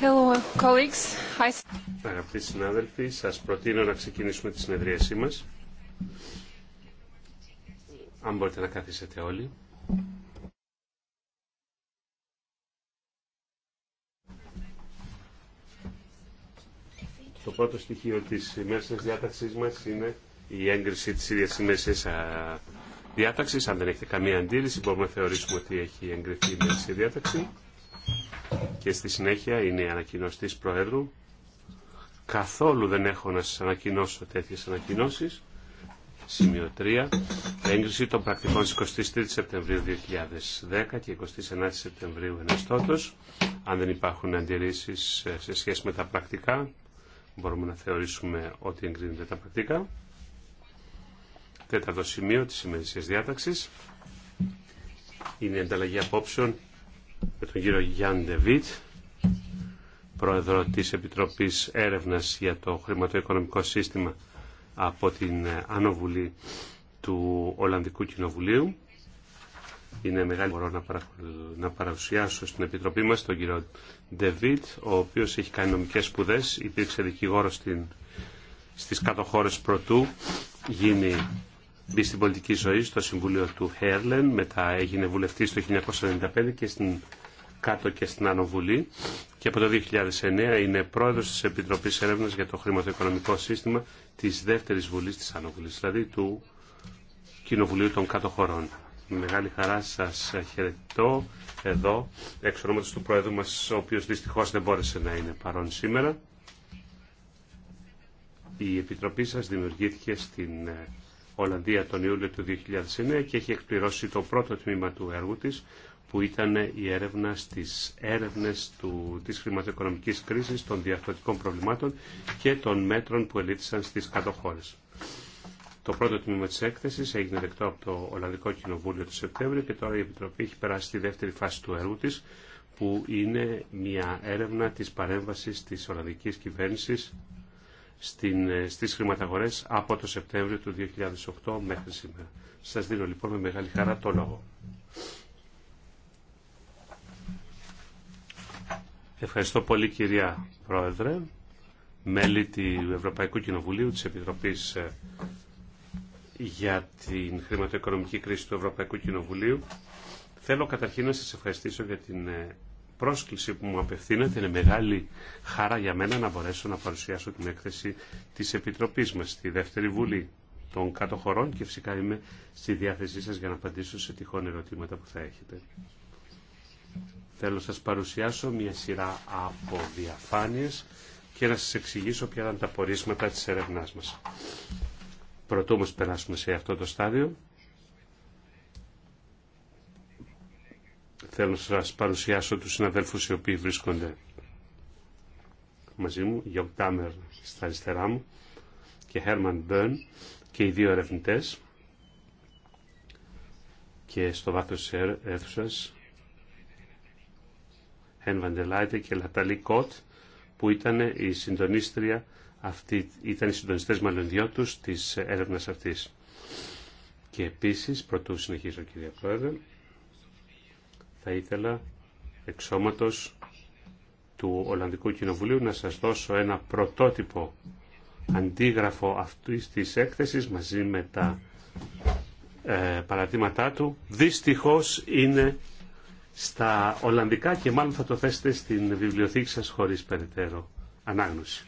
Hello, Αγαπητοί συνάδελφοι, σας προτείνω να ξεκινήσουμε τη συνεδρίασή μας. Αν μπορείτε να καθίσετε όλοι. Το πρώτο στοιχείο της ημέρας διάταξής μας είναι η έγκριση της ίδιας ημέρας διάταξης. Αν δεν έχετε καμία αντίληση, μπορούμε να θεωρήσουμε ότι έχει εγκριθεί η ημέρας διάταξη και στη συνέχεια είναι η ανακοινώση Προέδρου. Καθόλου δεν έχω να σας ανακοινώσω τέτοιες ανακοινώσεις. Σημείο 3. Έγκριση των πρακτικών στις 23 Σεπτεμβρίου 2010 και 29 Σεπτεμβρίου ενεστώτος. Αν δεν υπάρχουν αντιρρήσεις σε σχέση με τα πρακτικά, μπορούμε να θεωρήσουμε ότι εγκρίνονται τα πρακτικά. Τέταρτο σημείο της σημερινής διάταξης είναι η ανταλλαγή απόψεων με τον κύριο Γιάνν Ντεβίτ, πρόεδρο της Επιτροπής Έρευνας για το Χρηματοοικονομικό Σύστημα από την Ανοβουλή του Ολλανδικού Κοινοβουλίου. Είναι μεγάλη μπορώ να, παρα... να παρουσιάσω στην Επιτροπή μας τον κύριο Ντεβίτ, ο οποίος έχει κάνει νομικές σπουδές, υπήρξε δικηγόρο στην... στις κάτω χώρες πρωτού, γίνει μπει στην πολιτική ζωή στο Συμβούλιο του Χέρλεν, μετά έγινε βουλευτή το 1995 και στην κάτω και στην Ανοβουλή και από το 2009 είναι πρόεδρος της Επιτροπής Έρευνας για το Χρηματοοικονομικό Σύστημα της Δεύτερης Βουλής της Άνω δηλαδή του Κοινοβουλίου των Κάτω Χωρών. Με μεγάλη χαρά σας χαιρετώ εδώ, εξ ονόματος του Πρόεδρου μας, ο οποίος δυστυχώς δεν μπόρεσε να είναι παρόν σήμερα. Η Επιτροπή σας δημιουργήθηκε στην ε, Ολλανδία τον Ιούλιο του 2009 και έχει εκπληρώσει το πρώτο τμήμα του έργου της που ήταν η έρευνα στις έρευνες του, της χρηματοοικονομικής κρίσης, των διαφορετικών προβλημάτων και των μέτρων που ελήφθησαν στις κάτω χώρες. Το πρώτο τμήμα της έκθεσης έγινε δεκτό από το Ολλανδικό Κοινοβούλιο του Σεπτέμβριο και τώρα η Επιτροπή έχει περάσει στη δεύτερη φάση του έργου της, που είναι μια έρευνα της παρέμβασης της Ολλανδικής Κυβέρνησης ε, στις χρηματαγορές από το Σεπτέμβριο του 2008 μέχρι σήμερα. Σας δίνω λοιπόν με μεγάλη χαρά το λόγο. Ευχαριστώ πολύ κυρία Πρόεδρε, μέλη του Ευρωπαϊκού Κοινοβουλίου της Επιτροπής ε, για την χρηματοοικονομική κρίση του Ευρωπαϊκού Κοινοβουλίου. Θέλω καταρχήν να σας ευχαριστήσω για την ε, πρόσκληση που μου απευθύνεται είναι μεγάλη χαρά για μένα να μπορέσω να παρουσιάσω την έκθεση της Επιτροπής μας στη Δεύτερη Βουλή των Κάτω Χωρών και φυσικά είμαι στη διάθεσή σας για να απαντήσω σε τυχόν ερωτήματα που θα έχετε. Θέλω να σας παρουσιάσω μια σειρά από διαφάνειες και να σας εξηγήσω ποια ήταν τα πορίσματα της έρευνάς μας. Πρωτού όμως περάσουμε σε αυτό το στάδιο, Θέλω να σας παρουσιάσω τους συναδέλφους οι οποίοι βρίσκονται μαζί μου, Γιώργ Τάμερ στα αριστερά μου και Χέρμαν Μπέρν και οι δύο ερευνητέ. και στο βάθος της αίθουσας Χέν Βαντελάιτε και Λαταλή Κότ που ήταν η συντονίστρια αυτή, ήταν οι συντονιστές μάλλον δυο τους της έρευνας αυτής. Και επίσης, πρωτού συνεχίσω κυρία Πρόεδρε, θα ήθελα εξώματος του Ολλανδικού Κοινοβουλίου να σας δώσω ένα πρωτότυπο αντίγραφο αυτής της έκθεσης μαζί με τα ε, παρατήματά του. Δυστυχώς είναι στα Ολλανδικά και μάλλον θα το θέσετε στην βιβλιοθήκη σας χωρίς περαιτέρω ανάγνωση.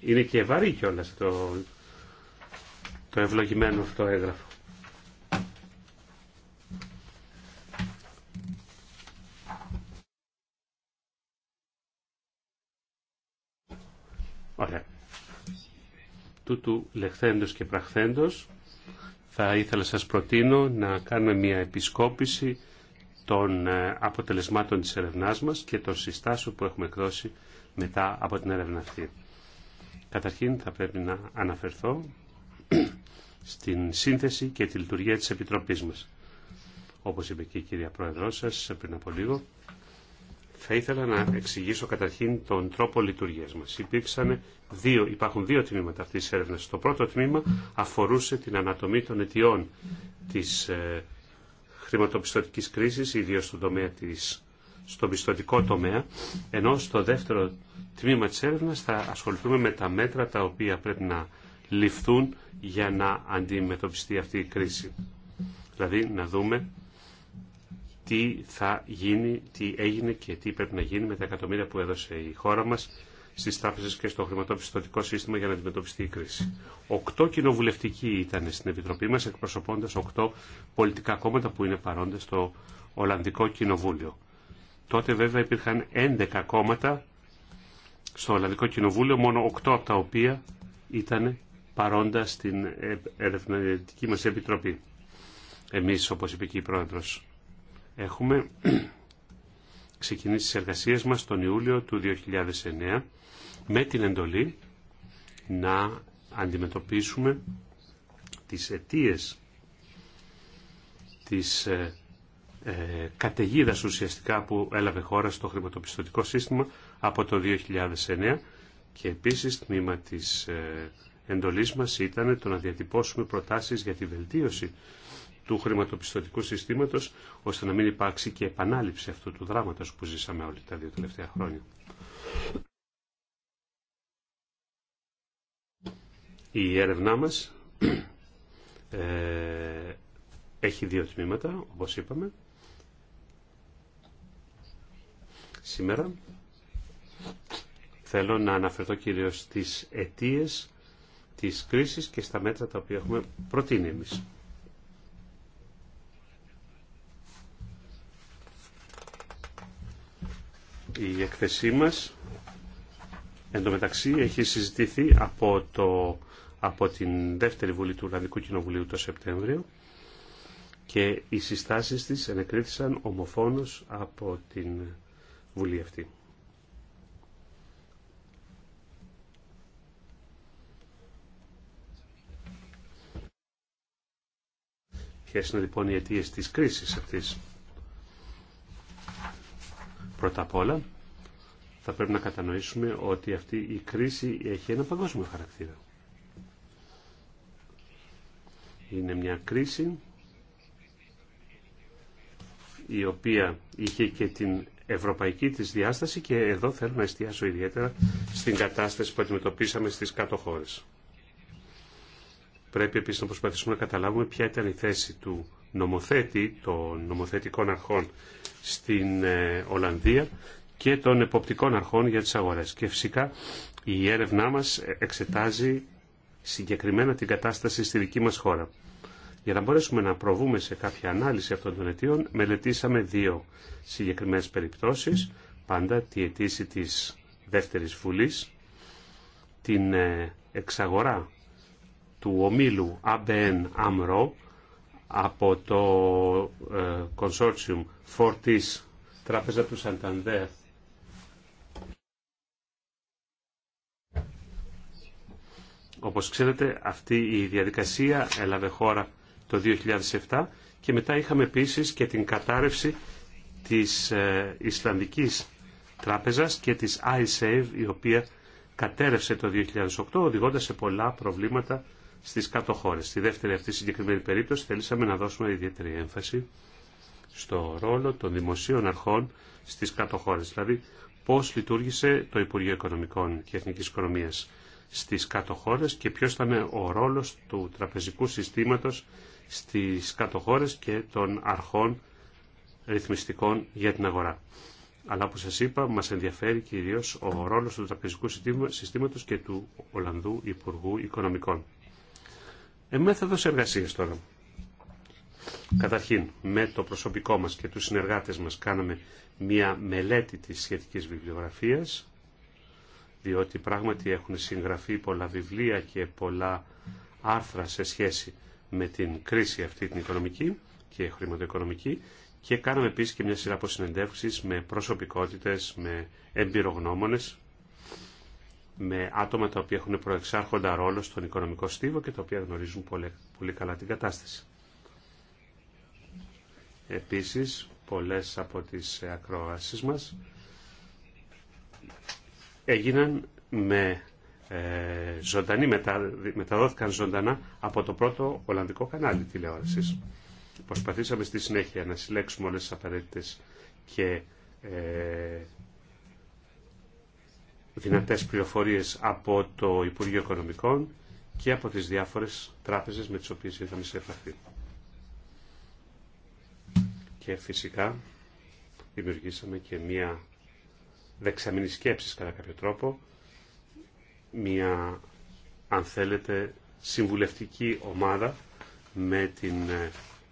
Είναι και βαρύ κιόλας το, το ευλογημένο αυτό έγγραφο. Ωραία. Τούτου λεχθέντος και πραχθέντος θα ήθελα σας προτείνω να κάνουμε μια επισκόπηση των ε, αποτελεσμάτων της ερευνάς μας και των συστάσεων που έχουμε εκδώσει μετά από την έρευνα αυτή. Καταρχήν θα πρέπει να αναφερθώ στην σύνθεση και τη λειτουργία της Επιτροπής μας. Όπως είπε και η κυρία Πρόεδρός σας πριν από λίγο, θα ήθελα να εξηγήσω καταρχήν τον τρόπο λειτουργία μα. δύο, υπάρχουν δύο τμήματα αυτής της έρευνας. Το πρώτο τμήμα αφορούσε την ανατομή των αιτιών της ε, χρηματοπιστωτικής κρίσης, ιδίως στον τομέα της στον πιστοτικό τομέα, ενώ στο δεύτερο τμήμα της έρευνας θα ασχοληθούμε με τα μέτρα τα οποία πρέπει να ληφθούν για να αντιμετωπιστεί αυτή η κρίση. Δηλαδή να δούμε τι θα γίνει, τι έγινε και τι πρέπει να γίνει με τα εκατομμύρια που έδωσε η χώρα μα στις τράπεζες και στο χρηματοπιστωτικό σύστημα για να αντιμετωπιστεί η κρίση. Οκτώ κοινοβουλευτικοί ήταν στην Επιτροπή μα, εκπροσωπώντα οκτώ πολιτικά κόμματα που είναι παρόντε στο Ολλανδικό Κοινοβούλιο. Τότε βέβαια υπήρχαν 11 κόμματα στο Ολλανδικό Κοινοβούλιο, μόνο οκτώ από τα οποία ήταν παρόντα στην ε, ερευνητική μας επιτροπή. Εμείς, όπως είπε και η πρόεδρο. Έχουμε ξεκινήσει τις εργασίες μας τον Ιούλιο του 2009 με την εντολή να αντιμετωπίσουμε τις αιτίες της ε, ε καταιγίδα ουσιαστικά που έλαβε χώρα στο χρηματοπιστωτικό σύστημα από το 2009 και επίσης τμήμα της ε, εντολής μας ήταν το να διατυπώσουμε προτάσεις για τη βελτίωση του χρηματοπιστωτικού συστήματος, ώστε να μην υπάρξει και επανάληψη αυτού του δράματος που ζήσαμε όλοι τα δύο τελευταία χρόνια. Η έρευνά μας ε, έχει δύο τμήματα, όπως είπαμε. Σήμερα θέλω να αναφερθώ κυρίως στις αιτίες της κρίσης και στα μέτρα τα οποία έχουμε προτείνει εμείς. η έκθεσή μας. Εν έχει συζητηθεί από, το, από την δεύτερη Βουλή του Ουρανικού Κοινοβουλίου το Σεπτέμβριο και οι συστάσεις της ενεκρίθησαν ομοφόνος από την Βουλή αυτή. Ποιες είναι λοιπόν οι αιτίες της κρίσης αυτής. Πρώτα απ' όλα, θα πρέπει να κατανοήσουμε ότι αυτή η κρίση έχει ένα παγκόσμιο χαρακτήρα. Είναι μια κρίση η οποία είχε και την ευρωπαϊκή της διάσταση και εδώ θέλω να εστιάσω ιδιαίτερα στην κατάσταση που αντιμετωπίσαμε στις κάτω χώρες. Πρέπει επίσης να προσπαθήσουμε να καταλάβουμε ποια ήταν η θέση του νομοθέτη, των νομοθετικών αρχών στην ε, Ολλανδία και των εποπτικών αρχών για τις αγορές. Και φυσικά η έρευνά μας εξετάζει συγκεκριμένα την κατάσταση στη δική μας χώρα. Για να μπορέσουμε να προβούμε σε κάποια ανάλυση αυτών των αιτίων, μελετήσαμε δύο συγκεκριμένες περιπτώσεις, πάντα τη αιτήση της Δεύτερης Βουλής, την ε, εξαγορά του ομίλου ABN AMRO από το ε, Consortium Fortis Τράπεζα του Σαντανδέρ Όπως ξέρετε αυτή η διαδικασία έλαβε χώρα το 2007 και μετά είχαμε επίσης και την κατάρρευση της ε, Ισλανδικής Τράπεζας και της iSave η οποία κατέρευσε το 2008 οδηγώντας σε πολλά προβλήματα στις κάτω Στη δεύτερη αυτή συγκεκριμένη περίπτωση θέλησαμε να δώσουμε ιδιαίτερη έμφαση στο ρόλο των δημοσίων αρχών στι κάτω χώρε. Δηλαδή πώ λειτουργήσε το Υπουργείο Οικονομικών και Εθνική Οικονομία στι κάτω χώρε και ποιο ήταν ο ρόλο του τραπεζικού συστήματο στι κάτω χώρε και των αρχών ρυθμιστικών για την αγορά. Αλλά όπως σας είπα, μας ενδιαφέρει κυρίως ο ρόλος του τραπεζικού συστήματος και του Ολλανδού Υπουργού Οικονομικών. Ε, μέθοδος εργασίας τώρα. Καταρχήν, με το προσωπικό μας και τους συνεργάτες μας κάναμε μία μελέτη της σχετικής βιβλιογραφίας, διότι πράγματι έχουν συγγραφεί πολλά βιβλία και πολλά άρθρα σε σχέση με την κρίση αυτή την οικονομική και χρηματοοικονομική και κάναμε επίσης και μια σειρά από συνεντεύξεις με προσωπικότητες, με εμπειρογνώμονες με άτομα τα οποία έχουν προεξάρχοντα ρόλο στον οικονομικό στίβο και τα οποία γνωρίζουν πολύ, πολύ καλά την κατάσταση. Επίσης, πολλές από τις ε, ακροάσεις μας έγιναν με ε, ζωντανή, μεταδόθηκαν ζωντανά από το πρώτο Ολλανδικό κανάλι τηλεόρασης. Προσπαθήσαμε στη συνέχεια να συλλέξουμε όλες τις απαραίτητες και ε, δυνατές πληροφορίες από το Υπουργείο Οικονομικών και από τις διάφορες τράπεζες με τις οποίες είχαμε σε επαφή. Και φυσικά δημιουργήσαμε και μία δεξαμενή σκέψη κατά κάποιο τρόπο, μία αν θέλετε συμβουλευτική ομάδα με την ε,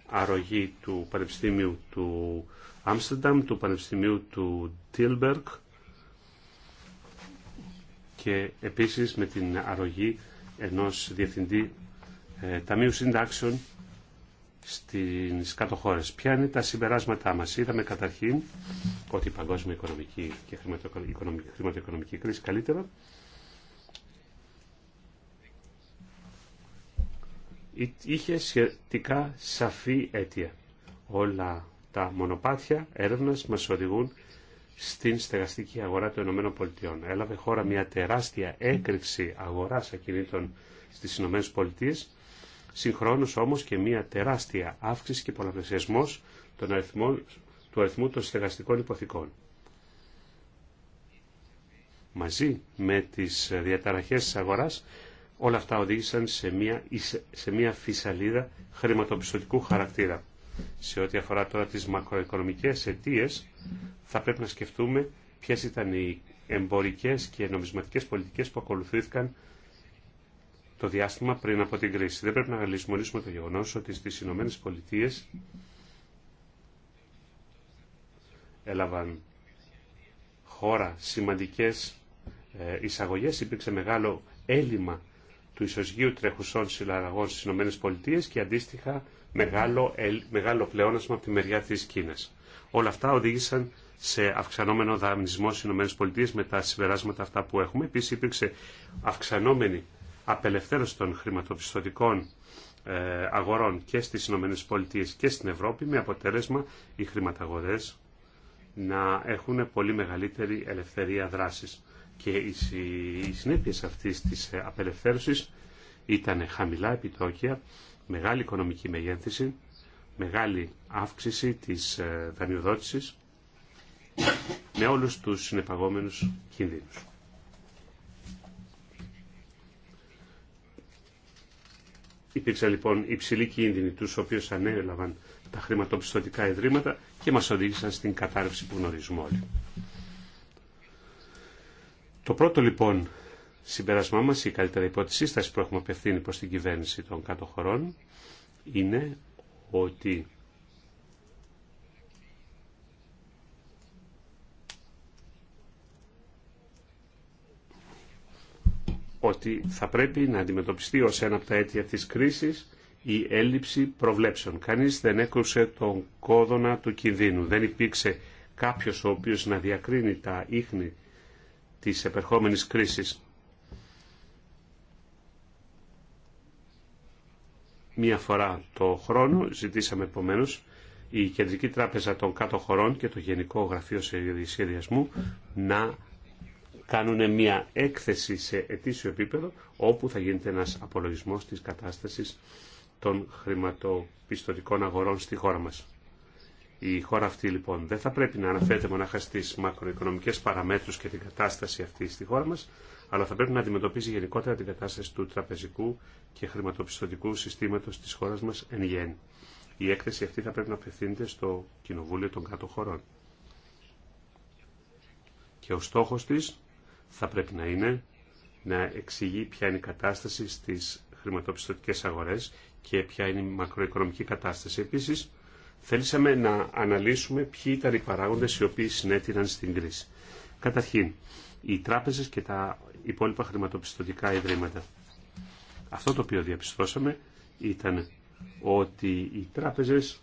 αρρωγή του Πανεπιστήμιου του Άμστερνταμ, του Πανεπιστήμιου του Τίλμπερκ, και επίσης με την αρρωγή ενός διευθυντή ε, Ταμείου Συντάξεων στις κάτω χώρες. Ποια είναι τα συμπεράσματά μας. Είδαμε καταρχήν ότι η παγκόσμια οικονομική και χρηματοοικονομική, κρίση καλύτερα είχε σχετικά σαφή αίτια. Όλα τα μονοπάτια έρευνας μας οδηγούν στην στεγαστική αγορά των ΗΠΑ. Έλαβε χώρα μια τεράστια έκρηξη αγοράς ακινήτων στις ΗΠΑ, συγχρόνως όμως και μια τεράστια αύξηση και πολλαπλασιασμός του αριθμού των στεγαστικών υποθηκών. Μαζί με τις διαταραχές της αγοράς, όλα αυτά οδήγησαν σε μια, σε μια φυσαλίδα χρηματοπιστωτικού χαρακτήρα σε ό,τι αφορά τώρα τις μακροοικονομικές αιτίε, θα πρέπει να σκεφτούμε ποιες ήταν οι εμπορικές και νομισματικές πολιτικές που ακολουθήθηκαν το διάστημα πριν από την κρίση. Δεν πρέπει να λησμονήσουμε το γεγονός ότι στις Ηνωμένες Πολιτείες έλαβαν χώρα σημαντικές ε, εισαγωγές, υπήρξε μεγάλο έλλειμμα του ισοζυγίου τρεχουσών συλλαγών στι ΗΠΑ και αντίστοιχα μεγάλο, μεγάλο πλεόνασμα από τη μεριά τη Κίνα. Όλα αυτά οδήγησαν σε αυξανόμενο δανεισμό στι ΗΠΑ με τα συμπεράσματα αυτά που έχουμε. Επίση, υπήρξε αυξανόμενη απελευθέρωση των χρηματοπιστωτικών ε, αγορών και στις ΗΠΑ και στην Ευρώπη με αποτέλεσμα οι χρηματαγορέ να έχουν πολύ μεγαλύτερη ελευθερία δράσης και οι συνέπειες αυτής της ε, απελευθέρωσης ήταν χαμηλά επιτόκια, μεγάλη οικονομική μεγέθυνση, μεγάλη αύξηση της ε, δανειοδότησης με όλους τους συνεπαγόμενους κινδύνους. Υπήρξαν λοιπόν υψηλοί κίνδυνοι τους οποίους ανέλαβαν τα χρηματοπιστωτικά ιδρύματα και μας οδήγησαν στην κατάρρευση που γνωρίζουμε όλοι. Το πρώτο λοιπόν συμπέρασμά μας, η καλύτερη υπότιση σύσταση που έχουμε απευθύνει προς την κυβέρνηση των κάτω χωρών, είναι ότι ότι θα πρέπει να αντιμετωπιστεί ως ένα από τα αίτια της κρίσης η έλλειψη προβλέψεων. Κανείς δεν έκρουσε τον κόδωνα του κινδύνου. Δεν υπήρξε κάποιος ο οποίος να διακρίνει τα ίχνη της επερχόμενης κρίσης. Μία φορά το χρόνο ζητήσαμε επομένω η Κεντρική Τράπεζα των Κάτω Χωρών και το Γενικό Γραφείο Σχεδιασμού να κάνουν μια έκθεση σε ετήσιο επίπεδο όπου θα γίνεται ένας απολογισμός της κατάστασης των χρηματοπιστωτικών αγορών στη χώρα μας. Η χώρα αυτή λοιπόν δεν θα πρέπει να αναφέρεται μονάχα στι μακροοικονομικέ παραμέτρου και την κατάσταση αυτή στη χώρα μα, αλλά θα πρέπει να αντιμετωπίζει γενικότερα την κατάσταση του τραπεζικού και χρηματοπιστωτικού συστήματο τη χώρα μα εν γέννη. Η έκθεση αυτή θα πρέπει να απευθύνεται στο Κοινοβούλιο των Κάτω Χωρών. Και ο στόχο τη θα πρέπει να είναι να εξηγεί ποια είναι η κατάσταση στι χρηματοπιστωτικέ αγορέ και ποια είναι η μακροοικονομική κατάσταση. Επίση, Θέλησαμε να αναλύσουμε ποιοι ήταν οι παράγοντες οι οποίοι συνέτειναν στην κρίση. Καταρχήν, οι τράπεζες και τα υπόλοιπα χρηματοπιστωτικά ιδρύματα. Αυτό το οποίο διαπιστώσαμε ήταν ότι οι τράπεζες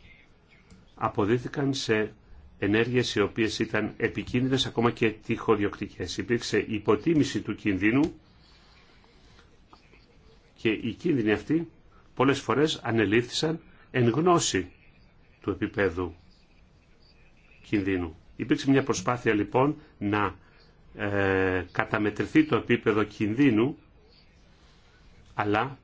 αποδίθηκαν σε ενέργειες οι οποίες ήταν επικίνδυνες ακόμα και τυχοδιοκτικές. Υπήρξε υποτίμηση του κινδύνου και οι κίνδυνοι αυτοί πολλές φορές ανελήφθησαν εν γνώση του επίπεδου κινδύνου. Υπήρξε μια προσπάθεια λοιπόν να ε, καταμετρηθεί το επίπεδο κινδύνου, αλλά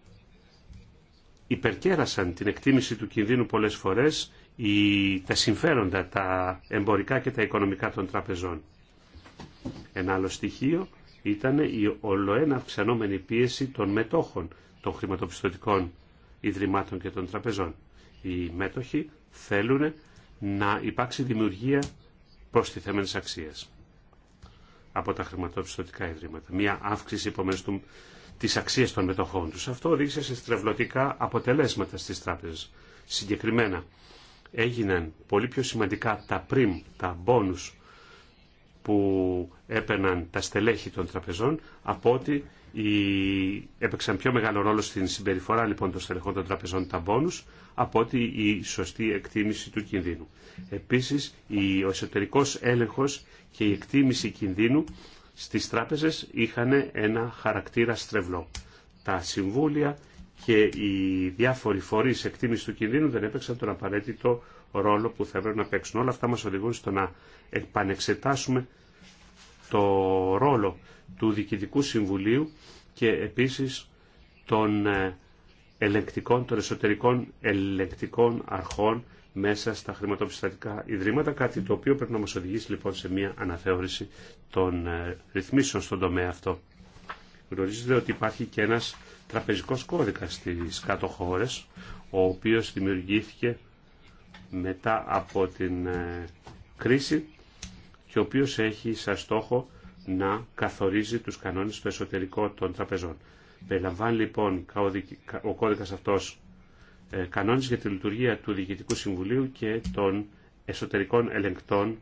υπερκέρασαν την εκτίμηση του κινδύνου πολλές φορές οι, τα συμφέροντα, τα εμπορικά και τα οικονομικά των τραπεζών. Ένα άλλο στοιχείο ήταν η ολοένα αυξανόμενη πίεση των μετόχων των χρηματοπιστωτικών ιδρυμάτων και των τραπεζών. Οι μέτοχοι θέλουν να υπάρξει δημιουργία προστιθέμενης αξίας από τα χρηματοπιστωτικά ιδρύματα. Μία αύξηση επομένως του, της αξίας των μετοχών τους. Αυτό οδήγησε σε στρεβλωτικά αποτελέσματα στις τράπεζες. Συγκεκριμένα έγιναν πολύ πιο σημαντικά τα πριμ, τα μπόνους που έπαιρναν τα στελέχη των τραπεζών από ότι έπαιξαν πιο μεγάλο ρόλο στην συμπεριφορά λοιπόν των στελεχών των τραπεζών τα μπόνους από ότι η σωστή εκτίμηση του κινδύνου. Επίσης, ο εσωτερικός έλεγχος και η εκτίμηση κινδύνου στις τράπεζες είχαν ένα χαρακτήρα στρεβλό. Τα συμβούλια και οι διάφοροι φορείς εκτίμηση του κινδύνου δεν έπαιξαν τον απαραίτητο ρόλο που θα έπρεπε να παίξουν. Όλα αυτά μας οδηγούν στο να επανεξετάσουμε το ρόλο του Διοικητικού Συμβουλίου και επίσης των ε, ελεγκτικών, των εσωτερικών ελεγκτικών αρχών μέσα στα χρηματοπιστωτικά ιδρύματα, κάτι το οποίο πρέπει να μας οδηγήσει λοιπόν σε μια αναθεώρηση των ε, ρυθμίσεων στον τομέα αυτό. Γνωρίζετε ότι υπάρχει και ένας τραπεζικός κώδικας στις κάτω χώρες, ο οποίος δημιουργήθηκε μετά από την ε, κρίση και ο οποίος έχει σαν στόχο να καθορίζει τους κανόνες στο εσωτερικό των τραπεζών. Περιλαμβάνει λοιπόν ο κώδικας αυτός ε, κανόνες για τη λειτουργία του Διοικητικού Συμβουλίου και των εσωτερικών ελεγκτών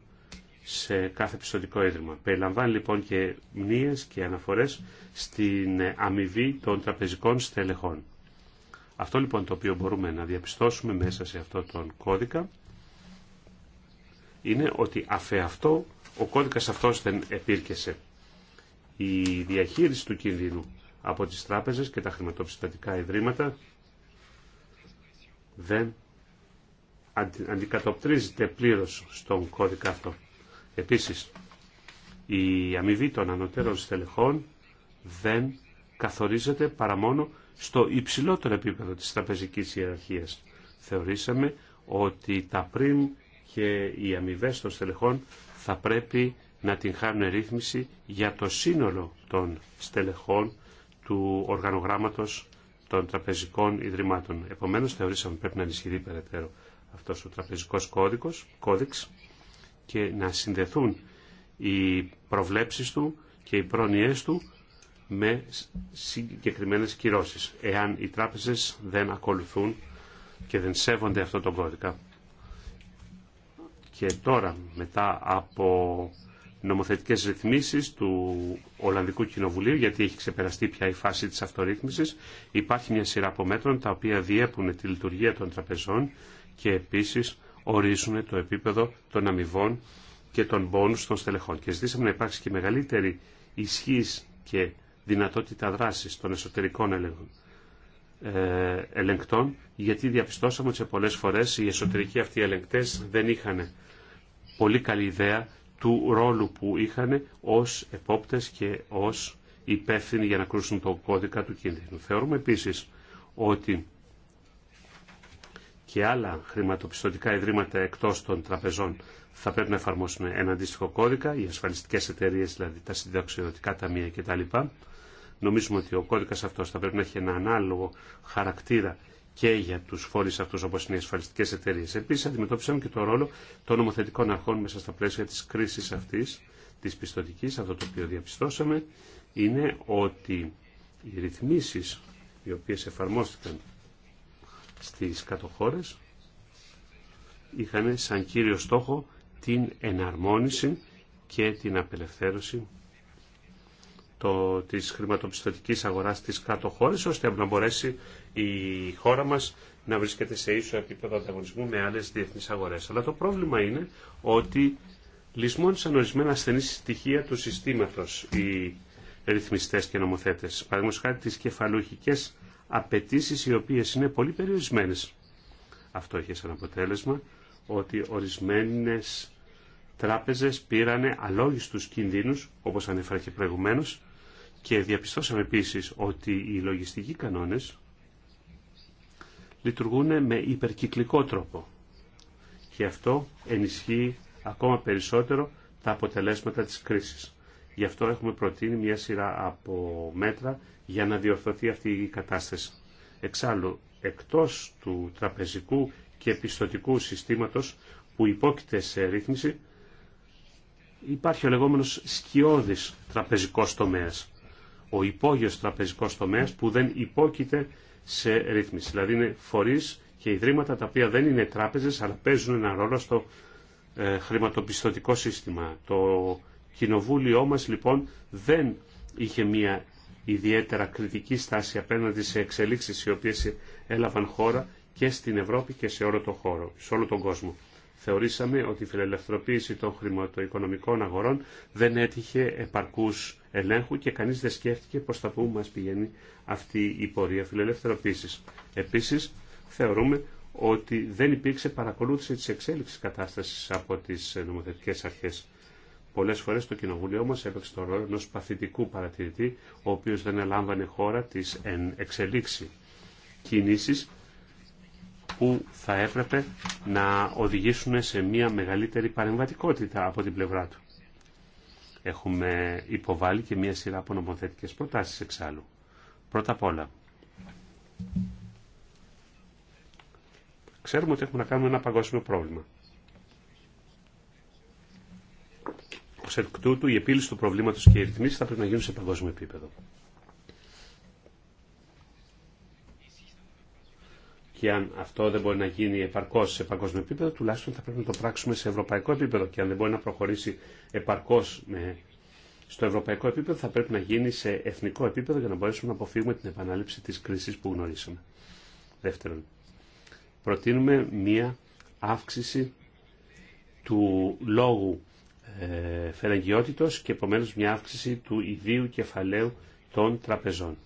σε κάθε πιστοτικό ίδρυμα. Περιλαμβάνει λοιπόν και μνήες και αναφορές στην ε, αμοιβή των τραπεζικών στελεχών. Αυτό λοιπόν το οποίο μπορούμε να διαπιστώσουμε μέσα σε αυτό τον κώδικα είναι ότι αφεαυτό ο κώδικας αυτός δεν επήρκεσε. Η διαχείριση του κινδύνου από τις τράπεζες και τα χρηματοπιστωτικά ιδρύματα δεν αντικατοπτρίζεται πλήρως στον κώδικα αυτό. Επίσης, η αμοιβή των ανωτέρων στελεχών δεν καθορίζεται παρά μόνο στο υψηλότερο επίπεδο της τραπεζικής ιεραρχίας. Θεωρήσαμε ότι τα πριν και οι αμοιβέ των στελεχών θα πρέπει να την χάνουν ρύθμιση για το σύνολο των στελεχών του οργανογράμματος των τραπεζικών ιδρυμάτων. Επομένως θεωρήσαμε πρέπει να ενισχυθεί περαιτέρω αυτός ο τραπεζικός κώδικος, κώδικς και να συνδεθούν οι προβλέψεις του και οι πρόνοιές του με συγκεκριμένες κυρώσεις, εάν οι τράπεζες δεν ακολουθούν και δεν σέβονται αυτό τον κώδικα. Και τώρα, μετά από νομοθετικές ρυθμίσεις του Ολλανδικού Κοινοβουλίου, γιατί έχει ξεπεραστεί πια η φάση της αυτορύθμισης, υπάρχει μια σειρά από μέτρων τα οποία διέπουν τη λειτουργία των τραπεζών και επίσης ορίζουν το επίπεδο των αμοιβών και των πόνους των στελεχών. Και ζητήσαμε να υπάρξει και μεγαλύτερη ισχύς και δυνατότητα δράσης των εσωτερικών έλεγχων ε, ελεγκτών, γιατί διαπιστώσαμε ότι σε πολλές φορές οι εσωτερικοί αυτοί οι ελεγκτές δεν είχαν πολύ καλή ιδέα του ρόλου που είχαν ως επόπτες και ως υπεύθυνοι για να κρούσουν τον κώδικα του κίνδυνου. Θεωρούμε επίσης ότι και άλλα χρηματοπιστωτικά ιδρύματα εκτός των τραπεζών θα πρέπει να εφαρμόσουν ένα αντίστοιχο κώδικα, οι ασφαλιστικές εταιρείες, δηλαδή τα συνταξιδοτικά ταμεία κτλ. Νομίζουμε ότι ο κώδικας αυτός θα πρέπει να έχει ένα ανάλογο χαρακτήρα και για του φορεί αυτού όπω είναι οι ασφαλιστικέ εταιρείε. Επίση, αντιμετώπισαμε και το ρόλο των νομοθετικών αρχών μέσα στα πλαίσια τη κρίση αυτή, τη πιστοτική. Αυτό το οποίο διαπιστώσαμε είναι ότι οι ρυθμίσει οι οποίε εφαρμόστηκαν στι κατοχώρε είχαν σαν κύριο στόχο την εναρμόνιση και την απελευθέρωση το, της χρηματοπιστωτικής αγοράς της κάτω χώρες, ώστε να μπορέσει η χώρα μας να βρίσκεται σε ίσο επίπεδο ανταγωνισμού με άλλες διεθνείς αγορές. Αλλά το πρόβλημα είναι ότι λησμόνισαν ορισμένα ασθενή στοιχεία του συστήματος οι ρυθμιστές και νομοθέτες. Παραδείγματος χάρη τις κεφαλουχικές απαιτήσει οι οποίες είναι πολύ περιορισμένες. Αυτό έχει σαν αποτέλεσμα ότι ορισμένες τράπεζες πήρανε αλόγιστους κινδύνους, όπως ανέφερα και προηγουμένως, και διαπιστώσαμε επίσης ότι οι λογιστικοί κανόνες λειτουργούν με υπερκυκλικό τρόπο. Και αυτό ενισχύει ακόμα περισσότερο τα αποτελέσματα της κρίσης. Γι' αυτό έχουμε προτείνει μια σειρά από μέτρα για να διορθωθεί αυτή η κατάσταση. Εξάλλου, εκτός του τραπεζικού και πιστοτικού συστήματος που υπόκειται σε ρύθμιση, υπάρχει ο λεγόμενος σκιώδης τραπεζικός τομέας. Ο υπόγειος τραπεζικός τομέας που δεν υπόκειται σε ρύθμιση. Δηλαδή είναι φορείς και ιδρύματα τα οποία δεν είναι τράπεζες αλλά παίζουν ένα ρόλο στο ε, χρηματοπιστωτικό σύστημα. Το κοινοβούλιο μας λοιπόν δεν είχε μια ιδιαίτερα κριτική στάση απέναντι σε εξελίξεις οι οποίες έλαβαν χώρα και στην Ευρώπη και σε όλο τον κόσμο θεωρήσαμε ότι η φιλελευθερωποίηση των χρηματοοικονομικών αγορών δεν έτυχε επαρκούς ελέγχου και κανείς δεν σκέφτηκε προς τα πού μας πηγαίνει αυτή η πορεία φιλελευθερωποίησης. Επίσης, θεωρούμε ότι δεν υπήρξε παρακολούθηση της εξέλιξης κατάστασης από τις νομοθετικές αρχές. Πολλές φορές το Κοινοβούλιο μας έπαιξε το ρόλο ενός παθητικού παρατηρητή, ο οποίος δεν ελάμβανε χώρα της εξελίξη κινήσεις που θα έπρεπε να οδηγήσουν σε μια μεγαλύτερη παρεμβατικότητα από την πλευρά του. Έχουμε υποβάλει και μια σειρά από νομοθετικές προτάσεις εξάλλου. Πρώτα απ' όλα, ξέρουμε ότι έχουμε να κάνουμε ένα παγκόσμιο πρόβλημα. Ω εκ τούτου, η επίλυση του προβλήματος και οι ρυθμίσει θα πρέπει να γίνουν σε παγκόσμιο επίπεδο. και αν αυτό δεν μπορεί να γίνει επαρκώ σε παγκόσμιο επίπεδο, τουλάχιστον θα πρέπει να το πράξουμε σε ευρωπαϊκό επίπεδο. Και αν δεν μπορεί να προχωρήσει επαρκώ στο ευρωπαϊκό επίπεδο, θα πρέπει να γίνει σε εθνικό επίπεδο για να μπορέσουμε να αποφύγουμε την επανάληψη τη κρίση που γνωρίσαμε. Δεύτερον, προτείνουμε μία αύξηση του λόγου ε, και επομένως μια αύξηση του ιδίου κεφαλαίου των τραπεζών.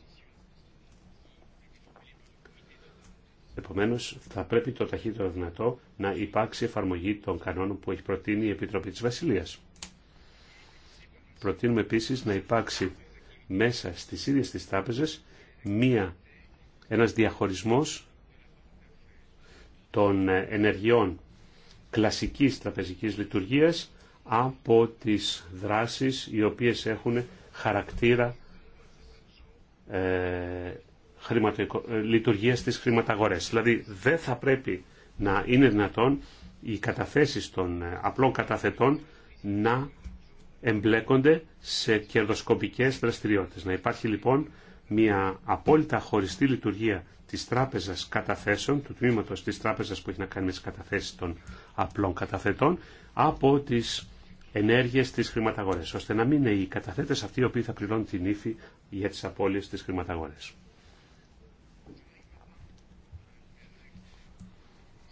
Επομένως, θα πρέπει το ταχύτερο δυνατό να υπάρξει εφαρμογή των κανόνων που έχει προτείνει η Επιτροπή τη Βασιλείας. Προτείνουμε επίσης να υπάρξει μέσα στις ίδιες τις τράπεζε μία, ένας διαχωρισμός των ενεργειών κλασικής τραπεζικής λειτουργίας από τις δράσεις οι οποίες έχουν χαρακτήρα ε, χρηματοοικο... Ε, λειτουργίας της χρηματαγορές. Δηλαδή δεν θα πρέπει να είναι δυνατόν οι καταθέσεις των ε, απλών καταθετών να εμπλέκονται σε κερδοσκοπικές δραστηριότητες. Να υπάρχει λοιπόν μια απόλυτα χωριστή λειτουργία της τράπεζας καταθέσεων, του τμήματος της τράπεζας που έχει να κάνει με τις καταθέσεις των απλών καταθετών, από τις ενέργειες της χρηματαγορές, ώστε να μην είναι οι καταθέτες αυτοί οι οποίοι θα πληρώνουν την ύφη για τις απώλειες της χρηματαγορές.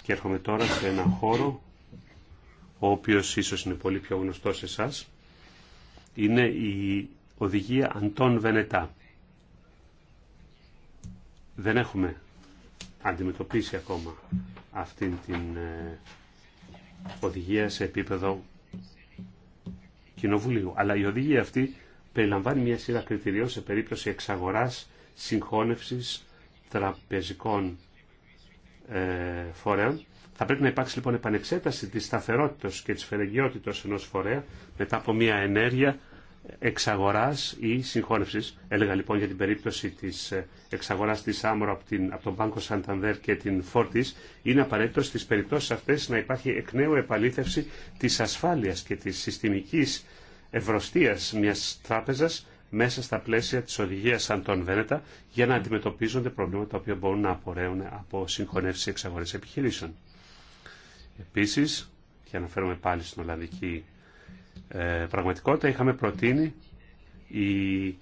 Και έρχομαι τώρα σε έναν χώρο, ο οποίος ίσως είναι πολύ πιο γνωστός σε εσά. Είναι η οδηγία Αντών Βενετά. Δεν έχουμε αντιμετωπίσει ακόμα αυτήν την ε, οδηγία σε επίπεδο κοινοβουλίου. Αλλά η οδηγία αυτή περιλαμβάνει μια σειρά κριτηρίων σε περίπτωση εξαγοράς, συγχώνευσης τραπεζικών ε, Θα πρέπει να υπάρξει λοιπόν επανεξέταση της σταθερότητας και της φερεγγιότητας ενός φορέα μετά από μια ενέργεια εξαγοράς ή συγχώνευσης. Έλεγα λοιπόν για την περίπτωση της ε, εξαγοράς της Αμορα από, από τον Πάνκο Σαντανδέρ και την Fortis είναι απαραίτητο στις περιπτώσεις αυτές να υπάρχει εκ νέου επαλήθευση της ασφάλειας και της συστημικής ευρωστίας μιας τράπεζας μέσα στα πλαίσια της οδηγίας Αντών Βένετα για να αντιμετωπίζονται προβλήματα τα οποία μπορούν να απορρέουν από συγχωνεύσεις εξαγορές επιχειρήσεων. Επίσης, και αναφέρομαι πάλι στην Ολλανδική ε, πραγματικότητα, είχαμε προτείνει η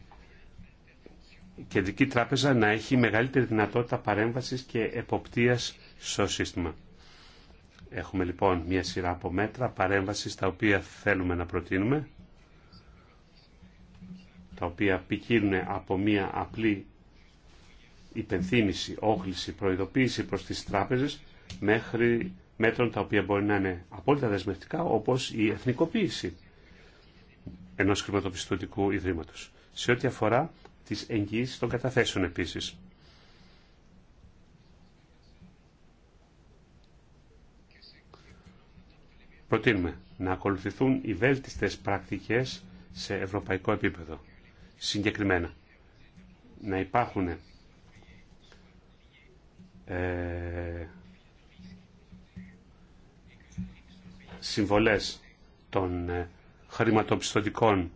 Κεντρική Τράπεζα να έχει μεγαλύτερη δυνατότητα παρέμβασης και εποπτείας στο σύστημα. Έχουμε λοιπόν μια σειρά από μέτρα παρέμβασης τα οποία θέλουμε να προτείνουμε τα οποία ποικίλουν από μία απλή υπενθύμηση, όχληση, προειδοποίηση προς τις τράπεζες μέχρι μέτρων τα οποία μπορεί να είναι απόλυτα δεσμευτικά όπως η εθνικοποίηση ενός χρηματοπιστωτικού ιδρύματος. Σε ό,τι αφορά τις εγγυήσεις των καταθέσεων επίσης. Προτείνουμε να ακολουθηθούν οι βέλτιστες πρακτικές σε ευρωπαϊκό επίπεδο συγκεκριμένα. Να υπάρχουν ε, συμβολές των ε, χρηματοπιστωτικών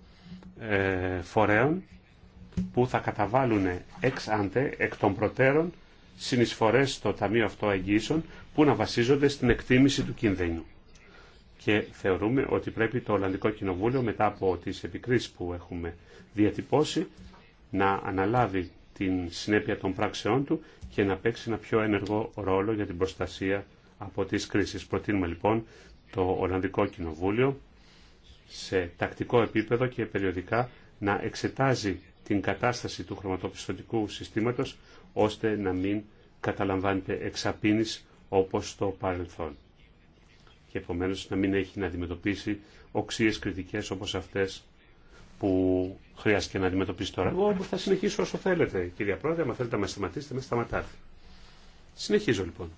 ε, φορέων που θα καταβάλουν εξ άντε, εκ των προτέρων, συνεισφορές στο Ταμείο Αυτό που να βασίζονται στην εκτίμηση του κινδύνου και θεωρούμε ότι πρέπει το Ολλανδικό Κοινοβούλιο μετά από τις επικρίσεις που έχουμε διατυπώσει να αναλάβει την συνέπεια των πράξεών του και να παίξει ένα πιο ενεργό ρόλο για την προστασία από τις κρίσεις. Προτείνουμε λοιπόν το Ολλανδικό Κοινοβούλιο σε τακτικό επίπεδο και περιοδικά να εξετάζει την κατάσταση του χρηματοπιστωτικού συστήματος ώστε να μην καταλαμβάνεται εξαπίνης όπως το παρελθόν και επομένως να μην έχει να αντιμετωπίσει οξύε κριτικές όπως αυτές που χρειάστηκε να αντιμετωπίσει τώρα. Εγώ θα συνεχίσω όσο θέλετε, κυρία Πρόεδρε. Αν θέλετε να με σταματήσετε, με σταματάτε. Συνεχίζω λοιπόν.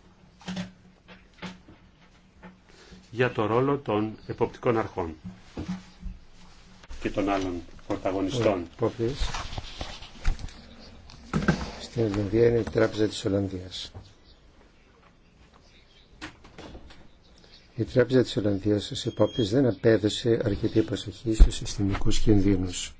Για το ρόλο των εποπτικών αρχών και των άλλων πρωταγωνιστών. Ε, Στην Ολλανδία είναι η Τράπεζα της Ολλανδίας. Η Τράπεζα της Ολλανδίας ως υπόπτες δεν απέδωσε αρκετή προσοχή στους συστημικούς κινδύνους.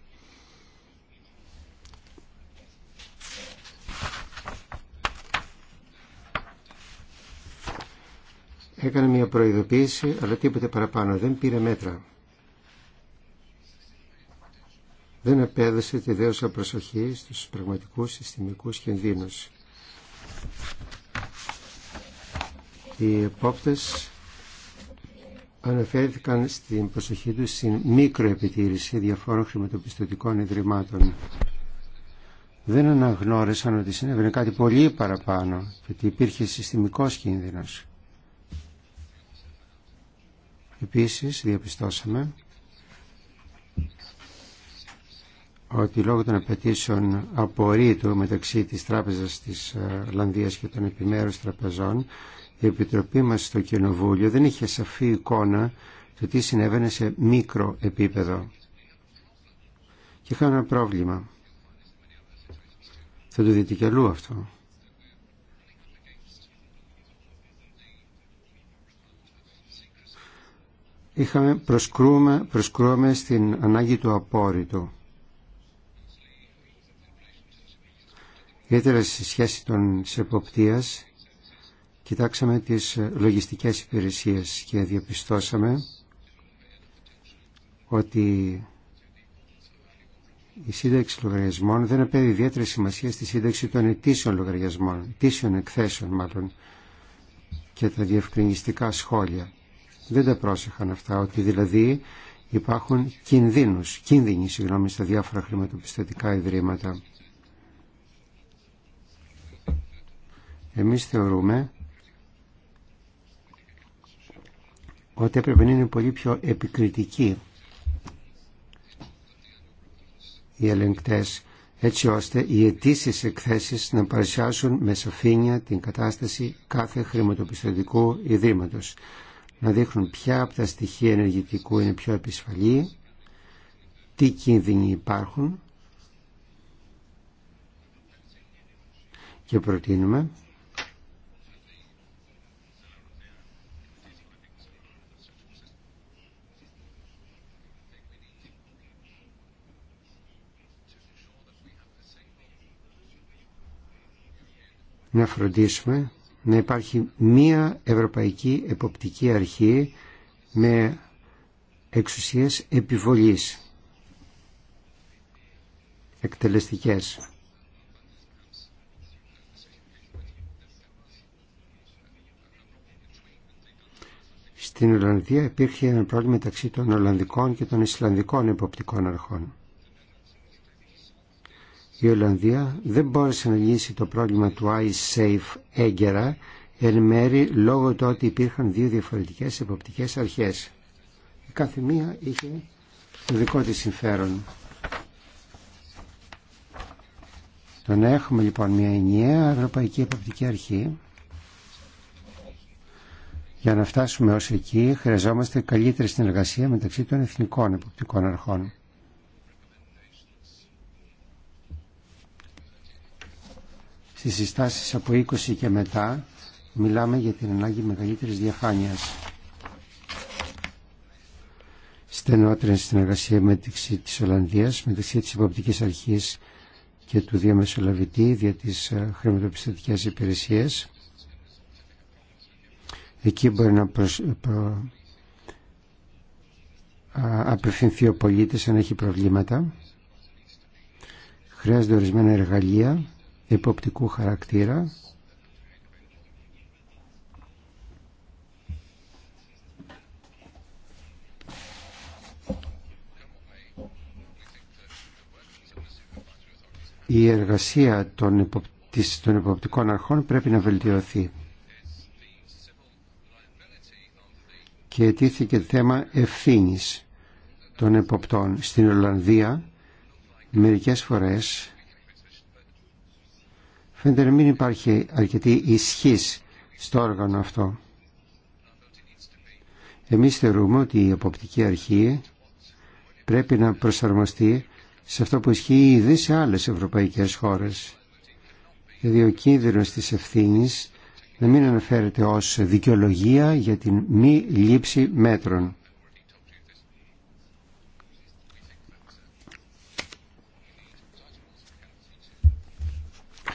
Έκανε μια προειδοποίηση, αλλά τίποτε παραπάνω. Δεν πήρε μέτρα. Δεν απέδωσε τη δέωσα προσοχή στους πραγματικούς συστημικούς κινδύνους. Οι επόπτες αναφέρθηκαν στην προσοχή του στην μικροεπιτήρηση διαφόρων χρηματοπιστωτικών ιδρυμάτων. Δεν αναγνώρισαν ότι συνέβαινε κάτι πολύ παραπάνω και ότι υπήρχε συστημικός κίνδυνος. Επίσης διαπιστώσαμε ότι λόγω των απαιτήσεων απορρίτου μεταξύ της τράπεζας της ε, Λανδίας και των επιμέρους τραπεζών η Επιτροπή μας στο Κοινοβούλιο δεν είχε σαφή εικόνα του τι συνέβαινε σε μικρό επίπεδο. Και είχαμε ένα πρόβλημα. Θα το δείτε και αλλού αυτό. Είχαμε προσκρούμε, προσκρούμε στην ανάγκη του απόρριτου. Ιδιαίτερα στη σχέση των εποπτείας Κοιτάξαμε τις λογιστικές υπηρεσίες και διαπιστώσαμε ότι η σύνταξη λογαριασμών δεν απέδει ιδιαίτερη σημασία στη σύνταξη των ετήσιων λογαριασμών, ετήσιων εκθέσεων μάλλον, και τα διευκρινιστικά σχόλια. Δεν τα πρόσεχαν αυτά, ότι δηλαδή υπάρχουν κινδύνους, κίνδυνοι συγγνώμη, στα διάφορα χρηματοπιστωτικά ιδρύματα. Εμείς θεωρούμε ότι έπρεπε να είναι πολύ πιο επικριτικοί οι ελεγκτές έτσι ώστε οι αιτήσει εκθέσεις να παρουσιάσουν με σαφήνεια την κατάσταση κάθε χρηματοπιστωτικού ιδρύματος, να δείχνουν ποια από τα στοιχεία ενεργητικού είναι πιο επισφαλή, τι κίνδυνοι υπάρχουν και προτείνουμε να φροντίσουμε να υπάρχει μία ευρωπαϊκή εποπτική αρχή με εξουσίες επιβολής εκτελεστικές. Στην Ολλανδία υπήρχε ένα πρόβλημα μεταξύ των Ολλανδικών και των Ισλανδικών εποπτικών αρχών. Η Ολλανδία δεν μπόρεσε να λύσει το πρόβλημα του iSafe έγκαιρα, εν μέρη λόγω του ότι υπήρχαν δύο διαφορετικές εποπτικές αρχές. Η κάθε μία είχε το δικό της συμφέρον. Το να έχουμε λοιπόν μια ενιαία Ευρωπαϊκή Εποπτική Αρχή για να φτάσουμε ως εκεί χρειαζόμαστε καλύτερη συνεργασία μεταξύ των εθνικών εποπτικών αρχών. Στις συστάσεις από 20 και μετά μιλάμε για την ανάγκη μεγαλύτερης διαφάνειας. Στενότερη συνεργασία μεταξύ της Ολλανδίας, μεταξύ της Υποπτικής Αρχής και του Διαμεσολαβητή για τι ε, χρηματοπιστωτικές υπηρεσίε. Εκεί μπορεί να ε, απευθυνθεί ο πολίτης αν έχει προβλήματα. Χρειάζονται ορισμένα εργαλεία υποπτικού χαρακτήρα η εργασία των, υποπ... των υποπτικών αρχών πρέπει να βελτιωθεί. Και αιτήθηκε θέμα ευθύνης των εποπτών. Στην Ολλανδία μερικές φορές Φαίνεται να μην υπάρχει αρκετή ισχύς στο όργανο αυτό. Εμείς θεωρούμε ότι η αποπτική αρχή πρέπει να προσαρμοστεί σε αυτό που ισχύει ήδη σε άλλες ευρωπαϊκές χώρες. Δηλαδή ο κίνδυνος της ευθύνης να μην αναφέρεται ως δικαιολογία για την μη λήψη μέτρων.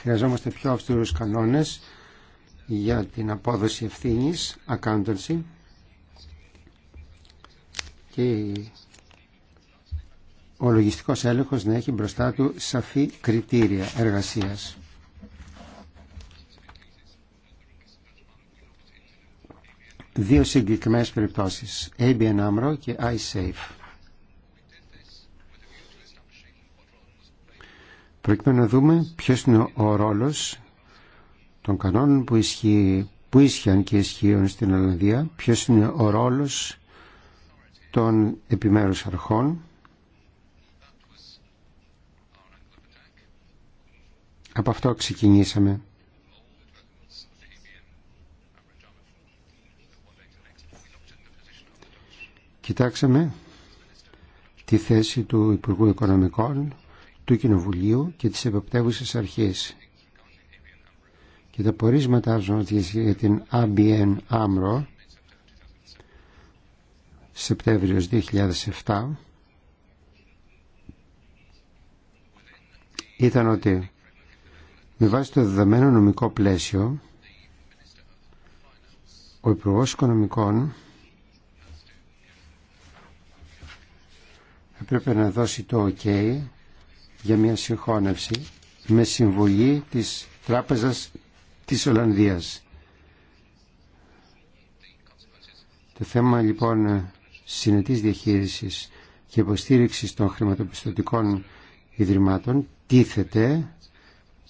Χρειαζόμαστε πιο αυστηρούς κανόνες για την απόδοση ευθύνης, accountancy και ο λογιστικός έλεγχος να έχει μπροστά του σαφή κριτήρια εργασίας. Δύο συγκεκριμένες περιπτώσεις, ABN AMRO και iSafe. Προκειμένου να δούμε ποιος είναι ο ρόλος των κανόνων που, ισχύει, που ίσχυαν και ισχύουν στην Ολλανδία, ποιος είναι ο ρόλος των επιμέρους αρχών, Από αυτό ξεκινήσαμε. Κοιτάξαμε τη θέση του Υπουργού Οικονομικών του Κοινοβουλίου και της Εποπτεύουσας Αρχής. Και τα πορίσματά για την ABN AMRO Σεπτέμβριος 2007 ήταν ότι με βάση το δεδομένο νομικό πλαίσιο ο υπουργό Οικονομικών έπρεπε να δώσει το OK για μια συγχώνευση με συμβολή της Τράπεζας της Ολλανδίας. Το θέμα λοιπόν συνετής διαχείρισης και υποστήριξης των χρηματοπιστωτικών ιδρυμάτων τίθεται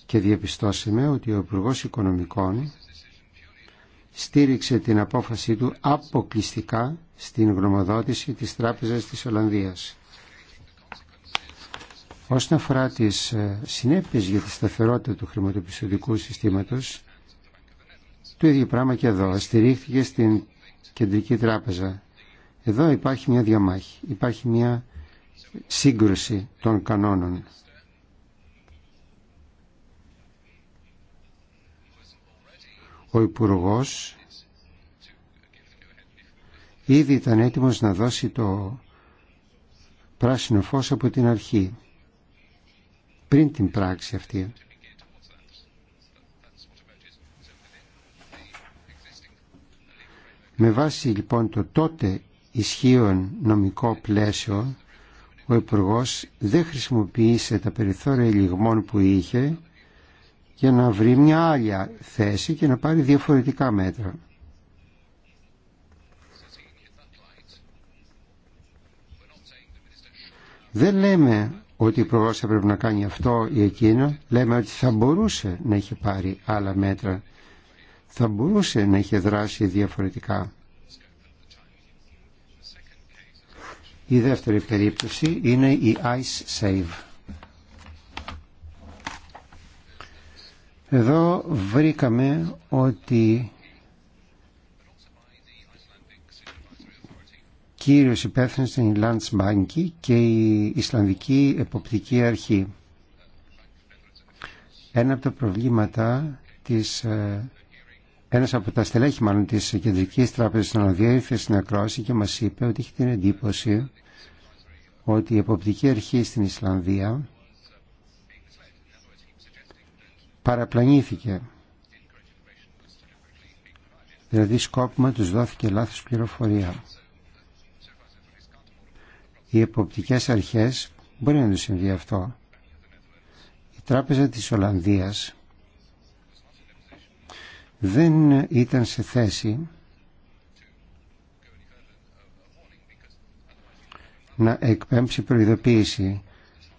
και διαπιστώσαμε ότι ο υπουργό Οικονομικών στήριξε την απόφαση του αποκλειστικά στην γνωμοδότηση της Τράπεζας της Ολλανδίας. Όσον αφορά τις ε, συνέπειες για τη σταθερότητα του χρηματοπιστωτικού συστήματος, το ίδιο πράγμα και εδώ. Στηρίχθηκε στην Κεντρική Τράπεζα. Εδώ υπάρχει μια διαμάχη, υπάρχει μια σύγκρουση των κανόνων. Ο υπουργό ήδη ήταν έτοιμος να δώσει το πράσινο φως από την αρχή πριν την πράξη αυτή. Με βάση λοιπόν το τότε ισχύον νομικό πλαίσιο, ο υπουργό δεν χρησιμοποίησε τα περιθώρια λιγμών που είχε για να βρει μια άλλη θέση και να πάρει διαφορετικά μέτρα. Δεν λέμε ότι η θα πρέπει να κάνει αυτό ή εκείνο. Λέμε ότι θα μπορούσε να είχε πάρει άλλα μέτρα. Θα μπορούσε να είχε δράσει διαφορετικά. Η δεύτερη περίπτωση είναι η Ice Save. Εδώ βρήκαμε ότι κύριος υπεύθυνος στην Landsbanki και η Ισλανδική Εποπτική Αρχή. Ένα από τα προβλήματα της... Ε, ένας από τα στελέχη μάλλον της Κεντρικής Τράπεζας στην Ολλανδία ήρθε στην Ακρόαση και μας είπε ότι είχε την εντύπωση ότι η Εποπτική Αρχή στην Ισλανδία παραπλανήθηκε. Δηλαδή σκόπιμα τους δόθηκε λάθος πληροφορία οι εποπτικές αρχές μπορεί να του συμβεί αυτό. Η τράπεζα της Ολλανδίας δεν ήταν σε θέση να εκπέμψει προειδοποίηση.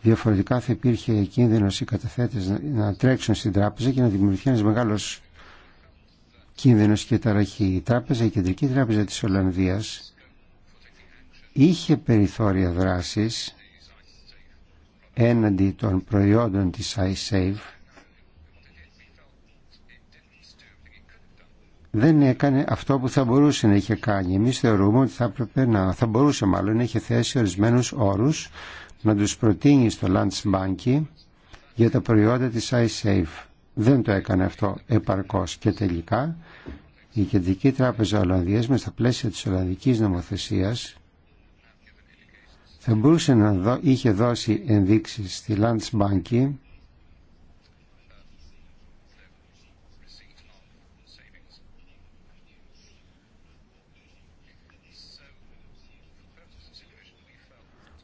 Διαφορετικά θα υπήρχε κίνδυνο οι καταθέτες να τρέξουν στην τράπεζα και να δημιουργηθεί ένας μεγάλος κίνδυνος και ταραχή. Η τράπεζα, η κεντρική τράπεζα της Ολλανδίας είχε περιθώρια δράσης έναντι των προϊόντων της iSafe δεν έκανε αυτό που θα μπορούσε να είχε κάνει. Εμεί θεωρούμε ότι θα έπρεπε να, θα μπορούσε μάλλον να είχε θέσει ορισμένους όρους να τους προτείνει στο Lands για τα προϊόντα της iSafe. Δεν το έκανε αυτό επαρκώς και τελικά η Κεντρική Τράπεζα Ολλανδίας με στα πλαίσια της Ολλανδικής νομοθεσίας θα μπορούσε να είχε δώσει ενδείξεις στη Landsbanki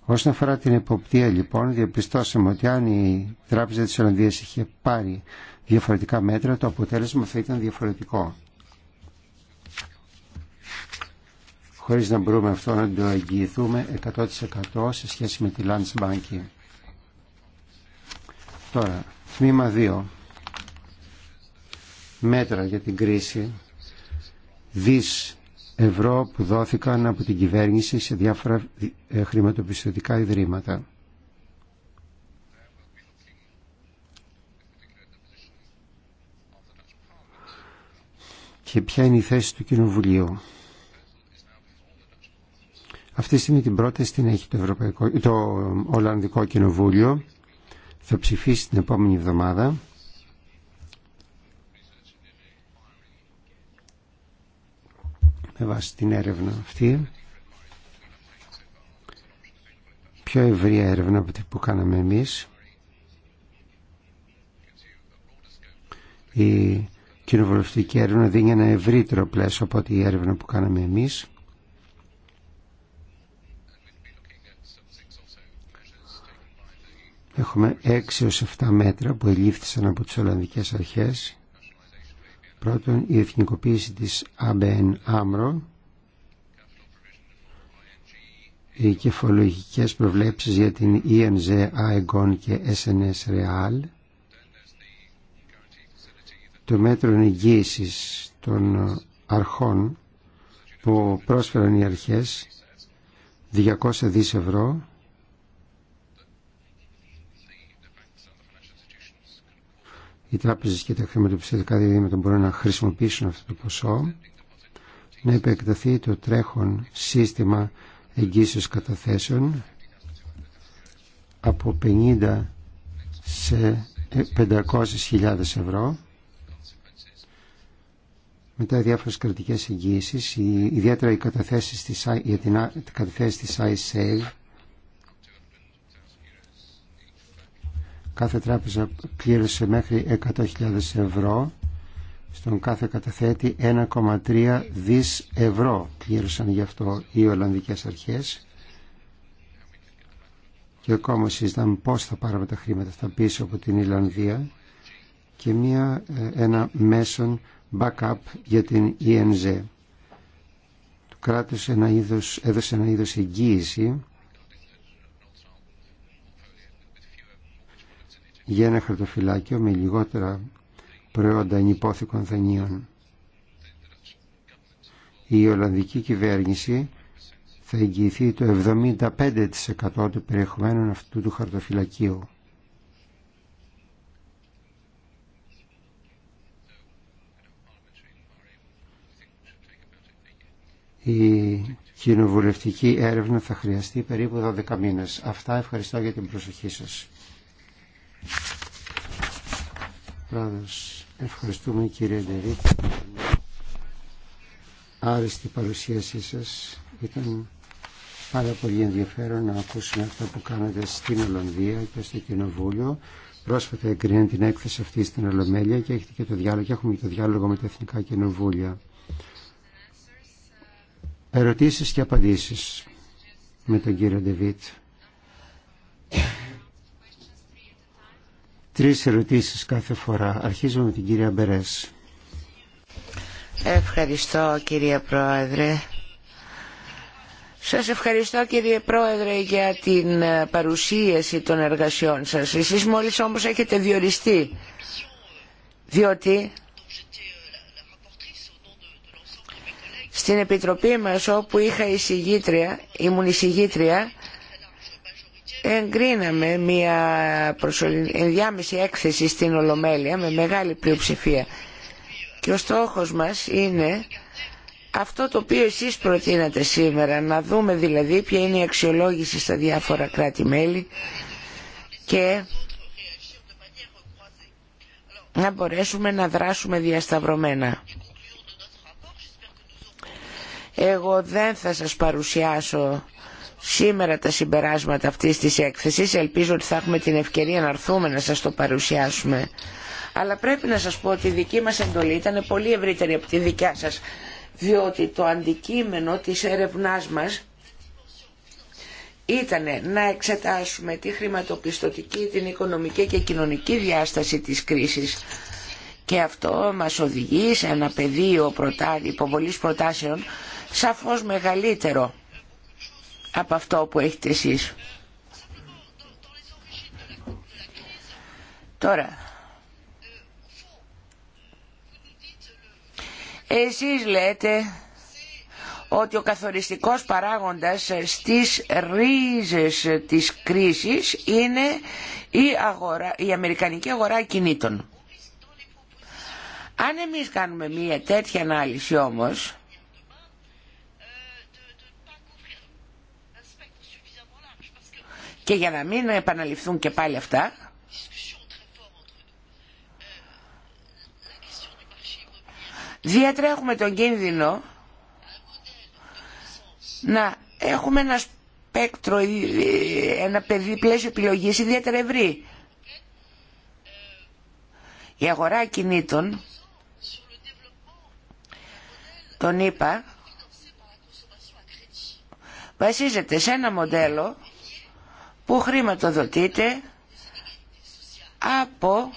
Όσον αφορά την εποπτεία λοιπόν, διαπιστώσαμε ότι αν η Τράπεζα της Ολλανδίας είχε πάρει διαφορετικά μέτρα, το αποτέλεσμα θα ήταν διαφορετικό. χωρίς να μπορούμε αυτό να το εγγυηθούμε 100% σε σχέση με τη Landsbanking. Τώρα, τμήμα 2. Μέτρα για την κρίση δις ευρώ που δόθηκαν από την κυβέρνηση σε διάφορα ε, χρηματοπιστωτικά ιδρύματα. Και ποια είναι η θέση του Κοινοβουλίου. Αυτή τη στιγμή την πρόταση την έχει το, Ευρωπαϊκό, το Ολλανδικό Κοινοβούλιο. Θα ψηφίσει την επόμενη εβδομάδα. Με βάση την έρευνα αυτή. Πιο ευρία έρευνα από την που κάναμε εμείς. Η κοινοβουλευτική έρευνα δίνει ένα ευρύτερο πλαίσιο από ό,τι η έρευνα που κάναμε εμείς. Έχουμε 6 ως 7 μέτρα που ελήφθησαν από τις Ολλανδικές Αρχές. Πρώτον, η εθνικοποίηση της ABN AMRO. Οι κεφαλογικές προβλέψεις για την ENZ, AEGON και SNS REAL. Το μέτρο εγγύησης των αρχών που πρόσφεραν οι αρχές 200 δις ευρώ οι τράπεζε και τα χρηματοπιστωτικά διδήματα μπορούν να χρησιμοποιήσουν αυτό το ποσό, να επεκταθεί το τρέχον σύστημα εγγύσεως καταθέσεων από 50 σε 500.000 ευρώ. Μετά οι διάφορες κρατικές εγγύησεις, ιδιαίτερα οι καταθέσεις της, για την, καταθέσεις της ISAVE Κάθε τράπεζα πλήρωσε μέχρι 100.000 ευρώ. Στον κάθε καταθέτη 1,3 δις ευρώ πλήρωσαν γι' αυτό οι Ολλανδικές αρχές. Και ακόμα συζητάμε πώς θα πάρουμε τα χρήματα αυτά πίσω από την Ιλλανδία και μια, ε, ένα μέσον backup για την ENZ. Το κράτος ένα έδωσε ένα είδος εγγύηση για ένα χαρτοφυλάκιο με λιγότερα προϊόντα ενυπόθηκων δανείων. Η Ολλανδική κυβέρνηση θα εγγυηθεί το 75% του περιεχομένου αυτού του χαρτοφυλακίου. Η κοινοβουλευτική έρευνα θα χρειαστεί περίπου 12 μήνες. Αυτά ευχαριστώ για την προσοχή σας. Πράδος, ευχαριστούμε κύριε Ντερίκ. Άριστη παρουσίασή σας. Ήταν πάρα πολύ ενδιαφέρον να ακούσουμε αυτά που κάνετε στην Ολλανδία και στο Κοινοβούλιο. Πρόσφατα εγκρίνει την έκθεση αυτή στην Ολομέλεια και έχετε και το διάλογο, έχουμε και το διάλογο με τα Εθνικά Κοινοβούλια. Ερωτήσεις και απαντήσεις με τον κύριο Ντεβίτ. Τρεις ερωτήσεις κάθε φορά. Αρχίζουμε με την κυρία Μπερές. Ευχαριστώ κυρία Πρόεδρε. Σας ευχαριστώ κύριε Πρόεδρε για την ε, παρουσίαση των εργασιών σας. Εσείς μόλις όμως έχετε διοριστεί, διότι στην Επιτροπή μας όπου είχα εισηγήτρια, ήμουν εισηγήτρια εγκρίναμε μια ενδιάμεση έκθεση στην Ολομέλεια με μεγάλη πλειοψηφία και ο στόχος μας είναι αυτό το οποίο εσείς προτείνατε σήμερα να δούμε δηλαδή ποια είναι η αξιολόγηση στα διάφορα κράτη-μέλη και να μπορέσουμε να δράσουμε διασταυρωμένα. Εγώ δεν θα σας παρουσιάσω σήμερα τα συμπεράσματα αυτής της έκθεσης. Ελπίζω ότι θα έχουμε την ευκαιρία να έρθουμε να σας το παρουσιάσουμε. Αλλά πρέπει να σας πω ότι η δική μας εντολή ήταν πολύ ευρύτερη από τη δικιά σας, διότι το αντικείμενο της έρευνάς μας ήταν να εξετάσουμε τη χρηματοπιστωτική, την οικονομική και κοινωνική διάσταση της κρίσης. Και αυτό μας οδηγεί σε ένα πεδίο υποβολής προτάσεων σαφώς μεγαλύτερο από αυτό που έχετε εσείς. Τώρα, εσείς λέτε ότι ο καθοριστικός παράγοντας στις ρίζες της κρίσης είναι η, αγορά, η αμερικανική αγορά κινήτων. Αν εμείς κάνουμε μία τέτοια ανάλυση όμως, Και για να μην επαναληφθούν και πάλι αυτά, διατρέχουμε τον κίνδυνο να έχουμε ένα σπέκτρο, ένα παιδί πλαίσιο επιλογής ιδιαίτερα ευρύ. Η αγορά κινήτων, τον είπα, βασίζεται σε ένα μοντέλο που χρηματοδοτείται από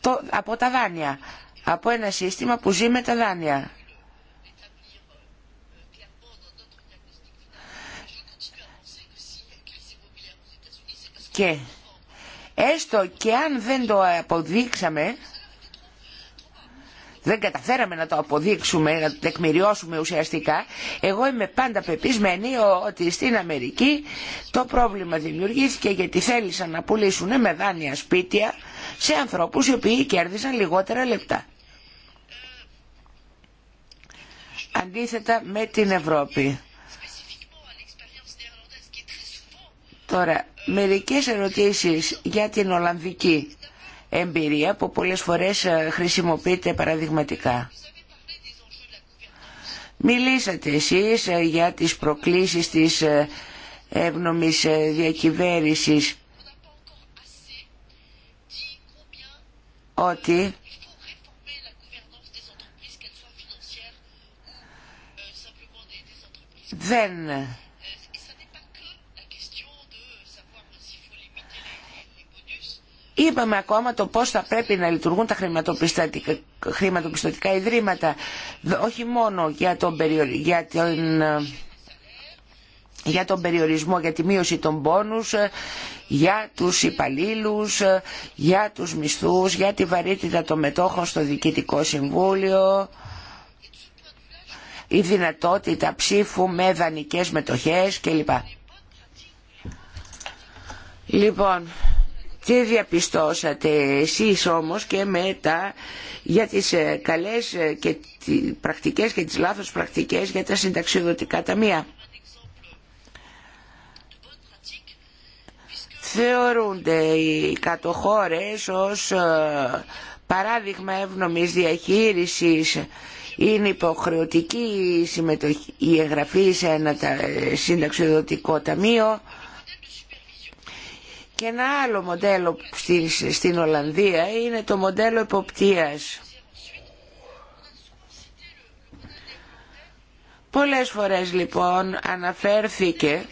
το, από τα δάνεια, από ένα σύστημα που ζει με τα δάνεια. Και έστω και αν δεν το αποδείξαμε, δεν καταφέραμε να το αποδείξουμε, να το τεκμηριώσουμε ουσιαστικά, εγώ είμαι πάντα πεπισμένη ότι στην Αμερική το πρόβλημα δημιουργήθηκε γιατί θέλησαν να πουλήσουν με δάνεια σπίτια σε ανθρώπους οι οποίοι κέρδισαν λιγότερα λεπτά. Αντίθετα με την Ευρώπη. Τώρα, μερικές ερωτήσεις για την Ολλανδική εμπειρία που πολλές φορές ε, χρησιμοποιείται παραδειγματικά. Μιλήσατε εσείς ε, για τις προκλήσεις της ε, εύνομης διακυβέρνησης ότι δεν Είπαμε ακόμα το πώς θα πρέπει να λειτουργούν τα χρηματοπιστωτικά, χρηματοπιστωτικά ιδρύματα, όχι μόνο για τον, για για τον περιορισμό, για τη μείωση των πόνους, για τους υπαλλήλους, για τους μισθούς, για τη βαρύτητα των μετόχων στο Διοικητικό Συμβούλιο, η δυνατότητα ψήφου με δανεικές μετοχές κλπ. Λοιπόν, τι διαπιστώσατε εσείς όμως και μετά για τις ε, καλές ε, και τις πρακτικές και τις λάθος πρακτικές για τα συνταξιοδοτικά ταμεία. Θεωρούνται οι κατοχώρες ως ε, παράδειγμα εύνομης διαχείρισης είναι υποχρεωτική η, συμμετοχή, η εγγραφή σε ένα συνταξιοδοτικό ταμείο και ένα άλλο μοντέλο στην Ολλανδία είναι το μοντέλο εποπτείας. Πολλές φορές λοιπόν αναφέρθηκε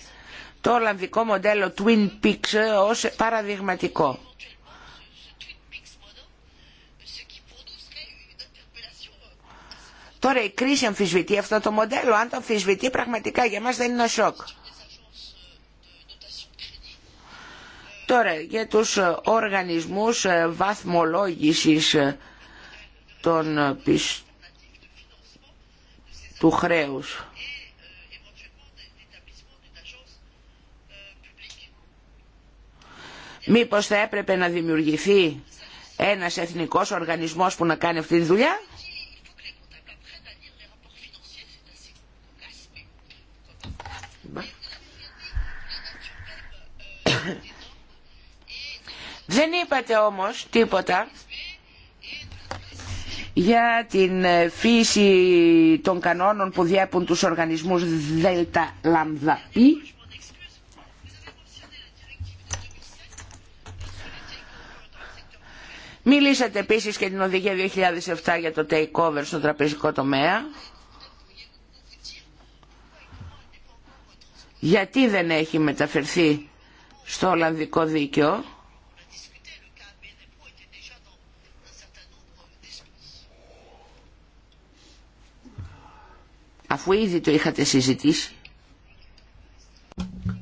το Ολλανδικό μοντέλο Twin Peaks ως παραδειγματικό. Τώρα η κρίση αμφισβητεί αυτό το μοντέλο. Αν το αμφισβητεί πραγματικά για μας δεν είναι ένα σοκ. Τώρα για τους ε, οργανισμούς ε, βαθμολόγησης ε, των του χρέους. Μήπως θα έπρεπε να δημιουργηθεί ένας εθνικός οργανισμός που να κάνει αυτή τη δουλειά. Δεν είπατε όμως τίποτα για την φύση των κανόνων που διέπουν τους οργανισμούς Δέλτα Λάμδα Μιλήσατε επίσης και την οδηγία 2007 για το takeover στο τραπεζικό τομέα. Γιατί δεν έχει μεταφερθεί στο Ολλανδικό Δίκαιο. αφού ήδη το είχατε συζητήσει.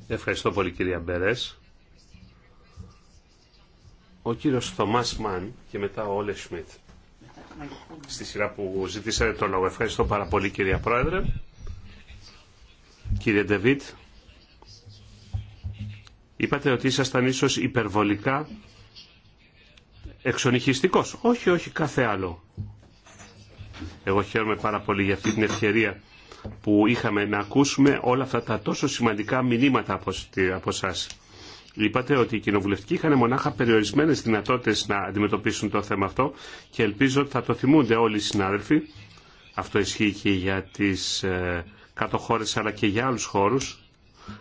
Ευχαριστώ πολύ κυρία Μπερές. Ο κύριος Θωμάς Μαν και μετά ο Όλε Σμιτ. Στη σειρά που ζητήσατε το λόγο. Ευχαριστώ πάρα πολύ κυρία Πρόεδρε. Κύριε Ντεβίτ, είπατε ότι ήσασταν ίσως υπερβολικά εξονυχιστικός. Όχι, όχι, κάθε άλλο. Εγώ χαίρομαι πάρα πολύ για αυτή την ευκαιρία που είχαμε να ακούσουμε όλα αυτά τα τόσο σημαντικά μηνύματα από, από εσά. Είπατε ότι οι κοινοβουλευτικοί είχαν μονάχα περιορισμένε δυνατότητε να αντιμετωπίσουν το θέμα αυτό και ελπίζω ότι θα το θυμούνται όλοι οι συνάδελφοι. Αυτό ισχύει και για τι ε, κάτω χώρε αλλά και για άλλου χώρου.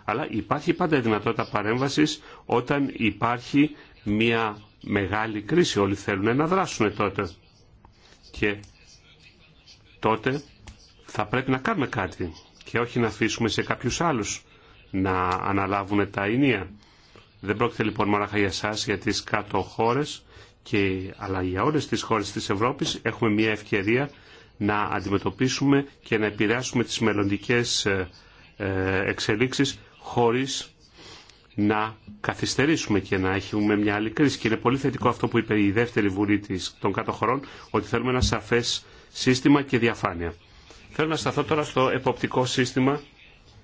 Αλλά υπάρχει πάντα δυνατότητα παρέμβαση όταν υπάρχει μια μεγάλη κρίση. Όλοι θέλουν να δράσουν τότε. Και τότε θα πρέπει να κάνουμε κάτι και όχι να αφήσουμε σε κάποιους άλλους να αναλάβουν τα ίνια. Δεν πρόκειται λοιπόν μόνο για εσά, για τις κάτω χώρες, και, αλλά για όλες τις χώρες της Ευρώπης έχουμε μια ευκαιρία να αντιμετωπίσουμε και να επηρεάσουμε τις μελλοντικέ ε, ε, εξελίξεις χωρίς να καθυστερήσουμε και να έχουμε μια άλλη κρίση. Και είναι πολύ θετικό αυτό που είπε η δεύτερη βουλή των κάτω χωρών, ότι θέλουμε ένα σαφές σύστημα και διαφάνεια. Θέλω να σταθώ τώρα στο εποπτικό σύστημα.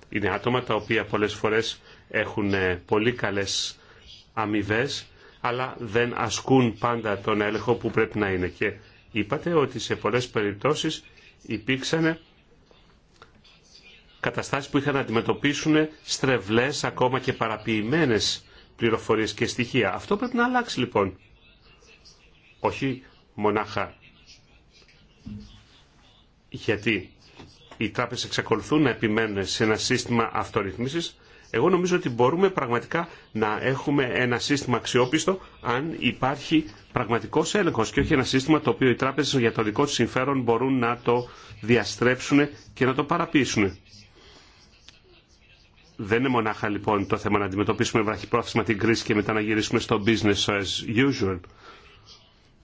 Είναι άτομα τα οποία πολλές φορές έχουν ε, πολύ καλές αμοιβέ, αλλά δεν ασκούν πάντα τον έλεγχο που πρέπει να είναι. Και είπατε ότι σε πολλές περιπτώσεις υπήρξαν καταστάσεις που είχαν να αντιμετωπίσουν στρεβλές ακόμα και παραποιημένες πληροφορίες και στοιχεία. Αυτό πρέπει να αλλάξει λοιπόν. Όχι μονάχα γιατί οι τράπεζες εξακολουθούν να επιμένουν σε ένα σύστημα αυτορυθμίσης, εγώ νομίζω ότι μπορούμε πραγματικά να έχουμε ένα σύστημα αξιόπιστο αν υπάρχει πραγματικός έλεγχος και όχι ένα σύστημα το οποίο οι τράπεζες για το δικό τους συμφέρον μπορούν να το διαστρέψουν και να το παραποιήσουν. Δεν είναι μονάχα λοιπόν το θέμα να αντιμετωπίσουμε βραχυπρόθεσμα την κρίση και μετά να γυρίσουμε στο business as usual.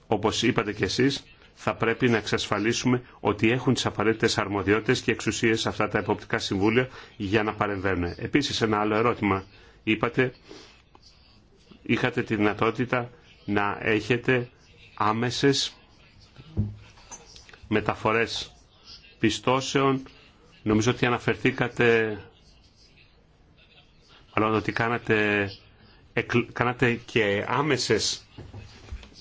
Όπως είπατε και εσείς, θα πρέπει να εξασφαλίσουμε ότι έχουν τι απαραίτητε αρμοδιότητες και εξουσίες αυτά τα εποπτικά συμβούλια για να παρεμβαίνουν. Επίσης ένα άλλο ερώτημα. Είπατε, είχατε τη δυνατότητα να έχετε άμεσες μεταφορές πιστώσεων. Νομίζω ότι αναφερθήκατε, αλλά ότι κάνατε, κάνατε και άμεσες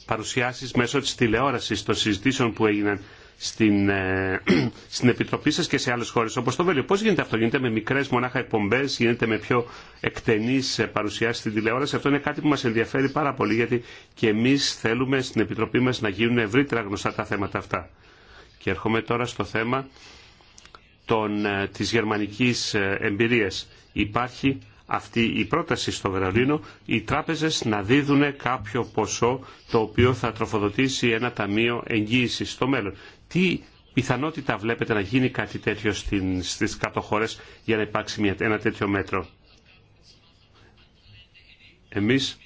παρουσιάσεις μέσω της τηλεόρασης των συζητήσεων που έγιναν στην, ε, στην Επιτροπή σας και σε άλλες χώρες όπως το Βέλιο. Πώς γίνεται αυτό, γίνεται με μικρές μονάχα εκπομπές, γίνεται με πιο εκτενείς ε, παρουσιάσεις στην τηλεόραση. Αυτό είναι κάτι που μας ενδιαφέρει πάρα πολύ γιατί και εμείς θέλουμε στην Επιτροπή μας να γίνουν ευρύτερα γνωστά τα θέματα αυτά. Και έρχομαι τώρα στο θέμα των, ε, της γερμανικής εμπειρίας. Υπάρχει αυτή η πρόταση στο Βερολίνο οι τράπεζες να δίδουν κάποιο ποσό το οποίο θα τροφοδοτήσει ένα ταμείο εγγύησης στο μέλλον. Τι πιθανότητα βλέπετε να γίνει κάτι τέτοιο στις κάτω χώρες για να υπάρξει ένα τέτοιο μέτρο. Εμείς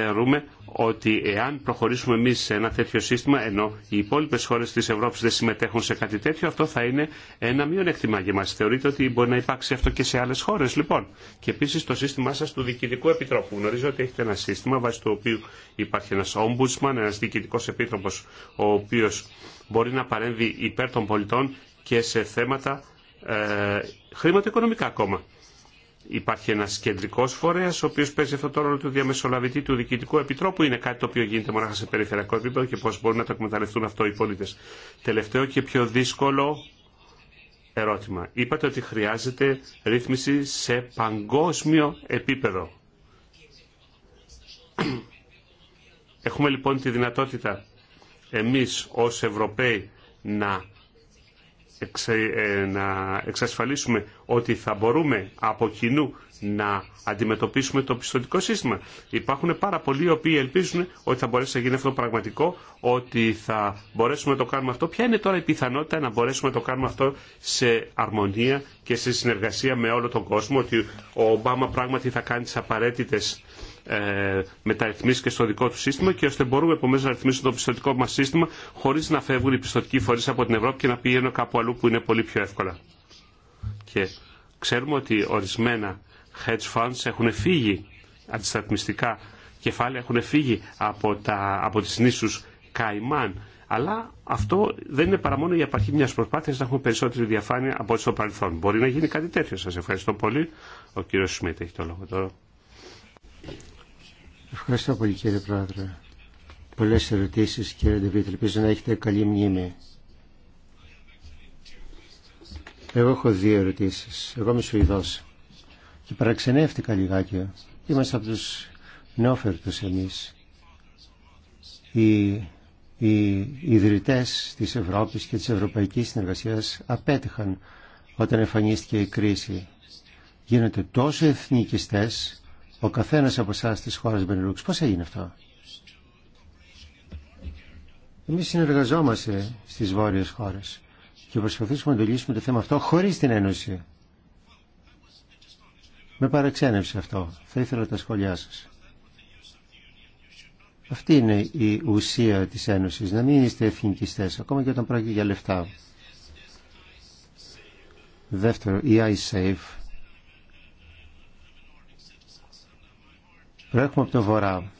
θεωρούμε ότι εάν προχωρήσουμε εμείς σε ένα τέτοιο σύστημα, ενώ οι υπόλοιπε χώρες της Ευρώπης δεν συμμετέχουν σε κάτι τέτοιο, αυτό θα είναι ένα μειονέκτημα για μα. Θεωρείτε ότι μπορεί να υπάρξει αυτό και σε άλλες χώρες, λοιπόν. Και επίσης το σύστημά σας του Διοικητικού Επιτρόπου. Γνωρίζω ότι έχετε ένα σύστημα βάσει του οποίου υπάρχει ένας ombudsman, ένας διοικητικός επίτροπος, ο οποίος μπορεί να παρέμβει υπέρ των πολιτών και σε θέματα ε, χρηματοοικονομικά ακόμα. Υπάρχει ένα κεντρικό φορέα, ο οποίο παίζει αυτό το ρόλο του διαμεσολαβητή του διοικητικού επιτρόπου. Είναι κάτι το οποίο γίνεται μόνο σε περιφερειακό επίπεδο και πώ μπορούν να το εκμεταλλευτούν αυτό οι πολίτε. Τελευταίο και πιο δύσκολο ερώτημα. Είπατε ότι χρειάζεται ρύθμιση σε παγκόσμιο επίπεδο. Έχουμε λοιπόν τη δυνατότητα εμείς ως Ευρωπαίοι να ε, να εξασφαλίσουμε ότι θα μπορούμε από κοινού να αντιμετωπίσουμε το πιστοτικό σύστημα. Υπάρχουν πάρα πολλοί οι οποίοι ελπίζουν ότι θα μπορέσει να γίνει αυτό πραγματικό, ότι θα μπορέσουμε να το κάνουμε αυτό. Ποια είναι τώρα η πιθανότητα να μπορέσουμε να το κάνουμε αυτό σε αρμονία και σε συνεργασία με όλο τον κόσμο, ότι ο Ομπάμα πράγματι θα κάνει τι απαραίτητε ε, μεταρρυθμίσει και στο δικό του σύστημα και ώστε μπορούμε επομένω να ρυθμίσουμε το πιστοτικό μα σύστημα χωρί να φεύγουν οι πιστοτικοί φορεί από την Ευρώπη και να πηγαίνουν κάπου αλλού που είναι πολύ πιο εύκολα. Και ξέρουμε ότι ορισμένα hedge funds έχουν φύγει αντισταθμιστικά κεφάλαια έχουν φύγει από, τα, από τις νήσους Καϊμάν αλλά αυτό δεν είναι παρά μόνο η απαρχή μια προσπάθεια να έχουμε περισσότερη διαφάνεια από ό,τι στο παρελθόν. Μπορεί να γίνει κάτι τέτοιο. Σα ευχαριστώ πολύ. Ο κύριο Σμιτ έχει το λόγο τώρα. Ευχαριστώ πολύ κύριε Πρόεδρε. Πολλές ερωτήσεις κύριε Ντεβίτ. Ελπίζω να έχετε καλή μνήμη. Εγώ έχω δύο ερωτήσεις. Εγώ είμαι Σουηδός και παραξενεύτηκα λιγάκι. Είμαστε από τους νόφερτους εμείς. Οι, οι ιδρυτές της Ευρώπης και της Ευρωπαϊκής Συνεργασίας απέτυχαν όταν εμφανίστηκε η κρίση. Γίνονται τόσο εθνικιστές ο καθένας από εσά στις χώρες Μπενελούξ. Πώς έγινε αυτό. Εμείς συνεργαζόμαστε στις βόρειες χώρες και προσπαθήσουμε να το λύσουμε το θέμα αυτό χωρίς την Ένωση. Με παραξένευσε αυτό. Θα ήθελα τα σχόλιά σας. Αυτή είναι η ουσία της Ένωσης, να μην είστε εθνικιστές, ακόμα και όταν πρόκειται για λεφτά. Δεύτερο, η iSafe Βρέχουμε από τον βορρά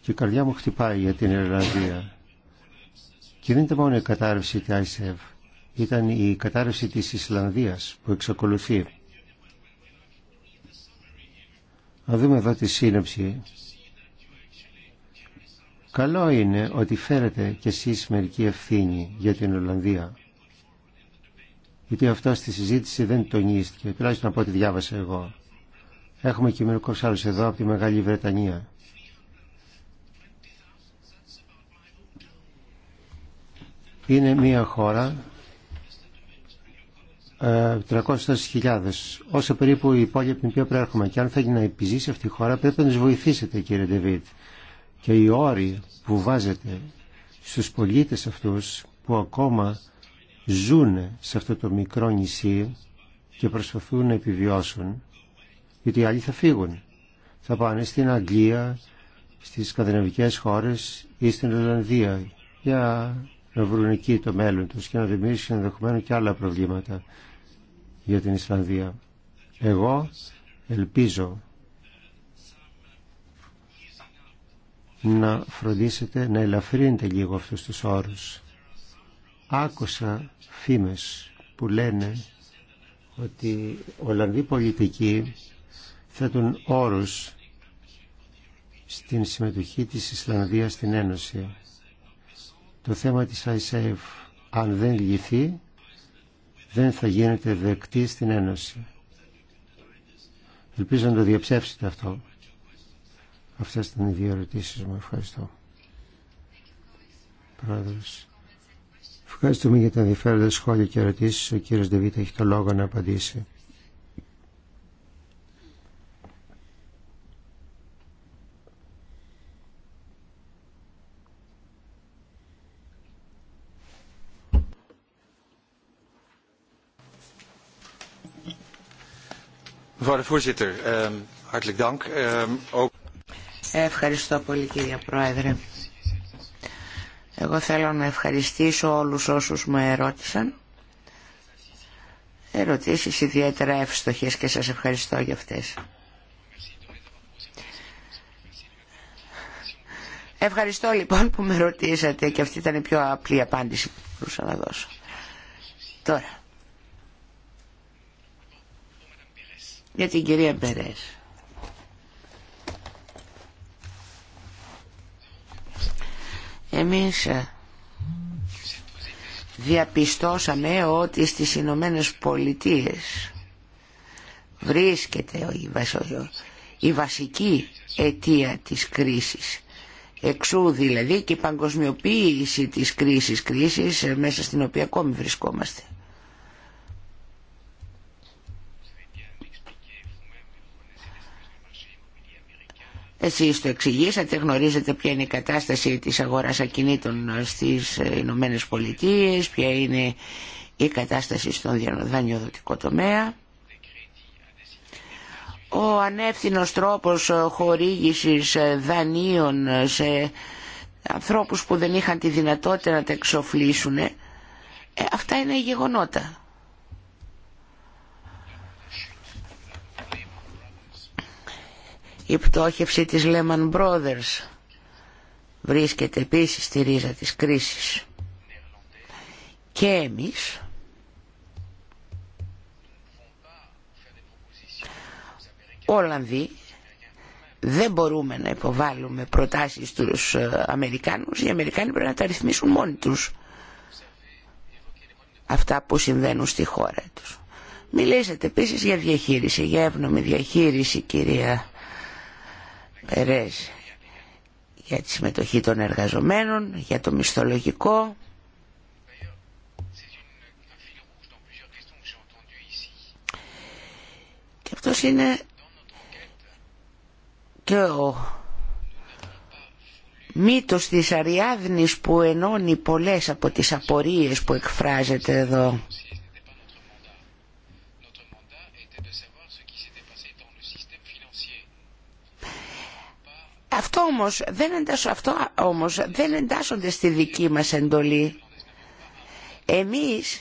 και η καρδιά μου χτυπάει για την Ιρλανδία. Και δεν ήταν μόνο η κατάρρευση της Αϊσεβ. E ήταν η κατάρρευση της Ισλανδίας που εξακολουθεί. Να δούμε εδώ τη σύνοψη. Καλό είναι ότι φέρετε κι εσείς μερική ευθύνη για την Ολλανδία. Γιατί αυτό στη συζήτηση δεν τονίστηκε, τουλάχιστον από ό,τι διάβασα εγώ. Έχουμε και μερικού άλλου εδώ από τη Μεγάλη Βρετανία. Είναι μια χώρα 300.000, ε, όσο περίπου η πόλη από την οποία προέρχομαι. Και αν θέλει να επιζήσει αυτή η χώρα, πρέπει να του βοηθήσετε, κύριε Ντεβίτ. Και οι όροι που βάζετε στους πολίτες αυτούς που ακόμα ζουν σε αυτό το μικρό νησί και προσπαθούν να επιβιώσουν γιατί οι άλλοι θα φύγουν. Θα πάνε στην Αγγλία, στις σκανδιναβικές χώρες ή στην Ολλανδία για να βρουν εκεί το μέλλον τους και να δημιουργήσουν ενδεχομένω και άλλα προβλήματα για την Ισλανδία. Εγώ ελπίζω να φροντίσετε να ελαφρύνετε λίγο αυτούς τους όρους. Άκουσα φήμες που λένε ότι Ολλανδοί πολιτικοί θέτουν όρους στην συμμετοχή της Ισλανδίας στην Ένωση. Το θέμα της ISAF αν δεν λυθεί δεν θα γίνεται δεκτή στην Ένωση. Ελπίζω να το διαψεύσετε αυτό. Αυτές ήταν οι δύο ερωτήσεις μου. Ευχαριστώ. Πρόεδρος. Ευχαριστούμε για τα ενδιαφέροντα σχόλια και ερωτήσεις. Ο κύριος Δεβίτα έχει το λόγο να απαντήσει. Ehm, ehm, ευχαριστώ πολύ κύριε Πρόεδρε. Εγώ θέλω να ευχαριστήσω όλους όσους με ερώτησαν. Ερωτήσεις ιδιαίτερα εύστοχες και σας ευχαριστώ για αυτές. Ευχαριστώ λοιπόν που με ρωτήσατε και αυτή ήταν η πιο απλή απάντηση που μπορούσα να δώσω. Τώρα, για την κυρία Μπερές. Εμείς ε, διαπιστώσαμε ότι στις Ηνωμένε Πολιτείες βρίσκεται η βασική αιτία της κρίσης. Εξού δηλαδή και η παγκοσμιοποίηση της κρίσης, κρίσης ε, μέσα στην οποία ακόμη βρισκόμαστε. Εσείς το εξηγήσατε, γνωρίζετε ποια είναι η κατάσταση της αγοράς ακινήτων στις Ηνωμένε Πολιτείε, ποια είναι η κατάσταση στον δανειοδοτικό τομέα. Ο ανεύθυνος τρόπος χορήγησης δανείων σε ανθρώπους που δεν είχαν τη δυνατότητα να τα εξοφλήσουν, ε, αυτά είναι γεγονότα. Η πτώχευση της Lehman Brothers βρίσκεται επίσης στη ρίζα της κρίσης. Και εμείς Ολλανδοί δεν μπορούμε να υποβάλουμε προτάσεις στους ε, Αμερικάνους. Οι Αμερικάνοι πρέπει να τα ρυθμίσουν μόνοι τους αυτά που συμβαίνουν στη χώρα τους. Μιλήσατε επίσης για διαχείριση, για εύνομη διαχείριση κυρία Περές για τη συμμετοχή των εργαζομένων, για το μισθολογικό. Και αυτός είναι και ο μύτος της Αριάδνης που ενώνει πολλές από τις απορίες που εκφράζεται εδώ. Αυτό όμως δεν, αυτό όμως δεν εντάσσονται στη δική μας εντολή. Εμείς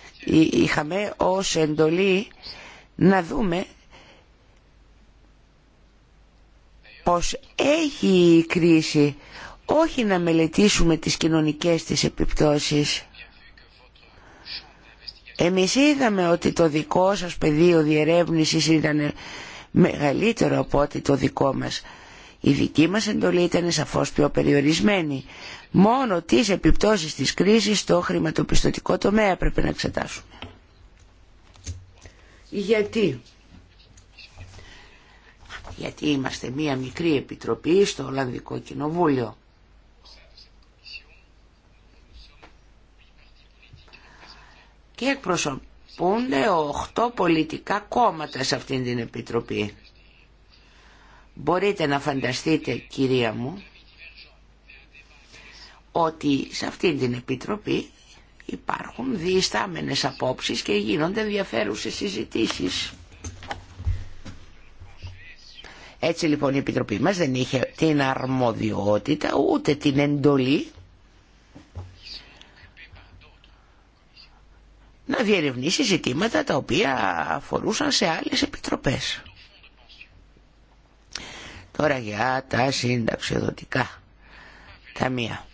είχαμε ως εντολή να δούμε πως έχει η κρίση, όχι να μελετήσουμε τις κοινωνικές της επιπτώσεις. Εμείς είδαμε ότι το δικό σας πεδίο διερεύνησης ήταν μεγαλύτερο από ότι το δικό μας. Η δική μας εντολή ήταν σαφώς πιο περιορισμένη. Μόνο τις επιπτώσεις της κρίσης στο χρηματοπιστωτικό τομέα πρέπει να εξετάσουμε. Γιατί? Γιατί είμαστε μία μικρή επιτροπή στο Ολλανδικό Κοινοβούλιο. Και εκπροσωπούνται 8 πολιτικά κόμματα σε αυτήν την επιτροπή. Μπορείτε να φανταστείτε κυρία μου ότι σε αυτήν την Επιτροπή υπάρχουν διεστάμενες απόψεις και γίνονται ενδιαφέρουσες συζητήσεις. Έτσι λοιπόν η Επιτροπή μας δεν είχε την αρμοδιότητα ούτε την εντολή να διερευνήσει ζητήματα τα οποία αφορούσαν σε άλλες επιτροπές. Τώρα για τα συνταξιοδοτικά ταμεία.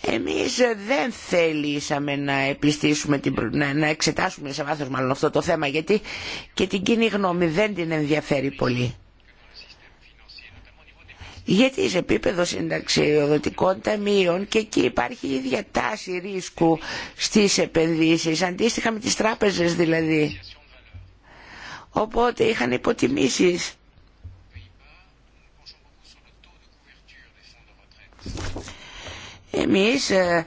Εμείς δεν θελήσαμε να επιστήσουμε, την, να, εξετάσουμε σε βάθος μάλλον αυτό το θέμα γιατί και την κοινή γνώμη δεν την ενδιαφέρει πολύ. Γιατί σε επίπεδο συνταξιοδοτικών ταμείων και εκεί υπάρχει η ίδια τάση ρίσκου στις επενδύσεις, αντίστοιχα με τις τράπεζες δηλαδή οπότε είχαν υποτιμήσεις. Εμείς ε,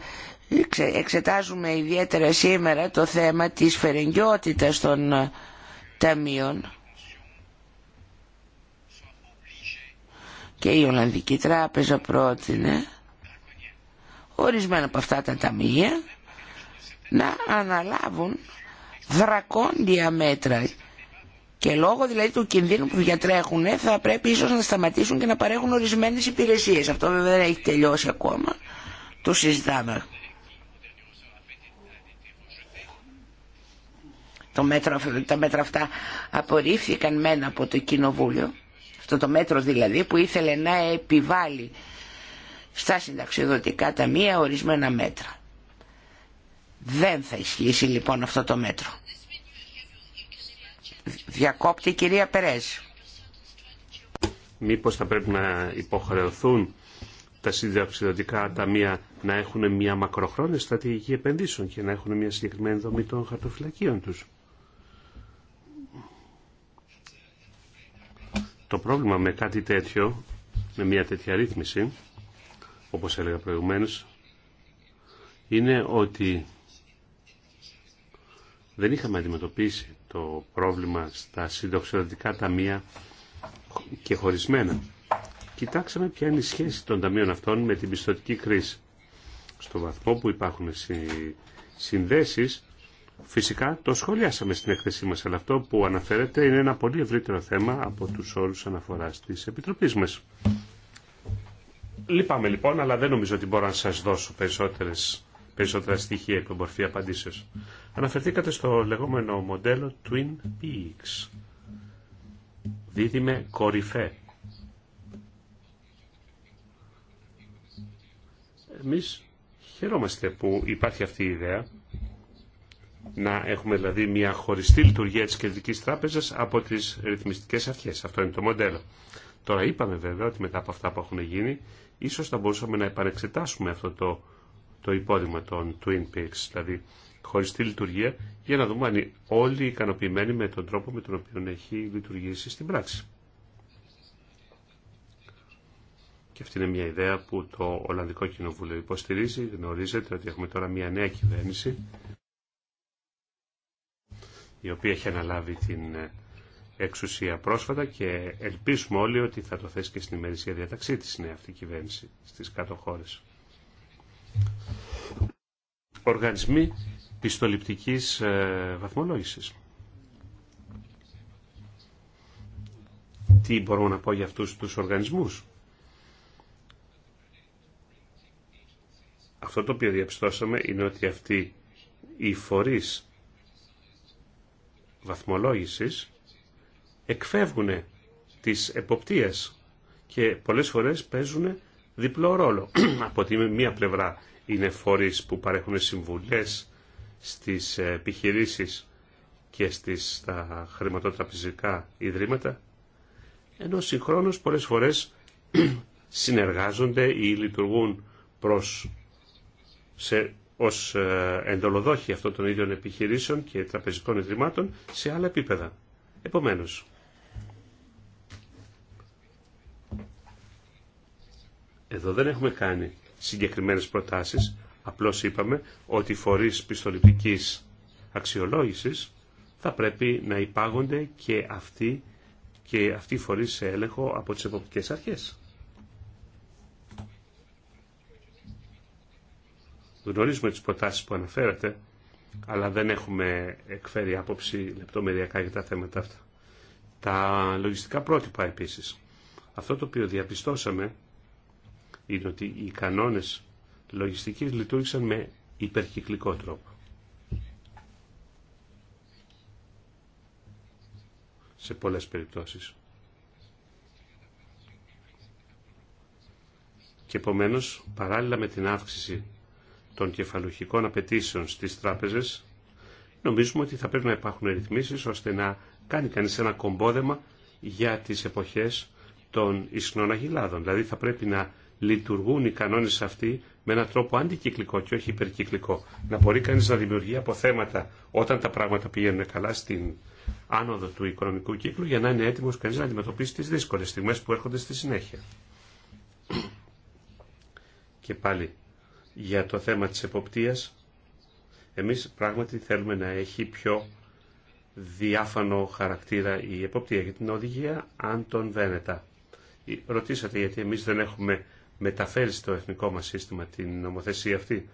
εξετάζουμε ιδιαίτερα σήμερα το θέμα της φερεγγιότητας των ε, ταμείων και η Ολλανδική Τράπεζα πρότεινε ορισμένα από αυτά τα ταμεία να αναλάβουν δρακόντια μέτρα και λόγω δηλαδή του κινδύνου που διατρέχουν θα πρέπει ίσως να σταματήσουν και να παρέχουν ορισμένες υπηρεσίες. Αυτό βέβαια δεν έχει τελειώσει ακόμα. Το συζητάμε. Το μέτρο, τα μέτρα αυτά απορρίφθηκαν μένα από το Κοινοβούλιο. Αυτό το μέτρο δηλαδή που ήθελε να επιβάλλει στα συνταξιδοτικά ταμεία ορισμένα μέτρα. Δεν θα ισχύσει λοιπόν αυτό το μέτρο. Διακόπτη κυρία Περές. Μήπως θα πρέπει να υποχρεωθούν τα τα ταμεία να έχουν μια μακροχρόνια στρατηγική επενδύσεων και να έχουν μια συγκεκριμένη δομή των χαρτοφυλακίων τους. Το πρόβλημα με κάτι τέτοιο, με μια τέτοια ρύθμιση, όπως έλεγα προηγουμένως, είναι ότι δεν είχαμε αντιμετωπίσει το πρόβλημα στα συντοξιδοτικά ταμεία και χωρισμένα. Κοιτάξαμε ποια είναι η σχέση των ταμείων αυτών με την πιστοτική κρίση. Στο βαθμό που υπάρχουν συνδέσεις, φυσικά το σχολιάσαμε στην έκθεσή μας, αλλά αυτό που αναφέρεται είναι ένα πολύ ευρύτερο θέμα από τους όρους αναφοράς της Επιτροπής μας. Λυπάμαι λοιπόν, αλλά δεν νομίζω ότι μπορώ να σας δώσω περισσότερες περισσότερα στοιχεία και μορφή απαντήσεως. Αναφερθήκατε στο λεγόμενο μοντέλο Twin Peaks. Δίδυμε κορυφέ. Εμείς χαιρόμαστε που υπάρχει αυτή η ιδέα να έχουμε δηλαδή μια χωριστή λειτουργία της κεντρικής τράπεζας από τις ρυθμιστικές αρχές. Αυτό είναι το μοντέλο. Τώρα είπαμε βέβαια ότι μετά από αυτά που έχουν γίνει, ίσως θα μπορούσαμε να επανεξετάσουμε αυτό το το υπόδειγμα των Twin Peaks, δηλαδή χωριστή λειτουργία, για να δούμε αν είναι όλοι ικανοποιημένοι με τον τρόπο με τον οποίο έχει λειτουργήσει στην πράξη. Και αυτή είναι μια ιδέα που το Ολλανδικό Κοινοβούλιο υποστηρίζει. Γνωρίζετε ότι έχουμε τώρα μια νέα κυβέρνηση, η οποία έχει αναλάβει την εξουσία πρόσφατα και ελπίζουμε όλοι ότι θα το θέσει και στην ημερησία διαταξή της νέα αυτή κυβέρνηση στις κάτω χώρες οργανισμοί πιστοληπτικής ε, βαθμολόγησης. Τι μπορώ να πω για αυτούς τους οργανισμούς. Αυτό το οποίο διαπιστώσαμε είναι ότι αυτοί οι φορείς βαθμολόγησης εκφεύγουν τις εποπτείες και πολλές φορές παίζουν διπλό ρόλο. Από τη μία πλευρά είναι φορείς που παρέχουν συμβουλές στις επιχειρήσεις και στις, στα χρηματοτραπεζικά ιδρύματα, ενώ συγχρόνως πολλές φορές συνεργάζονται ή λειτουργούν προς, σε, ως ε, εντολοδόχοι αυτών των ίδιων επιχειρήσεων και τραπεζικών ιδρυμάτων σε άλλα επίπεδα. Επομένως, Εδώ δεν έχουμε κάνει συγκεκριμένες προτάσεις, απλώς είπαμε ότι οι φορείς πιστοληπτικής αξιολόγησης θα πρέπει να υπάγονται και αυτοί και αυτοί οι φορείς σε έλεγχο από τις εποπτικές αρχές. Γνωρίζουμε τις προτάσεις που αναφέρατε, αλλά δεν έχουμε εκφέρει άποψη λεπτομεριακά για τα θέματα αυτά. Τα λογιστικά πρότυπα επίσης. Αυτό το οποίο διαπιστώσαμε είναι ότι οι κανόνες λογιστικής λειτουργήσαν με υπερκυκλικό τρόπο. Σε πολλές περιπτώσεις. Και επομένως, παράλληλα με την αύξηση των κεφαλουχικών απαιτήσεων στις τράπεζες, νομίζουμε ότι θα πρέπει να υπάρχουν ρυθμίσεις ώστε να κάνει κανείς ένα κομπόδεμα για τις εποχές των ισχνών αγιλάδων. Δηλαδή θα πρέπει να λειτουργούν οι κανόνε αυτοί με έναν τρόπο αντικυκλικό και όχι υπερκυκλικό. Να μπορεί κανεί να δημιουργεί αποθέματα όταν τα πράγματα πηγαίνουν καλά στην άνοδο του οικονομικού κύκλου για να είναι έτοιμο κανεί να αντιμετωπίσει τι δύσκολε στιγμέ που έρχονται στη συνέχεια. Και πάλι για το θέμα της εποπτείας, εμείς πράγματι θέλουμε να έχει πιο διάφανο χαρακτήρα η εποπτεία για την οδηγία τον Βένετα. Ρωτήσατε γιατί εμείς δεν έχουμε μεταφέρει στο εθνικό μας σύστημα την νομοθεσία αυτή.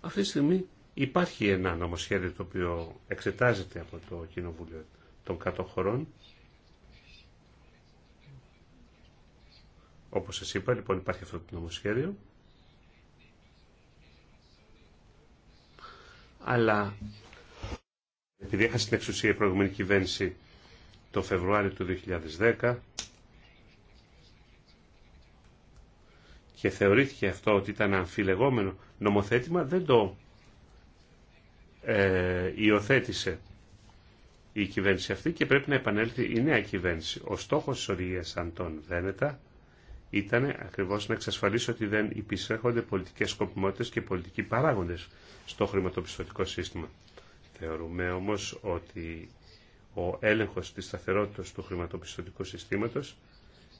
Αυτή τη στιγμή υπάρχει ένα νομοσχέδιο το οποίο εξετάζεται από το Κοινοβούλιο των Κατοχωρών. Όπως σας είπα, λοιπόν υπάρχει αυτό το νομοσχέδιο. Αλλά επειδή έχασε την εξουσία η προηγούμενη κυβέρνηση το Φεβρουάριο του 2010, και θεωρήθηκε αυτό ότι ήταν αμφιλεγόμενο νομοθέτημα, δεν το ε, υιοθέτησε η κυβέρνηση αυτή και πρέπει να επανέλθει η νέα κυβέρνηση. Ο στόχος της οδηγίας Αντών Βένετα ήταν ακριβώς να εξασφαλίσει ότι δεν υπησέρχονται πολιτικές σκοπιμότητες και πολιτικοί παράγοντες στο χρηματοπιστωτικό σύστημα. Θεωρούμε όμως ότι ο έλεγχος της σταθερότητας του χρηματοπιστωτικού συστήματος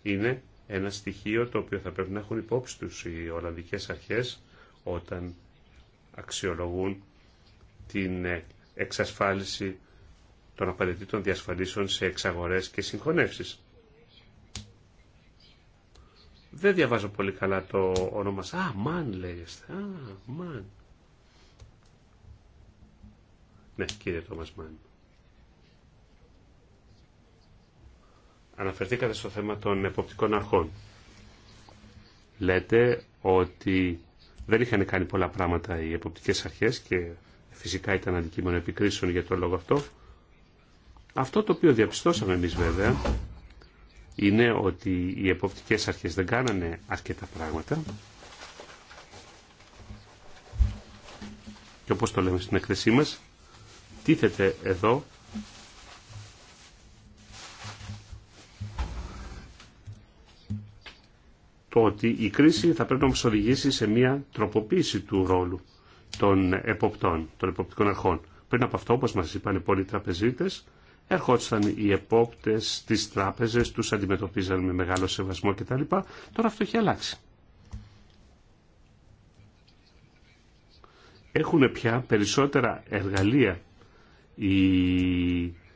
είναι ένα στοιχείο το οποίο θα πρέπει να έχουν υπόψη τους οι Ολλανδικές αρχές όταν αξιολογούν την εξασφάλιση των απαραίτητων διασφαλίσεων σε εξαγορές και συγχωνεύσεις. Δεν διαβάζω πολύ καλά το όνομα σας. Α, Μαν λέγεστε. Ναι, κύριε Τόμας Μαν. Αναφερθήκατε στο θέμα των εποπτικών αρχών. Λέτε ότι δεν είχαν κάνει πολλά πράγματα οι εποπτικές αρχές και φυσικά ήταν αντικείμενο επικρίσεων για τον λόγο αυτό. Αυτό το οποίο διαπιστώσαμε εμείς βέβαια είναι ότι οι εποπτικές αρχές δεν κάνανε αρκετά πράγματα και όπως το λέμε στην εκθεσή μας, τίθεται εδώ πω ότι η κρίση θα πρέπει να μας οδηγήσει σε μια τροποποίηση του ρόλου των εποπτών, των εποπτικών αρχών. Πριν από αυτό, όπως μας είπαν οι πολλοί τραπεζίτες, ερχόντουσαν οι επόπτες στις τράπεζες, τους αντιμετωπίζαν με μεγάλο σεβασμό κτλ. Τώρα αυτό έχει αλλάξει. Έχουν πια περισσότερα εργαλεία οι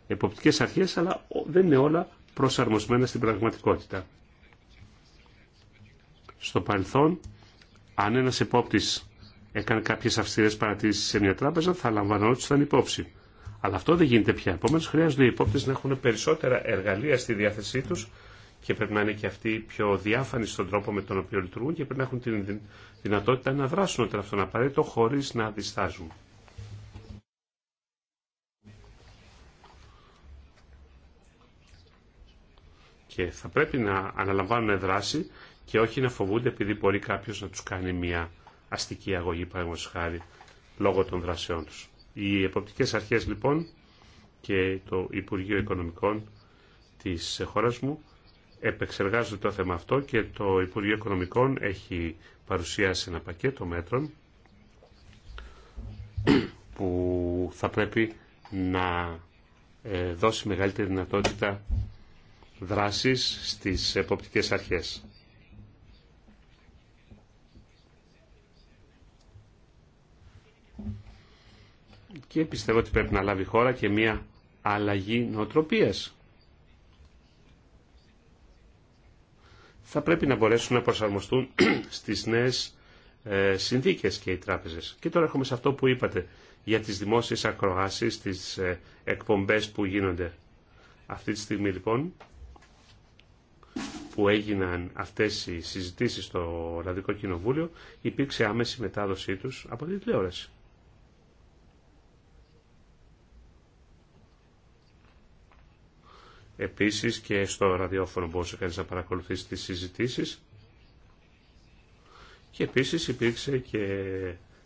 εποπτικές αρχές, αλλά δεν είναι όλα προσαρμοσμένα στην πραγματικότητα στο παρελθόν, αν ένας επόπτης έκανε κάποιες αυστηρές παρατηρήσεις σε μια τράπεζα, θα λαμβανόντουσαν υπόψη. Αλλά αυτό δεν γίνεται πια. Επομένω, χρειάζονται οι υπόπτε να έχουν περισσότερα εργαλεία στη διάθεσή του και πρέπει να είναι και αυτοί πιο διάφανοι στον τρόπο με τον οποίο λειτουργούν και πρέπει να έχουν τη δυνατότητα να δράσουν όταν αυτόν απαραίτητο χωρί να διστάζουν. Και θα πρέπει να αναλαμβάνουν δράση και όχι να φοβούνται επειδή μπορεί κάποιος να τους κάνει μια αστική αγωγή παραδείγματος χάρη λόγω των δρασεών τους. Οι εποπτικές αρχές λοιπόν και το Υπουργείο Οικονομικών της χώρας μου επεξεργάζονται το θέμα αυτό και το Υπουργείο Οικονομικών έχει παρουσιάσει ένα πακέτο μέτρων που θα πρέπει να ε, δώσει μεγαλύτερη δυνατότητα δράσης στις εποπτικές αρχές. και πιστεύω ότι πρέπει να λάβει χώρα και μια αλλαγή νοοτροπίας. Θα πρέπει να μπορέσουν να προσαρμοστούν στις νέες ε, συνθήκες και οι τράπεζες. Και τώρα έχουμε σε αυτό που είπατε για τις δημόσιες ακροάσεις, τις ε, εκπομπές που γίνονται. Αυτή τη στιγμή λοιπόν που έγιναν αυτές οι συζητήσεις στο Ραδικό Κοινοβούλιο υπήρξε άμεση μετάδοσή τους από την τηλεόραση. Επίσης και στο ραδιόφωνο μπορούσε κανείς να παρακολουθήσει τις συζητήσεις. Και επίσης υπήρξε και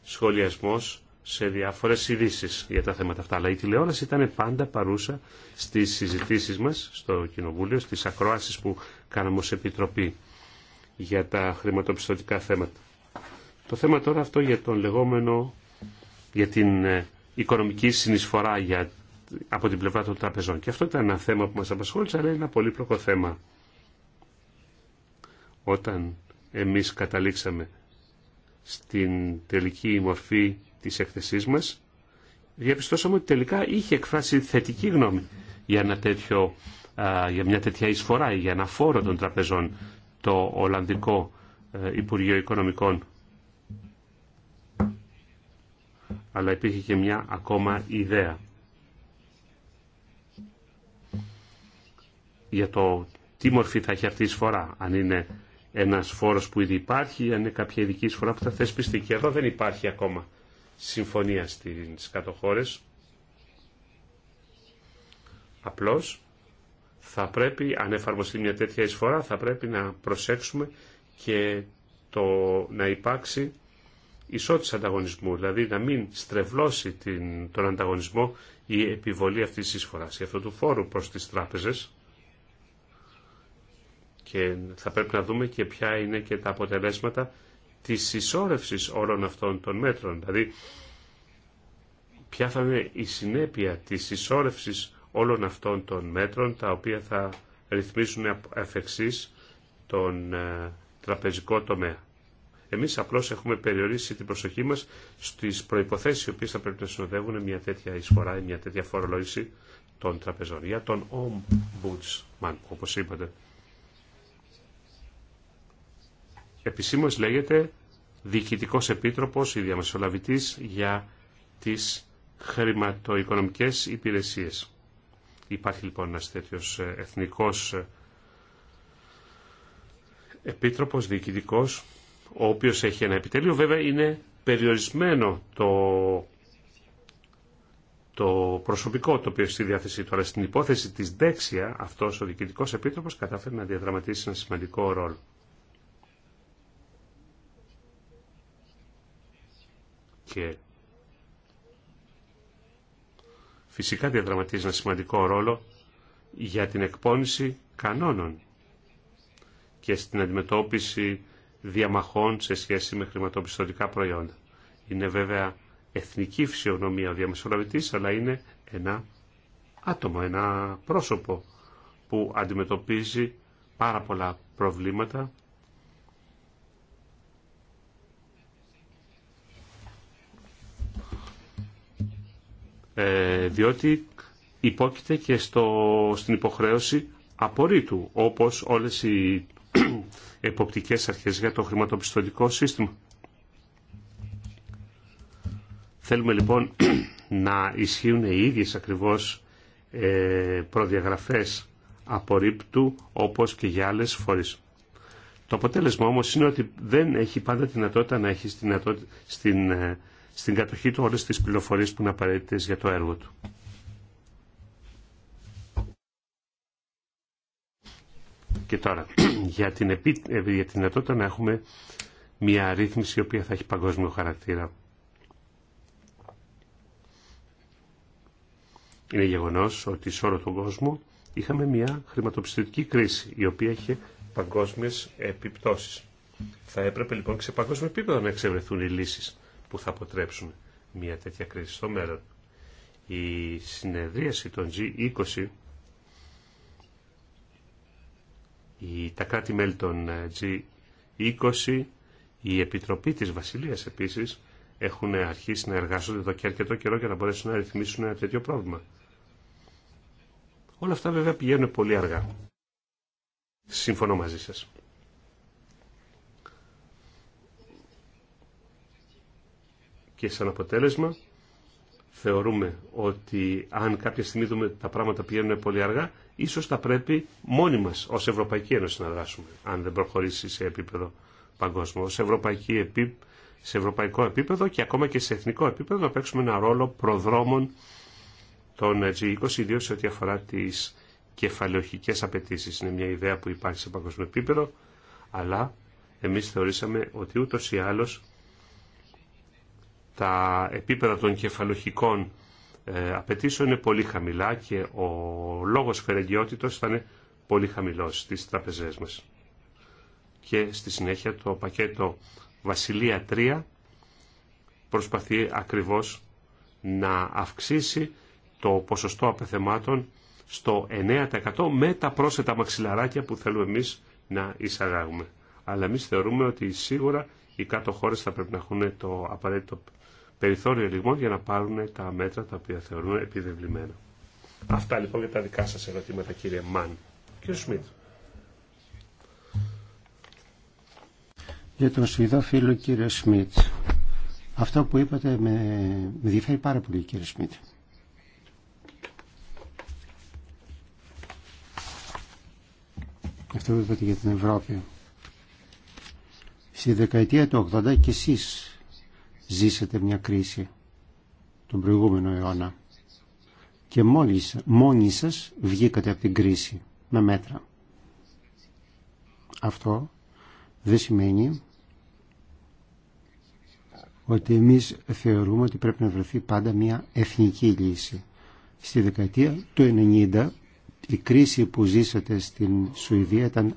σχολιασμός σε διάφορες ειδήσει για τα θέματα αυτά. Αλλά η τηλεόραση ήταν πάντα παρούσα στις συζητήσεις μας στο Κοινοβούλιο, στις ακροάσεις που κάναμε ως Επιτροπή για τα χρηματοπιστωτικά θέματα. Το θέμα τώρα αυτό για τον λεγόμενο, για την ε, οικονομική συνεισφορά για από την πλευρά των τραπεζών. Και αυτό ήταν ένα θέμα που μας απασχόλησε, αλλά είναι ένα πολύπλοκο θέμα. Όταν εμείς καταλήξαμε στην τελική μορφή της έκθεσής μας, διαπιστώσαμε ότι τελικά είχε εκφράσει θετική γνώμη για, ένα τέτοιο, για μια τέτοια εισφορά ή για ένα φόρο των τραπεζών το Ολλανδικό ε, Υπουργείο Οικονομικών. Αλλά υπήρχε και μια ακόμα ιδέα για το τι μορφή θα έχει αυτή η εισφορά. Αν είναι ένα φόρο που ήδη υπάρχει, ή αν είναι κάποια ειδική εισφορά που θα θεσπιστεί. Και εδώ δεν υπάρχει ακόμα συμφωνία στι κατοχώρε. Απλώ θα πρέπει, αν εφαρμοστεί μια τέτοια εισφορά, θα πρέπει να προσέξουμε και το να υπάρξει ισότητα ανταγωνισμού, δηλαδή να μην στρεβλώσει την, τον ανταγωνισμό η επιβολή αυτής της εισφοράς. Γι' αυτό του φόρου προς τις τράπεζες, και θα πρέπει να δούμε και ποια είναι και τα αποτελέσματα της συσσόρευσης όλων αυτών των μέτρων. Δηλαδή, ποια θα είναι η συνέπεια της συσσόρευσης όλων αυτών των μέτρων, τα οποία θα ρυθμίζουν εφ' εξής τον ε, τραπεζικό τομέα. Εμείς απλώς έχουμε περιορίσει την προσοχή μας στις προϋποθέσεις οι οποίες θα πρέπει να συνοδεύουν μια τέτοια εισφορά ή μια τέτοια φορολόγηση των τραπεζών. Για τον Ombudsman, όπως είπατε. επισήμως λέγεται διοικητικός επίτροπος ή διαμεσολαβητής για τις χρηματοοικονομικές υπηρεσίες. Υπάρχει λοιπόν ένας τέτοιος ε, εθνικός ε, επίτροπος διοικητικός, ο οποίος έχει ένα επιτελείο. Βέβαια είναι περιορισμένο το, το προσωπικό το οποίο στη διάθεσή του. Αλλά στην υπόθεση της Δέξια αυτός ο διοικητικός επίτροπος κατάφερε να διαδραματίσει ένα σημαντικό ρόλο. και φυσικά διαδραματίζει ένα σημαντικό ρόλο για την εκπόνηση κανόνων και στην αντιμετώπιση διαμαχών σε σχέση με χρηματοπιστωτικά προϊόντα. Είναι βέβαια εθνική φυσιογνωμία ο διαμεσολαβητής, αλλά είναι ένα άτομο, ένα πρόσωπο που αντιμετωπίζει πάρα πολλά προβλήματα Ε, διότι υπόκειται και στο, στην υποχρέωση απορρίτου, όπως όλες οι εποπτικές αρχές για το χρηματοπιστωτικό σύστημα. Θέλουμε λοιπόν να ισχύουν οι ίδιες ακριβώς ε, προδιαγραφές απορρίπτου όπως και για άλλες φορές. Το αποτέλεσμα όμως είναι ότι δεν έχει πάντα δυνατότητα να έχει στην, ε, στην κατοχή του όλες τις πληροφορίες που είναι απαραίτητε για το έργο του. Και τώρα, για την, επί... Ε, για την δυνατότητα να έχουμε μια ρύθμιση η οποία θα έχει παγκόσμιο χαρακτήρα. Είναι γεγονός ότι σε όλο τον κόσμο είχαμε μια χρηματοπιστωτική κρίση η οποία είχε παγκόσμιες επιπτώσεις. Θα έπρεπε λοιπόν και σε παγκόσμιο επίπεδο να εξευρεθούν οι λύσεις που θα αποτρέψουν μια τέτοια κρίση στο μέλλον. Η συνεδρίαση των G20, τα κράτη-μέλη των ε, G20, η Επιτροπή της Βασιλείας επίσης, έχουν αρχίσει να εργάζονται εδώ και αρκετό καιρό για να μπορέσουν να ρυθμίσουν ένα τέτοιο πρόβλημα. Όλα αυτά βέβαια πηγαίνουν πολύ αργά. Συμφωνώ μαζί σας. Και σαν αποτέλεσμα θεωρούμε ότι αν κάποια στιγμή δούμε τα πράγματα πηγαίνουν πολύ αργά, ίσως θα πρέπει μόνοι μας ως Ευρωπαϊκή Ένωση να δράσουμε, αν δεν προχωρήσει σε επίπεδο παγκόσμιο. επί... σε ευρωπαϊκό επίπεδο και ακόμα και σε εθνικό επίπεδο να παίξουμε ένα ρόλο προδρόμων των G20, ιδίω σε ό,τι αφορά τις κεφαλαιοχικές απαιτήσει. Είναι μια ιδέα που υπάρχει σε παγκόσμιο επίπεδο, αλλά εμείς θεωρήσαμε ότι ούτως ή άλλως τα επίπεδα των κεφαλοχικών ε, απαιτήσεων είναι πολύ χαμηλά και ο λόγος φερεγγιότητος θα είναι πολύ χαμηλός στις τραπεζές μας. Και στη συνέχεια το πακέτο Βασιλεία 3 προσπαθεί ακριβώς να αυξήσει το ποσοστό απεθεμάτων στο 9% με τα πρόσθετα μαξιλαράκια που θέλουμε εμείς να εισαγάγουμε. Αλλά εμείς θεωρούμε ότι σίγουρα οι κάτω χώρες θα πρέπει να έχουν το απαραίτητο περιθώριο λιγμών για να πάρουν τα μέτρα τα οποία θεωρούν επιδευλημένα. Αυτά λοιπόν για τα δικά σα ερωτήματα κύριε Μάν. Κύριε Σμίτ. Για τον Σουηδό φίλο κύριε Σμίτ. Αυτό που είπατε με, με ενδιαφέρει πάρα πολύ κύριε Σμίτ. Αυτό που είπατε για την Ευρώπη. Στη δεκαετία του 80 και εσείς Ζήσατε μια κρίση τον προηγούμενο αιώνα και μόλις, μόνοι σας βγήκατε από την κρίση με μέτρα. Αυτό δεν σημαίνει ότι εμείς θεωρούμε ότι πρέπει να βρεθεί πάντα μια εθνική λύση. Στη δεκαετία του 90 η κρίση που ζήσατε στην Σουηδία ήταν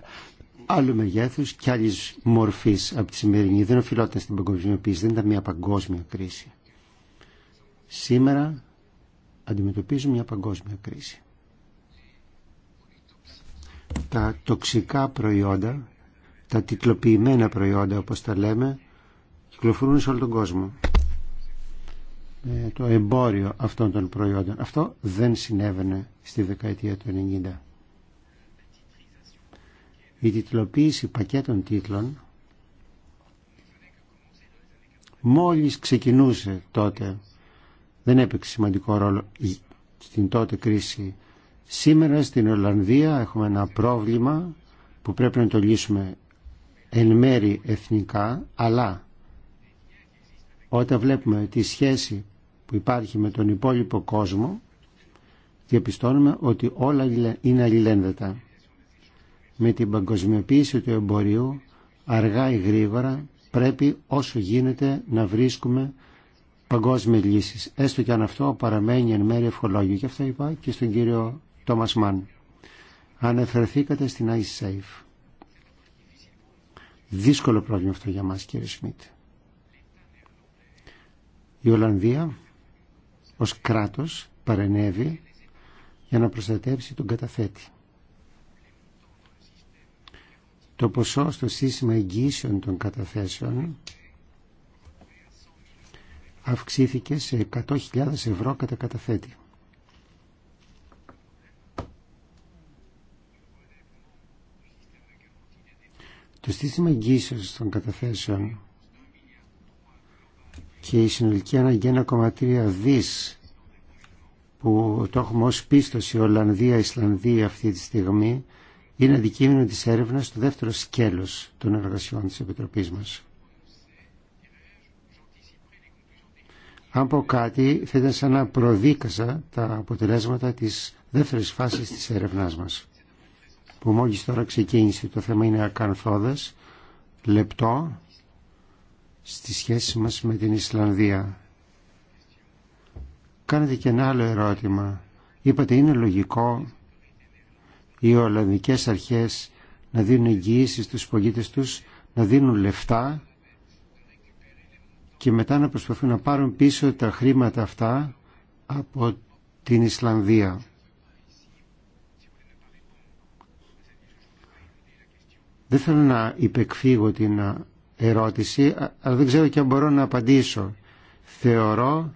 άλλου μεγέθους και άλλη μορφής από τη σημερινή. Δεν οφειλόταν στην παγκοσμιοποίηση, δεν ήταν μια παγκόσμια κρίση. Σήμερα αντιμετωπίζουμε μια παγκόσμια κρίση. Τα τοξικά προϊόντα, τα τυκλοποιημένα προϊόντα όπως τα λέμε, κυκλοφορούν σε όλο τον κόσμο. Ε, το εμπόριο αυτών των προϊόντων. Αυτό δεν συνέβαινε στη δεκαετία του 90 η τιτλοποίηση πακέτων τίτλων μόλις ξεκινούσε τότε δεν έπαιξε σημαντικό ρόλο στην τότε κρίση σήμερα στην Ολλανδία έχουμε ένα πρόβλημα που πρέπει να το λύσουμε εν μέρη εθνικά αλλά όταν βλέπουμε τη σχέση που υπάρχει με τον υπόλοιπο κόσμο διαπιστώνουμε ότι όλα είναι αλληλένδετα με την παγκοσμιοποίηση του εμπορίου αργά ή γρήγορα πρέπει όσο γίνεται να βρίσκουμε παγκόσμιες λύσεις. Έστω και αν αυτό παραμένει εν μέρει ευχολόγιο. Και αυτό είπα και στον κύριο Τόμας Μαν. Αναφερθήκατε στην iSafe. Δύσκολο πρόβλημα αυτό για μας κύριε Σμιτ. Η Ολλανδία ως κράτος παρενεύει για να προστατεύσει τον καταθέτη το ποσό στο σύστημα εγγύσεων των καταθέσεων αυξήθηκε σε 100.000 ευρώ κατά καταθέτη. Το σύστημα εγγύσεων των καταθέσεων και η συνολική αναγκαία 1,3 δις που το έχουμε ως πίστοση Ολλανδία-Ισλανδία αυτή τη στιγμή είναι αντικείμενο της έρευνας στο δεύτερο σκέλος των εργασιών της Επιτροπής μας. Αν πω κάτι, θα ήταν σαν να προδίκασα τα αποτελέσματα της δεύτερης φάσης της έρευνάς μας, που μόλις τώρα ξεκίνησε. Το θέμα είναι ακανθόδες, λεπτό, στη σχέση μας με την Ισλανδία. Κάνετε και ένα άλλο ερώτημα. Είπατε είναι λογικό οι Ολλανδικές αρχές να δίνουν εγγυήσει στους πολίτες τους, να δίνουν λεφτά και μετά να προσπαθούν να πάρουν πίσω τα χρήματα αυτά από την Ισλανδία. Δεν θέλω να υπεκφύγω την ερώτηση, αλλά δεν ξέρω και αν μπορώ να απαντήσω. Θεωρώ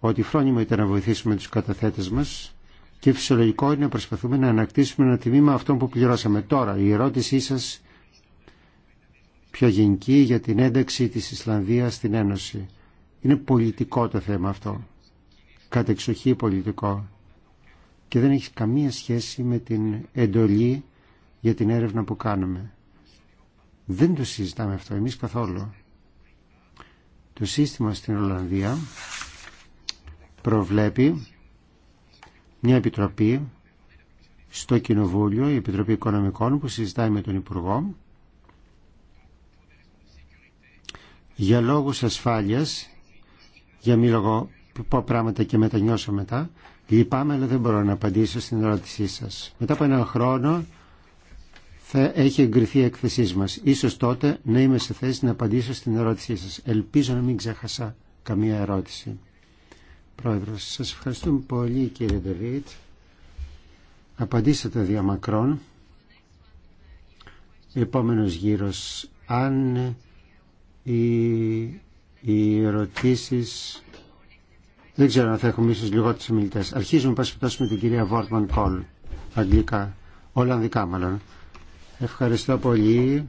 ότι φρόνιμο ήταν να βοηθήσουμε τους καταθέτες μας και φυσιολογικό είναι να προσπαθούμε να ανακτήσουμε ένα τιμήμα αυτό που πληρώσαμε. Τώρα, η ερώτησή σας πιο γενική για την ένταξη της Ισλανδίας στην Ένωση. Είναι πολιτικό το θέμα αυτό. εξοχή πολιτικό. Και δεν έχει καμία σχέση με την εντολή για την έρευνα που κάνουμε. Δεν το συζητάμε αυτό εμείς καθόλου. Το σύστημα στην Ολλανδία προβλέπει μια επιτροπή στο Κοινοβούλιο, η Επιτροπή Οικονομικών που συζητάει με τον Υπουργό για λόγους ασφάλειας για μη που πω πράγματα και μετανιώσω μετά λυπάμαι αλλά δεν μπορώ να απαντήσω στην ερώτησή σας μετά από έναν χρόνο θα έχει εγκριθεί η εκθεσή μας ίσως τότε να είμαι σε θέση να απαντήσω στην ερώτησή σας ελπίζω να μην ξέχασα καμία ερώτηση Πρόεδρος, σας ευχαριστούμε πολύ κύριε Ντεβίτ. Απαντήσατε διαμακρών. Επόμενος γύρος. Αν οι, οι ερωτήσεις... Δεν ξέρω αν θα έχουμε ίσως λιγότερου ομιλητές. Αρχίζουμε πάση με την κυρία Βόρτμαν Κόλ. Αγγλικά. Ολλανδικά μάλλον. Ευχαριστώ πολύ.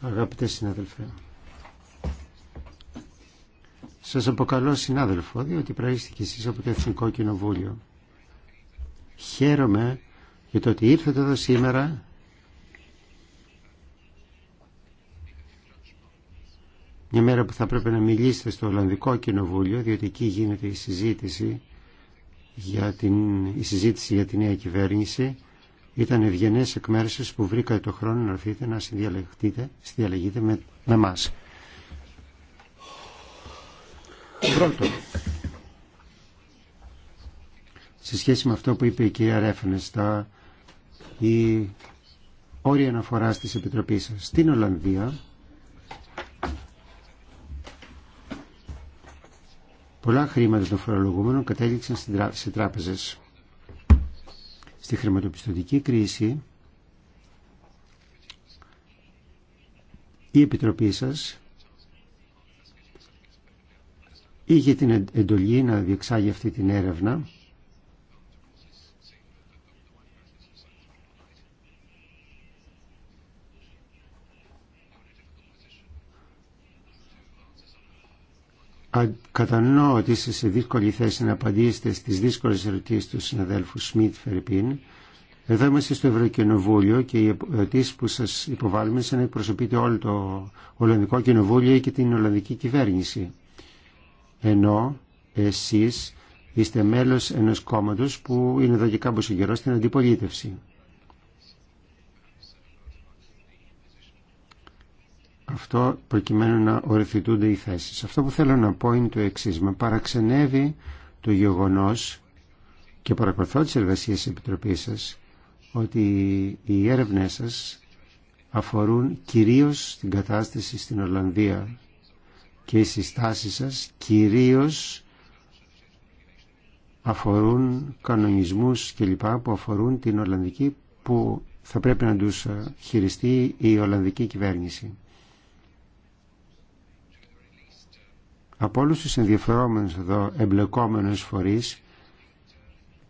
Αγαπητέ συνάδελφοι. Σας αποκαλώ συνάδελφο, διότι πραγίστηκε εσείς από το Εθνικό Κοινοβούλιο. Χαίρομαι για το ότι ήρθατε εδώ σήμερα μια μέρα που θα πρέπει να μιλήσετε στο Ολλανδικό Κοινοβούλιο, διότι εκεί γίνεται η συζήτηση για την, η συζήτηση για τη νέα κυβέρνηση. Ήταν ευγενές εκ που βρήκατε το χρόνο να έρθετε να συνδιαλεγείτε με, με Πρώτο, σε σχέση με αυτό που είπε η κυρία Ρέφενεστα, η όρια αναφορά τη Επιτροπή σα στην Ολλανδία. Πολλά χρήματα των φορολογούμενων κατέληξαν σε τράπεζες. Στη χρηματοπιστωτική κρίση η Επιτροπή σας είχε την εντολή να διεξάγει αυτή την έρευνα Κατανοώ ότι είστε σε δύσκολη θέση να απαντήσετε στις δύσκολες ερωτήσεις του συναδέλφου Σμιτ Φερπίν. Εδώ είμαστε στο Ευρωκοινοβούλιο και οι ερωτήσει που σας υποβάλλουμε σαν να εκπροσωπείτε όλο το Ολλανδικό Κοινοβούλιο και την Ολλανδική Κυβέρνηση ενώ εσείς είστε μέλος ενός κόμματος που είναι εδώ και καιρό στην αντιπολίτευση. Αυτό προκειμένου να οριθιτούνται οι θέσεις. Αυτό που θέλω να πω είναι το εξής. Με παραξενεύει το γεγονός και παρακολουθώ τις εργασίες της Επιτροπής σας ότι οι έρευνές σας αφορούν κυρίως την κατάσταση στην Ολλανδία και οι συστάσεις σας κυρίως αφορούν κανονισμούς και λοιπά που αφορούν την Ολλανδική που θα πρέπει να τους ε, χειριστεί η Ολλανδική κυβέρνηση. Από όλους τους ενδιαφερόμενους εδώ εμπλεκόμενους φορείς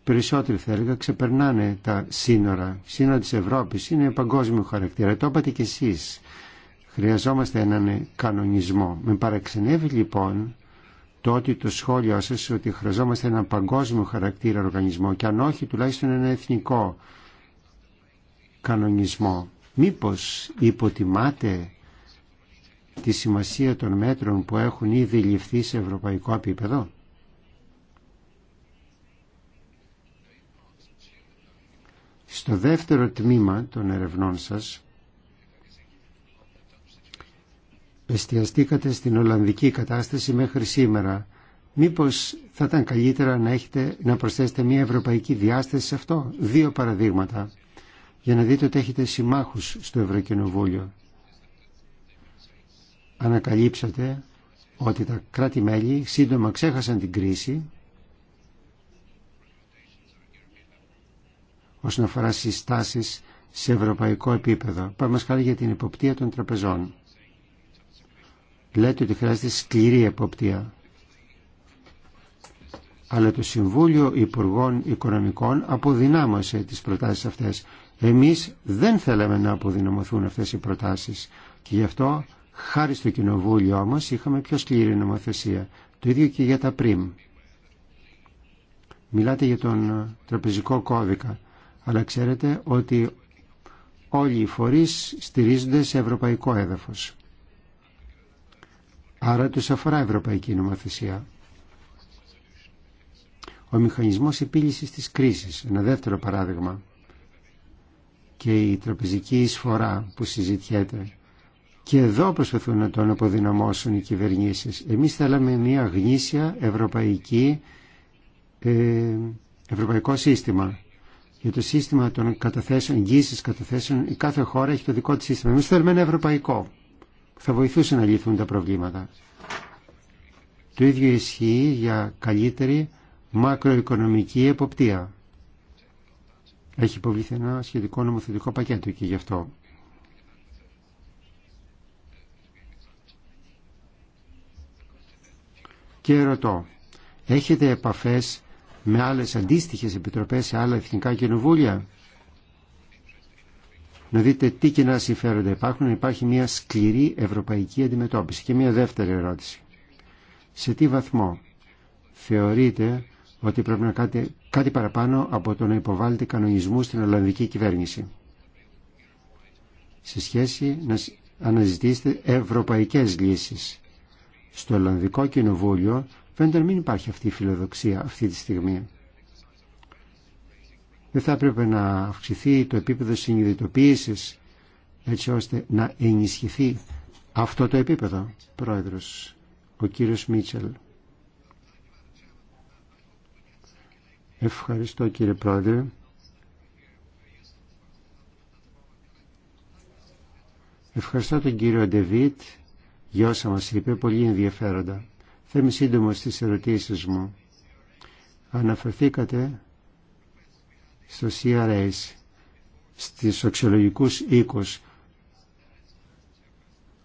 περισσότεροι θα έλεγα ξεπερνάνε τα σύνορα. Σύνορα της Ευρώπης είναι παγκόσμιο χαρακτήρα. Το είπατε κι εσείς. Χρειαζόμαστε έναν κανονισμό. Με παραξενεύει λοιπόν το ότι το σχόλιο σας ότι χρειαζόμαστε έναν παγκόσμιο χαρακτήρα οργανισμό και αν όχι τουλάχιστον ένα εθνικό κανονισμό. Μήπως υποτιμάτε τη σημασία των μέτρων που έχουν ήδη ληφθεί σε ευρωπαϊκό επίπεδο. Στο δεύτερο τμήμα των ερευνών σας εστιαστήκατε στην Ολλανδική κατάσταση μέχρι σήμερα. Μήπως θα ήταν καλύτερα να, έχετε, να προσθέσετε μια ευρωπαϊκή διάσταση σε αυτό. Δύο παραδείγματα για να δείτε ότι έχετε συμμάχους στο Ευρωκοινοβούλιο. Ανακαλύψατε ότι τα κράτη-μέλη σύντομα ξέχασαν την κρίση όσον αφορά συστάσεις σε ευρωπαϊκό επίπεδο. Πάμε για την υποπτία των τραπεζών λέτε ότι χρειάζεται σκληρή εποπτεία. Αλλά το Συμβούλιο Υπουργών Οικονομικών αποδυνάμωσε τις προτάσεις αυτές. Εμείς δεν θέλαμε να αποδυναμωθούν αυτές οι προτάσεις και γι' αυτό χάρη στο Κοινοβούλιο όμως, είχαμε πιο σκληρή νομοθεσία. Το ίδιο και για τα πριμ. Μιλάτε για τον τραπεζικό κώδικα, αλλά ξέρετε ότι όλοι οι φορείς στηρίζονται σε ευρωπαϊκό έδαφος. Άρα τους αφορά ευρωπαϊκή νομοθεσία. Ο μηχανισμός επίλυσης της κρίσης, ένα δεύτερο παράδειγμα, και η τραπεζική εισφορά που συζητιέται. Και εδώ προσπαθούν να τον αποδυναμώσουν οι κυβερνήσεις. Εμείς θέλαμε μια γνήσια ευρωπαϊκή, ε, ευρωπαϊκό σύστημα. Για το σύστημα των καταθέσεων, εγγύησης καταθέσεων, η κάθε χώρα έχει το δικό της σύστημα. Εμείς θέλουμε ένα ευρωπαϊκό θα βοηθούσε να λυθούν τα προβλήματα. Το ίδιο ισχύει για καλύτερη μακροοικονομική εποπτεία. Έχει υποβληθεί ένα σχετικό νομοθετικό πακέτο και γι' αυτό. Και ρωτώ, έχετε επαφές με άλλες αντίστοιχες επιτροπές σε άλλα εθνικά κοινοβούλια να δείτε τι κοινά συμφέροντα υπάρχουν, να υπάρχει μια σκληρή ευρωπαϊκή αντιμετώπιση. Και μια δεύτερη ερώτηση. Σε τι βαθμό θεωρείτε ότι πρέπει να κάνετε κάτι παραπάνω από το να υποβάλλετε κανονισμού στην Ολλανδική κυβέρνηση. Σε σχέση να αναζητήσετε ευρωπαϊκές λύσεις. Στο Ολλανδικό Κοινοβούλιο φαίνεται να μην υπάρχει αυτή η φιλοδοξία αυτή τη στιγμή δεν θα έπρεπε να αυξηθεί το επίπεδο συνειδητοποίηση, έτσι ώστε να ενισχυθεί αυτό το επίπεδο, πρόεδρος, ο κύριος Μίτσελ. Ευχαριστώ κύριε πρόεδρε. Ευχαριστώ τον κύριο Ντεβίτ για όσα μας είπε, πολύ ενδιαφέροντα. Θα είμαι σύντομο στις ερωτήσεις μου. Αναφερθήκατε στο CRS, στις αξιολογικούς οίκους.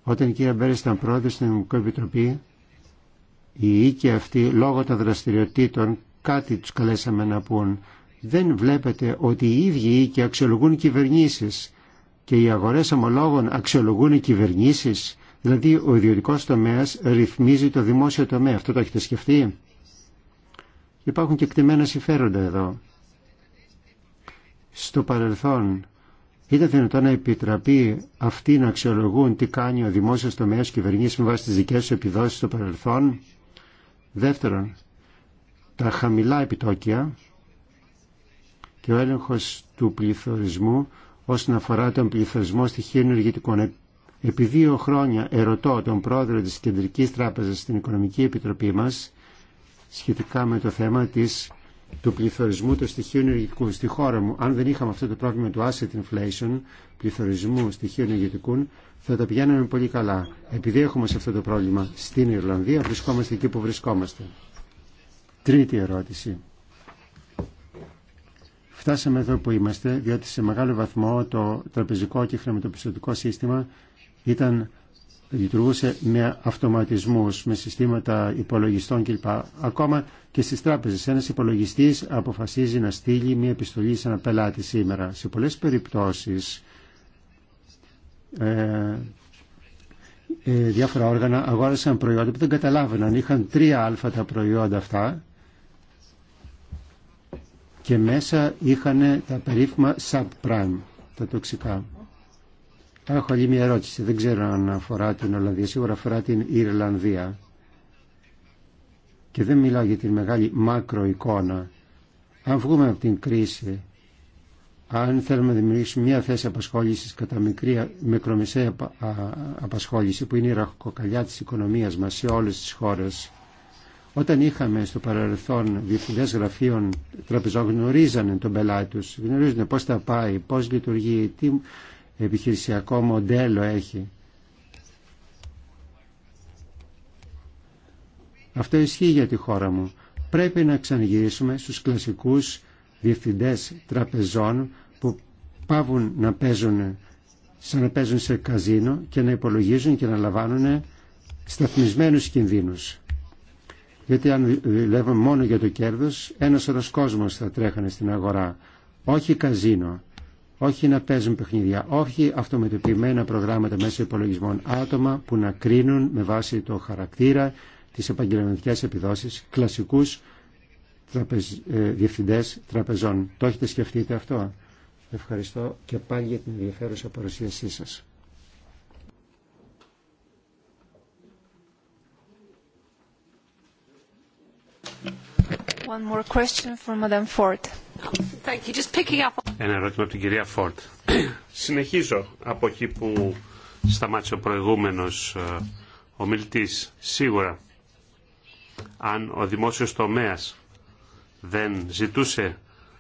Όταν η κυρία Μπέρες ήταν πρόεδρος στην Ελληνική Επιτροπή, οι οίκοι αυτοί, λόγω των δραστηριοτήτων, κάτι τους καλέσαμε να πούν. Δεν βλέπετε ότι οι ίδιοι οίκοι αξιολογούν κυβερνήσεις και οι αγορές ομολόγων αξιολογούν κυβερνήσεις. Δηλαδή ο ιδιωτικός τομέας ρυθμίζει το δημόσιο τομέα. Αυτό το έχετε σκεφτεί. Υπάρχουν και κτημένα συμφέροντα εδώ στο παρελθόν ήταν δυνατόν να επιτραπεί αυτοί να αξιολογούν τι κάνει ο δημόσιο τομέα κυβερνήσει με βάση τι δικέ του επιδόσει στο παρελθόν. Δεύτερον, τα χαμηλά επιτόκια και ο έλεγχο του πληθωρισμού όσον αφορά τον πληθωρισμό στοιχείων ενεργητικών. Επί δύο χρόνια ερωτώ τον πρόεδρο της Κεντρικής Τράπεζας στην Οικονομική Επιτροπή μας σχετικά με το θέμα της του πληθωρισμού των στοιχείων ενεργητικού. Στη χώρα μου, αν δεν είχαμε αυτό το πρόβλημα του asset inflation, πληθωρισμού στοιχείων ενεργητικού, θα τα πηγαίναμε πολύ καλά. Επειδή έχουμε σε αυτό το πρόβλημα στην Ιρλανδία, βρισκόμαστε εκεί που βρισκόμαστε. Τρίτη ερώτηση. Φτάσαμε εδώ που είμαστε, διότι σε μεγάλο βαθμό το τραπεζικό και χρηματοπιστωτικό σύστημα ήταν λειτουργούσε με αυτοματισμούς, με συστήματα υπολογιστών κλπ. Ακόμα και στις τράπεζες ένας υπολογιστής αποφασίζει να στείλει μια επιστολή σε ένα πελάτη σήμερα. Σε πολλές περιπτώσεις ε, ε, διάφορα όργανα αγόρασαν προϊόντα που δεν καταλάβαιναν. Είχαν τρία αλφα τα προϊόντα αυτά και μέσα είχαν τα περίφημα subprime, τα τοξικά. Έχω άλλη μια ερώτηση. Δεν ξέρω αν αφορά την Ολλανδία. Σίγουρα αφορά την Ιρλανδία. Και δεν μιλάω για την μεγάλη εικόνα. Αν βγούμε από την κρίση, αν θέλουμε να δημιουργήσουμε μια θέση απασχόλησης κατά μικρή, μικρομεσαία απασχόληση που είναι η ραχοκοκαλιά της οικονομίας μας σε όλες τις χώρες, όταν είχαμε στο παρελθόν διευθυντέ γραφείων τραπεζών, γνωρίζανε τον πελάτη του, γνωρίζανε πώ θα πάει, πώ λειτουργεί, τι επιχειρησιακό μοντέλο έχει. Αυτό ισχύει για τη χώρα μου. Πρέπει να ξαναγυρίσουμε στους κλασικούς διευθυντές τραπεζών που πάβουν να παίζουν σαν να παίζουν σε καζίνο και να υπολογίζουν και να λαμβάνουν σταθμισμένους κινδύνους. Γιατί αν δουλεύουν μόνο για το κέρδος, ένας ένας κόσμος θα τρέχανε στην αγορά. Όχι καζίνο όχι να παίζουν παιχνίδια, όχι αυτομετωπιμένα προγράμματα μέσω υπολογισμών άτομα που να κρίνουν με βάση το χαρακτήρα, τις επαγγελματικές επιδόσεις, κλασικούς τραπεζ, ε, διευθυντές τραπεζών. Το έχετε σκεφτείτε αυτό. Ευχαριστώ και πάλι για την ενδιαφέρουσα παρουσίασή σας. Ένα ερώτημα από την κυρία Φόρτ. Συνεχίζω από εκεί που σταμάτησε ο προηγούμενος ε, ομιλητής. Σίγουρα, αν ο δημόσιος τομέας δεν ζητούσε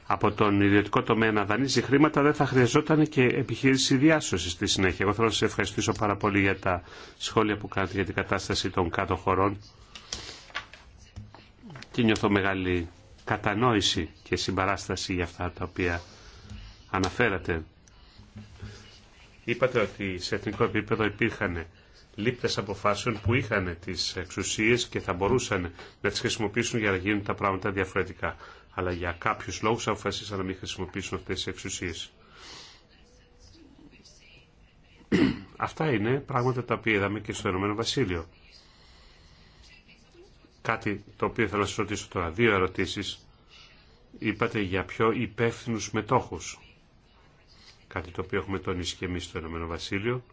από τον ιδιωτικό τομέα να δανείζει χρήματα, δεν θα χρειαζόταν και επιχείρηση διάσωση στη συνέχεια. Εγώ θέλω να σα ευχαριστήσω πάρα πολύ για τα σχόλια που κάνατε για την κατάσταση των κάτω χωρών και νιώθω μεγάλη κατανόηση και συμπαράσταση για αυτά τα οποία αναφέρατε. Είπατε ότι σε εθνικό επίπεδο υπήρχαν λήπτες αποφάσεων που είχαν τις εξουσίες και θα μπορούσαν να τις χρησιμοποιήσουν για να γίνουν τα πράγματα διαφορετικά. Αλλά για κάποιους λόγους αποφασίσαν να μην χρησιμοποιήσουν αυτές τις εξουσίες. Αυτά είναι πράγματα τα οποία είδαμε και στο Ηνωμένο Βασίλειο κάτι το οποίο θέλω να σας ρωτήσω τώρα. Δύο ερωτήσεις. Είπατε για πιο υπεύθυνου μετόχους. Κάτι το οποίο έχουμε τονίσει και εμείς στο Ηνωμένο Βασίλειο.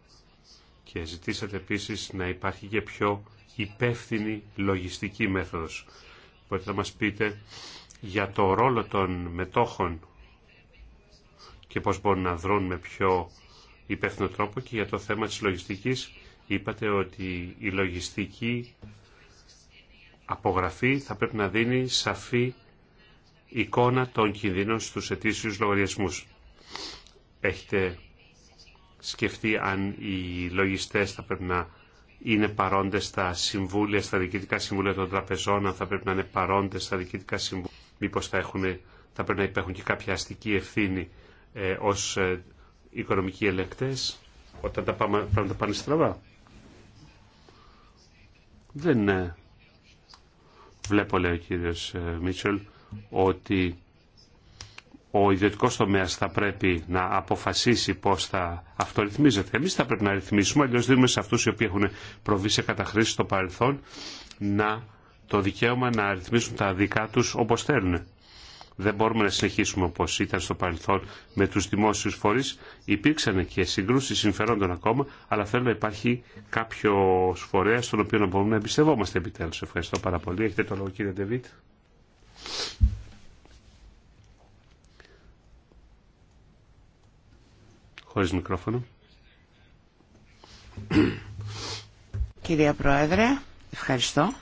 Και ζητήσατε επίσης να υπάρχει και πιο υπεύθυνη λογιστική μέθοδος. Μπορείτε να μας πείτε για το ρόλο των μετόχων και πώς μπορούν να δρουν με πιο υπεύθυνο τρόπο και για το θέμα της λογιστικής είπατε ότι η λογιστική απογραφή θα πρέπει να δίνει σαφή εικόνα των κινδύνων στους ετήσιους λογαριασμούς. Έχετε σκεφτεί αν οι λογιστές θα πρέπει να είναι παρόντες στα συμβούλια, στα διοικητικά συμβούλια των τραπεζών, αν θα πρέπει να είναι παρόντες στα διοικητικά συμβούλια, μήπως θα, έχουν, θα πρέπει να υπάρχουν και κάποια αστική ευθύνη ε, ως ε, οικονομικοί ελεκτές όταν τα πράγματα πάνε στραβά. Δεν είναι Βλέπω, λέει ο κύριος ε, Μίτσελ, ότι ο ιδιωτικό τομέα θα πρέπει να αποφασίσει πώς θα αυτορυθμίζεται. Εμείς θα πρέπει να ρυθμίσουμε, αλλιώ δίνουμε σε αυτούς οι οποίοι έχουν προβεί σε καταχρήσεις στο παρελθόν να το δικαίωμα να ρυθμίσουν τα δικά τους όπω θέλουν. Δεν μπορούμε να συνεχίσουμε όπως ήταν στο παρελθόν με τους δημόσιου φορείς. Υπήρξαν και συγκρούσεις συμφερόντων ακόμα, αλλά θέλω να υπάρχει κάποιο φορέα στον οποίο να μπορούμε να εμπιστευόμαστε επιτέλους. Ευχαριστώ πάρα πολύ. Έχετε το λόγο κύριε Ντεβίτ. Χωρίς μικρόφωνο. Κυρία Πρόεδρε, ευχαριστώ.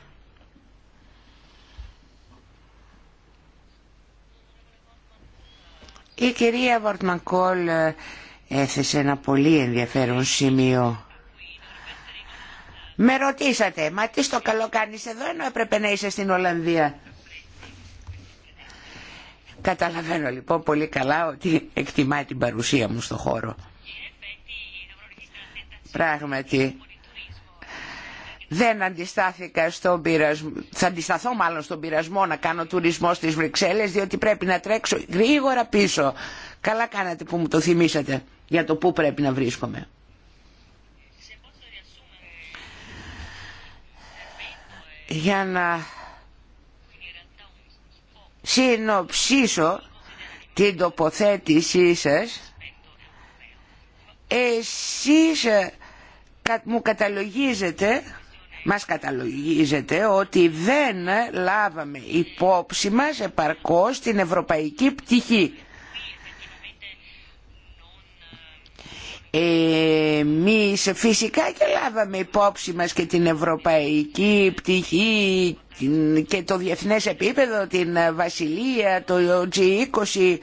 Η κυρία κολ ε, έθεσε ένα πολύ ενδιαφέρον σημείο. Με ρωτήσατε, μα τι στο καλό κάνεις εδώ ενώ έπρεπε να είσαι στην Ολλανδία. Καταλαβαίνω λοιπόν πολύ καλά ότι εκτιμά την παρουσία μου στο χώρο. Πράγματι, δεν αντιστάθηκα στον πειρασμό, θα αντισταθώ μάλλον στον πειρασμό να κάνω τουρισμό στις Βρυξέλλες διότι πρέπει να τρέξω γρήγορα πίσω. Καλά κάνατε που μου το θυμήσατε για το πού πρέπει να βρίσκομαι. Για να συνοψίσω την τοποθέτησή σας εσείς ε, μου καταλογίζετε μας καταλογίζεται ότι δεν λάβαμε υπόψη μας επαρκώς την ευρωπαϊκή πτυχή. Εμείς φυσικά και λάβαμε υπόψη μας και την ευρωπαϊκή πτυχή και το διεθνές επίπεδο, την Βασιλεία, το G20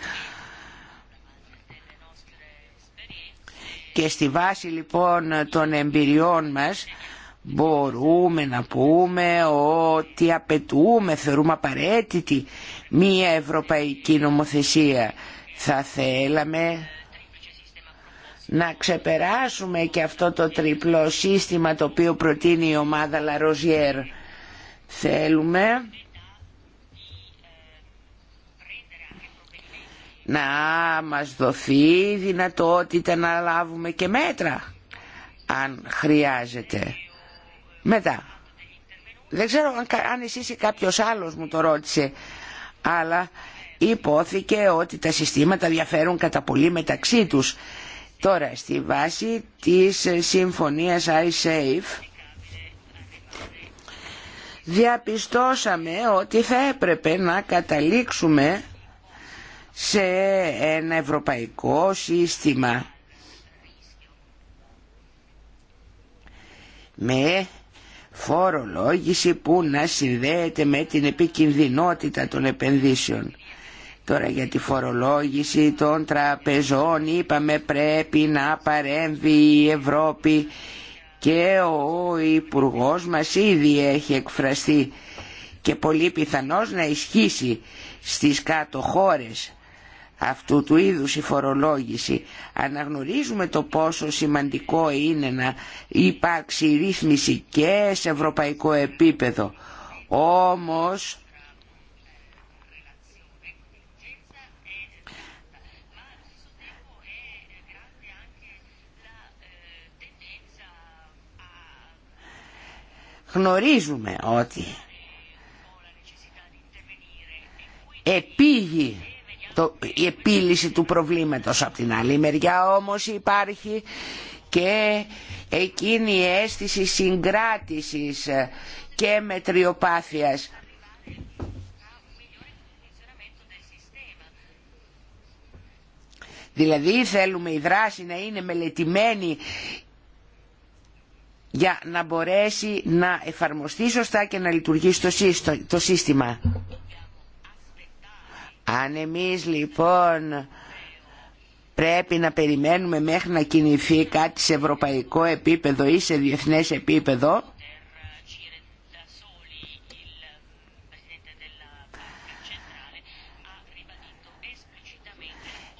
και στη βάση λοιπόν των εμπειριών μας μπορούμε να πούμε ότι απαιτούμε, θεωρούμε απαραίτητη μία ευρωπαϊκή νομοθεσία. Θα θέλαμε να ξεπεράσουμε και αυτό το τριπλό σύστημα το οποίο προτείνει η ομάδα Λαροζιέρ. Θέλουμε να μας δοθεί δυνατότητα να λάβουμε και μέτρα αν χρειάζεται. Μετά. Δεν ξέρω αν εσείς ή κάποιος άλλος μου το ρώτησε, αλλά υπόθηκε ότι τα συστήματα διαφέρουν κατά πολύ μεταξύ τους. Τώρα, στη βάση της συμφωνίας iSafe, διαπιστώσαμε ότι θα έπρεπε να καταλήξουμε σε ένα ευρωπαϊκό σύστημα με φορολόγηση που να συνδέεται με την επικινδυνότητα των επενδύσεων. Τώρα για τη φορολόγηση των τραπεζών είπαμε πρέπει να παρέμβει η Ευρώπη και ο υπουργό μας ήδη έχει εκφραστεί και πολύ πιθανώς να ισχύσει στις κάτω χώρες αυτού του είδους η φορολόγηση. Αναγνωρίζουμε το πόσο σημαντικό είναι να υπάρξει ρύθμιση και σε ευρωπαϊκό επίπεδο. Όμως γνωρίζουμε ότι επίγει η επίλυση του προβλήματος. Από την άλλη μεριά όμως υπάρχει και εκείνη η αίσθηση συγκράτησης και μετριοπάθειας. Δηλαδή θέλουμε η δράση να είναι μελετημένη για να μπορέσει να εφαρμοστεί σωστά και να λειτουργήσει το σύστημα. Αν εμείς λοιπόν πρέπει να περιμένουμε μέχρι να κινηθεί κάτι σε ευρωπαϊκό επίπεδο ή σε διεθνές επίπεδο,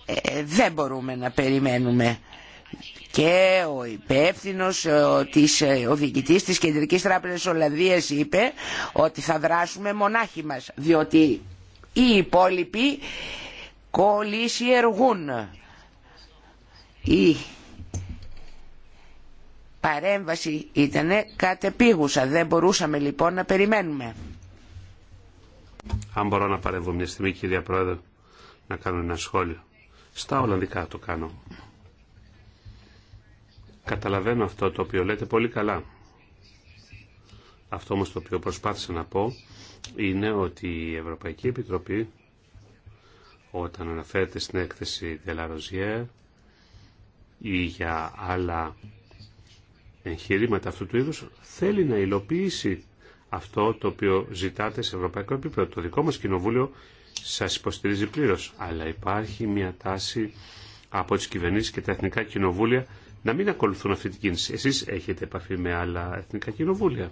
ε, δεν μπορούμε να περιμένουμε και ο υπεύθυνο της, ε, ο διοικητής της Κεντρικής Τράπεζας Ολλανδίας είπε ότι θα δράσουμε μονάχοι μας διότι οι υπόλοιποι κολλησιεργούν. Η παρέμβαση ήταν κατεπίγουσα, δεν μπορούσαμε λοιπόν να περιμένουμε. Αν μπορώ να παρεύω μια στιγμή κυρία Πρόεδρε, να κάνω ένα σχόλιο. Στα Ολλανδικά το κάνω. Καταλαβαίνω αυτό το οποίο λέτε πολύ καλά. Αυτό όμως το οποίο προσπάθησα να πω είναι ότι η Ευρωπαϊκή Επιτροπή όταν αναφέρεται στην έκθεση Τελαροζιέ ή για άλλα εγχειρήματα αυτού του είδους θέλει να υλοποιήσει αυτό το οποίο ζητάτε σε ευρωπαϊκό επίπεδο. Το δικό μας κοινοβούλιο σας υποστηρίζει πλήρως, αλλά υπάρχει μια τάση από τις κυβερνήσεις και τα εθνικά κοινοβούλια να μην ακολουθούν αυτή την κίνηση. Εσείς έχετε επαφή με άλλα εθνικά κοινοβούλια.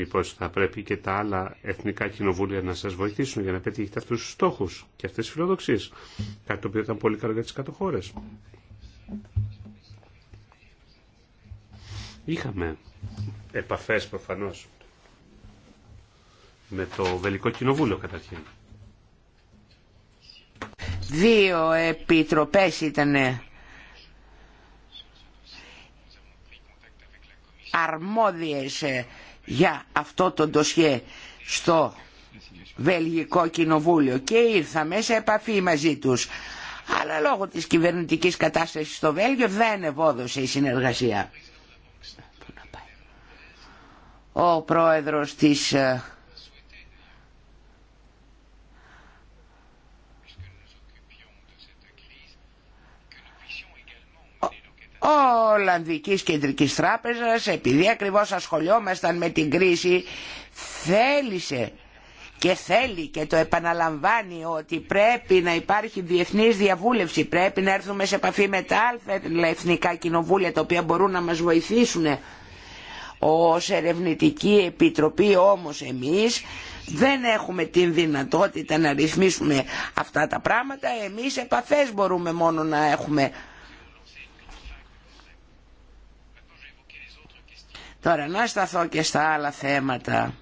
Μήπως θα πρέπει και τα άλλα εθνικά κοινοβούλια να σας βοηθήσουν για να πετύχετε αυτούς τους στόχους και αυτές τις φιλοδοξίες. Κάτι το οποίο ήταν πολύ καλό για τις χώρες. Είχαμε επαφές προφανώς με το Βελικό Κοινοβούλιο καταρχήν. Δύο επιτροπές ήτανε αρμόδιες για αυτό το ντοσιέ στο Βελγικό Κοινοβούλιο και ήρθαμε σε επαφή μαζί τους. Αλλά λόγω της κυβερνητικής κατάστασης στο Βέλγιο δεν ευόδωσε η συνεργασία. Ο πρόεδρος της ε, Ολλανδικής Κεντρικής Τράπεζας επειδή ακριβώς ασχολιόμασταν με την κρίση θέλησε και θέλει και το επαναλαμβάνει ότι πρέπει να υπάρχει διεθνής διαβούλευση, πρέπει να έρθουμε σε επαφή με τα άλλα εθνικά κοινοβούλια τα οποία μπορούν να μας βοηθήσουν. Ως Ερευνητική Επιτροπή όμως εμείς δεν έχουμε την δυνατότητα να ρυθμίσουμε αυτά τα πράγματα, εμείς επαφές μπορούμε μόνο να έχουμε Τώρα να σταθώ και στα άλλα θέματα.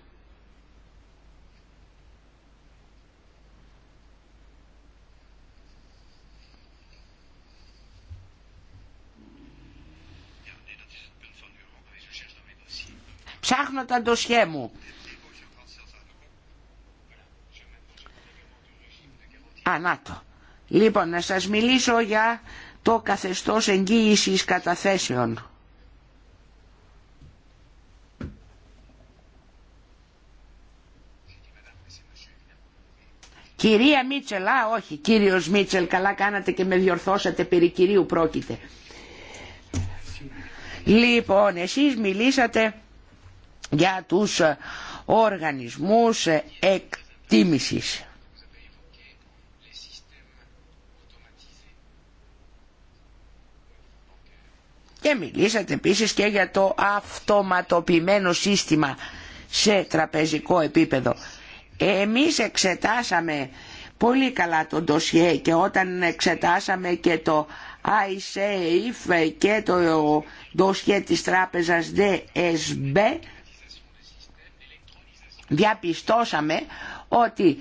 Ψάχνω τα ντοσιέ μου. Ανάτο. Λοιπόν, να σας μιλήσω για το καθεστώς εγγύησης καταθέσεων. Κυρία Μίτσελ, α όχι, κύριος Μίτσελ, καλά κάνατε και με διορθώσατε, περί κυρίου πρόκειται. Λοιπόν, εσείς μιλήσατε για τους ε, οργανισμούς ε, εκτίμησης. Και μιλήσατε επίσης και για το αυτοματοποιημένο σύστημα σε τραπεζικό επίπεδο. Εμείς εξετάσαμε πολύ καλά το ντοσιέ και όταν εξετάσαμε και το iSafe και το ντοσιέ της τράπεζας DSB διαπιστώσαμε ότι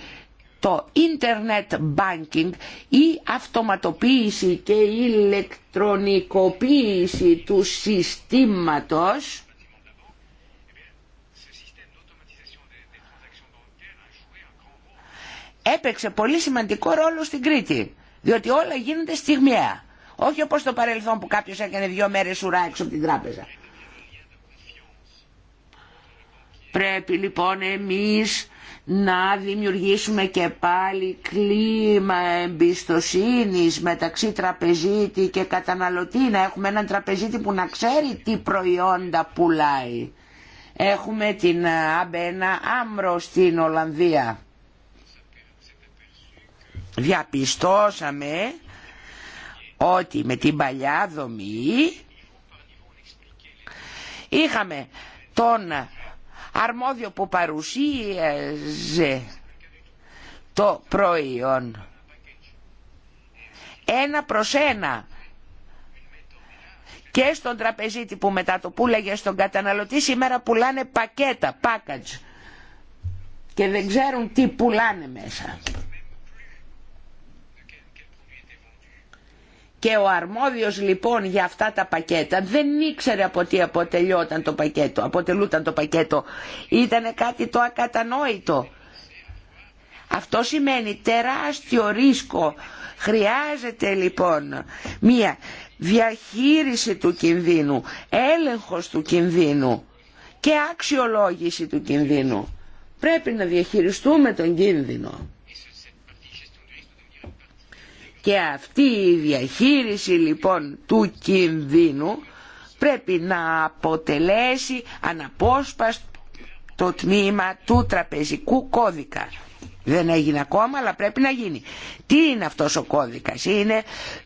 το internet banking η αυτοματοποίηση και η ηλεκτρονικοποίηση του συστήματος έπαιξε πολύ σημαντικό ρόλο στην Κρήτη. Διότι όλα γίνονται στιγμιαία. Όχι όπως στο παρελθόν που κάποιος έκανε δύο μέρες ουρά έξω από την τράπεζα. Πρέπει λοιπόν εμείς να δημιουργήσουμε και πάλι κλίμα εμπιστοσύνης μεταξύ τραπεζίτη και καταναλωτή. Να έχουμε έναν τραπεζίτη που να ξέρει τι προϊόντα πουλάει. Έχουμε την Αμπένα Άμρο στην Ολλανδία διαπιστώσαμε ότι με την παλιά δομή είχαμε τον αρμόδιο που παρουσίαζε το προϊόν ένα προς ένα και στον τραπεζίτη που μετά το πουλάγε στον καταναλωτή σήμερα πουλάνε πακέτα, package και δεν ξέρουν τι πουλάνε μέσα. Και ο αρμόδιος λοιπόν για αυτά τα πακέτα δεν ήξερε από τι το πακέτο, αποτελούταν το πακέτο. Ήταν κάτι το ακατανόητο. Αυτό σημαίνει τεράστιο ρίσκο. Χρειάζεται λοιπόν μία διαχείριση του κινδύνου, έλεγχος του κινδύνου και αξιολόγηση του κινδύνου. Πρέπει να διαχειριστούμε τον κίνδυνο. Και αυτή η διαχείριση λοιπόν του κινδύνου πρέπει να αποτελέσει αναπόσπαστο τμήμα του τραπεζικού κώδικα. Δεν έγινε ακόμα αλλά πρέπει να γίνει. Τι είναι αυτός ο κώδικας. Είναι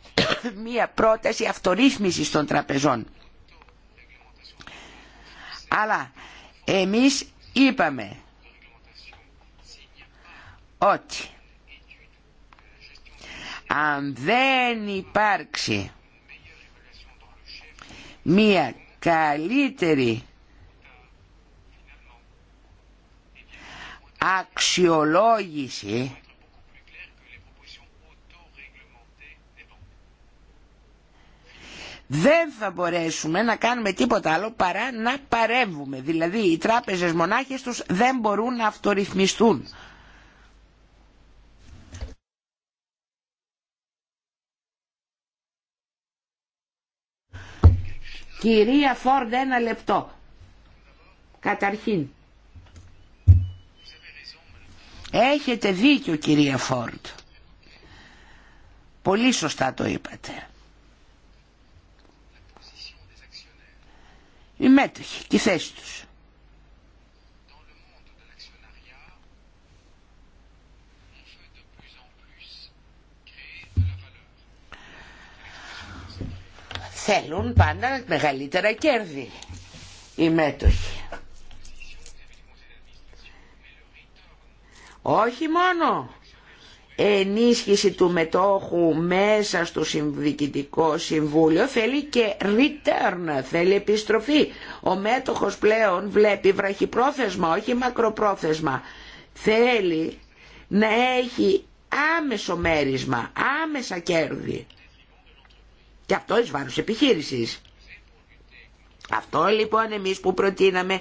μία πρόταση αυτορύθμισης των τραπεζών. Αλλά εμείς είπαμε ότι αν δεν υπάρξει μία καλύτερη αξιολόγηση δεν θα μπορέσουμε να κάνουμε τίποτα άλλο παρά να παρέμβουμε. Δηλαδή οι τράπεζες μονάχες τους δεν μπορούν να αυτορυθμιστούν. Κυρία Φόρντ, ένα λεπτό. Καταρχήν. Έχετε δίκιο κυρία Φόρντ. Πολύ σωστά το είπατε. Οι μέτοχοι τη θέση του. τους. θέλουν πάντα μεγαλύτερα κέρδη οι μέτοχοι. Όχι μόνο ενίσχυση του μετόχου μέσα στο Διοικητικό Συμβούλιο θέλει και return, θέλει επιστροφή. Ο μέτοχος πλέον βλέπει βραχυπρόθεσμα, όχι μακροπρόθεσμα. Θέλει να έχει άμεσο μέρισμα, άμεσα κέρδη. Και αυτό εις βάρος επιχείρησης. Αυτό λοιπόν εμείς που προτείναμε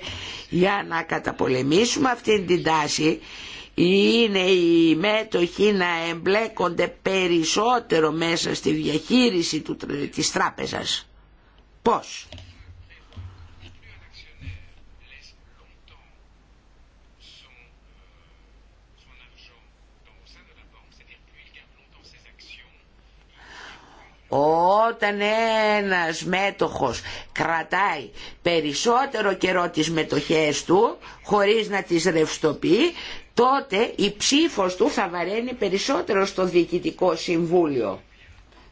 για να καταπολεμήσουμε αυτήν την τάση είναι οι μέτοχοι να εμπλέκονται περισσότερο μέσα στη διαχείριση του, της τράπεζας. Πώς. Όταν ένας μέτοχος κρατάει περισσότερο καιρό τις μετοχές του χωρίς να τις ρευστοποιεί, τότε η ψήφος του θα βαραίνει περισσότερο στο Διοικητικό Συμβούλιο.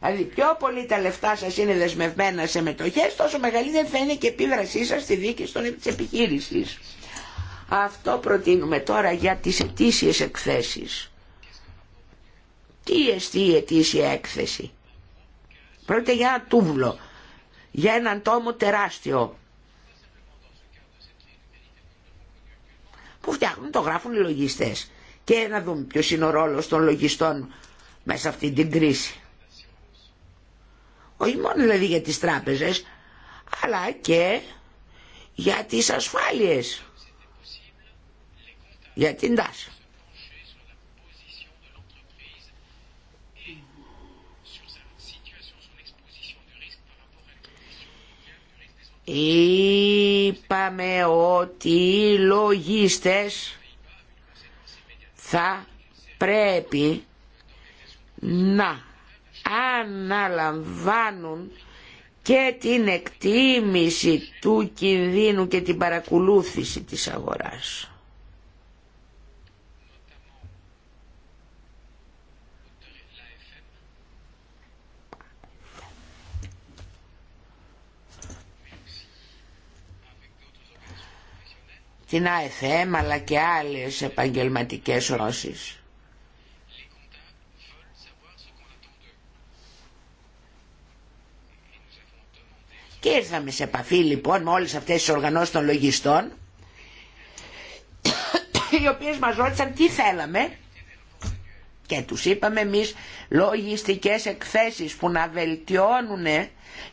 Δηλαδή πιο πολύ τα λεφτά σας είναι δεσμευμένα σε μετοχές, τόσο μεγαλύτερη θα και η επίδρασή σας στη δίκη στον επιχείρησης. Αυτό προτείνουμε τώρα για τις ετήσιες εκθέσεις. Τι εστί η αιτήσια έκθεση. Πρόκειται για ένα τούβλο, για έναν τόμο τεράστιο. Που φτιάχνουν, το γράφουν οι λογιστές. Και να δούμε ποιος είναι ο ρόλος των λογιστών μέσα αυτή την κρίση. Όχι μόνο δηλαδή για τις τράπεζες, αλλά και για τις ασφάλειες. Για την τάση. Είπαμε ότι οι λογίστες θα πρέπει να αναλαμβάνουν και την εκτίμηση του κινδύνου και την παρακολούθηση της αγοράς. την ΑΕΘΕΜ αλλά και άλλες επαγγελματικές ρώσεις. Και ήρθαμε σε επαφή λοιπόν με όλες αυτές τις οργανώσεις των λογιστών οι οποίες μας ρώτησαν τι θέλαμε και τους είπαμε εμείς λογιστικές εκθέσεις που να βελτιώνουν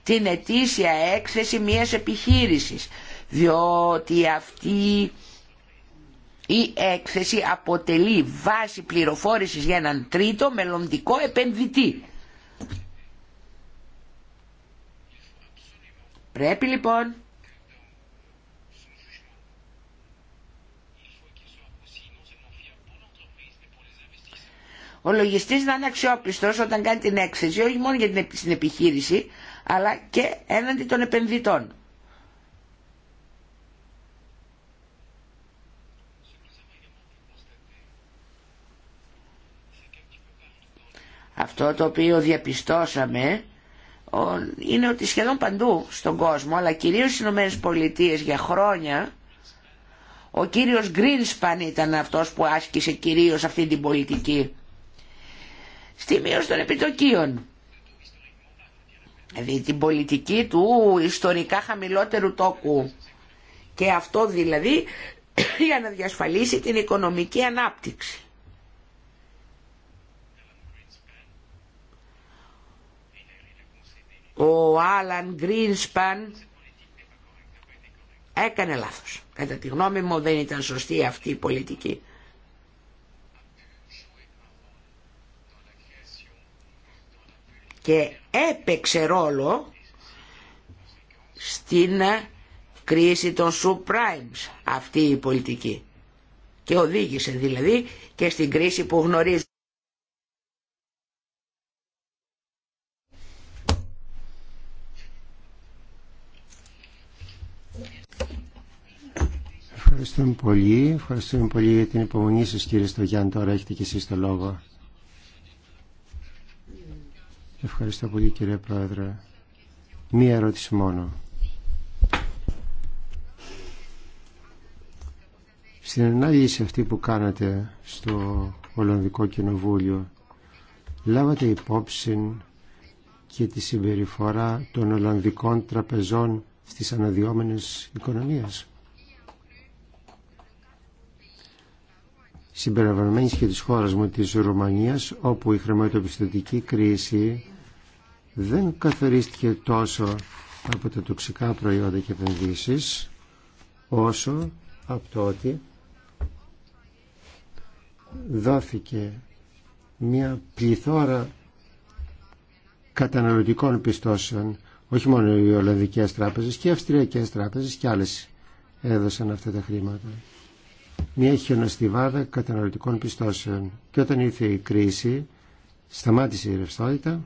την ετήσια έκθεση μιας επιχείρησης διότι αυτή η έκθεση αποτελεί βάση πληροφόρησης για έναν τρίτο μελλοντικό επενδυτή. Πρέπει λοιπόν ο λογιστής να είναι αξιόπιστος όταν κάνει την έκθεση όχι μόνο για την επιχείρηση αλλά και έναντι των επενδυτών. Αυτό το οποίο διαπιστώσαμε είναι ότι σχεδόν παντού στον κόσμο, αλλά κυρίως στις Ηνωμένες Πολιτείες για χρόνια, ο κύριος Γκρίνσπαν ήταν αυτός που άσκησε κυρίως αυτή την πολιτική. Στη μείωση των επιτοκίων. Δηλαδή την πολιτική του ιστορικά χαμηλότερου τόκου. Και αυτό δηλαδή για να διασφαλίσει την οικονομική ανάπτυξη. Ο Άλαν Γκρίνσπαν έκανε λάθος. Κατά τη γνώμη μου δεν ήταν σωστή αυτή η πολιτική. Και έπαιξε ρόλο στην κρίση των subprimes αυτή η πολιτική. Και οδήγησε δηλαδή και στην κρίση που γνωρίζουμε. Ευχαριστούμε πολύ. Ευχαριστούμε πολύ για την υπομονή σα, κύριε Στογιάν. Τώρα έχετε και εσείς το λόγο. Ευχαριστώ πολύ κύριε Πρόεδρε. Μία ερώτηση μόνο. Στην ανάλυση αυτή που κάνατε στο Ολλανδικό Κοινοβούλιο λάβατε υπόψη και τη συμπεριφορά των Ολλανδικών τραπεζών στις αναδυόμενες οικονομίες. συμπεριλαμβανομένη και της χώρας μου της Ρουμανίας όπου η χρηματοπιστωτική κρίση δεν καθορίστηκε τόσο από τα τοξικά προϊόντα και επενδύσει, όσο από το ότι δόθηκε μια πληθώρα καταναλωτικών πιστώσεων όχι μόνο οι Ολλανδικές τράπεζες και οι Αυστριακές τράπεζες και άλλες έδωσαν αυτά τα χρήματα μια χιονοστιβάδα καταναλωτικών πιστώσεων. Και όταν ήρθε η κρίση, σταμάτησε η ρευστότητα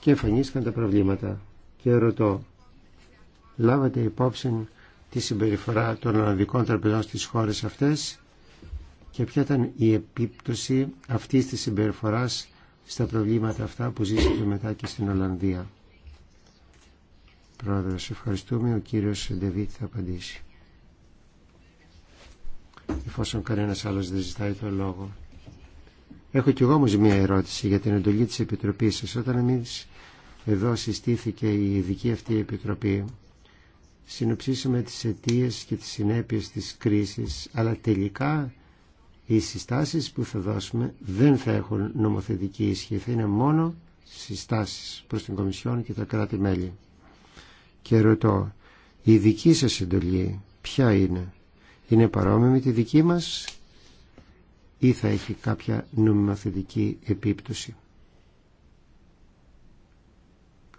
και εμφανίστηκαν τα προβλήματα. Και ρωτώ, λάβατε υπόψη τη συμπεριφορά των Ολλανδικών τραπεζών στις χώρες αυτές και ποια ήταν η επίπτωση αυτής της συμπεριφοράς στα προβλήματα αυτά που ζήσατε μετά και στην Ολλανδία. Πρόεδρος, ευχαριστούμε. Ο κύριος Ντεβίτ θα απαντήσει εφόσον κανένας άλλος δεν ζητάει το λόγο. Έχω κι εγώ μία ερώτηση για την εντολή της Επιτροπής σας. Όταν εμείς εδώ συστήθηκε η ειδική αυτή Επιτροπή, συνοψίσαμε τις αιτίε και τις συνέπειες της κρίσης, αλλά τελικά οι συστάσεις που θα δώσουμε δεν θα έχουν νομοθετική ισχύ, θα είναι μόνο συστάσεις προς την Κομισιόν και τα κράτη-μέλη. Και ρωτώ, η δική σας εντολή ποια είναι είναι παρόμοιο τη δική μας ή θα έχει κάποια νομιμαθητική επίπτωση.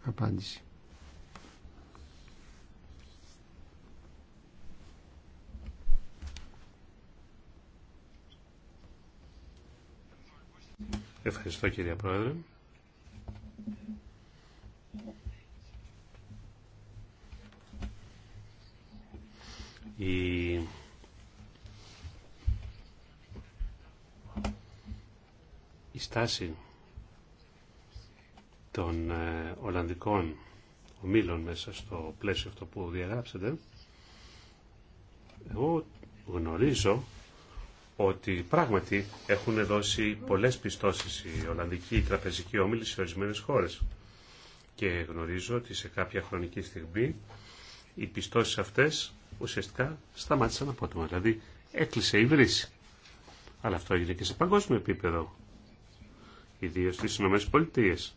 Απάντηση. Ευχαριστώ κυρία Πρόεδρε. Η στάση των ε, Ολλανδικών ομίλων μέσα στο πλαίσιο αυτό που διαγράψετε, εγώ γνωρίζω ότι πράγματι έχουν δώσει πολλές πιστώσεις οι Ολλανδικοί οι τραπεζικοί όμιλοι σε ορισμένες χώρες. Και γνωρίζω ότι σε κάποια χρονική στιγμή οι πιστώσεις αυτές ουσιαστικά σταμάτησαν απότομα, δηλαδή έκλεισε η βρύση. Αλλά αυτό έγινε και σε παγκόσμιο επίπεδο ιδίως στις Ηνωμένες Πολιτείες.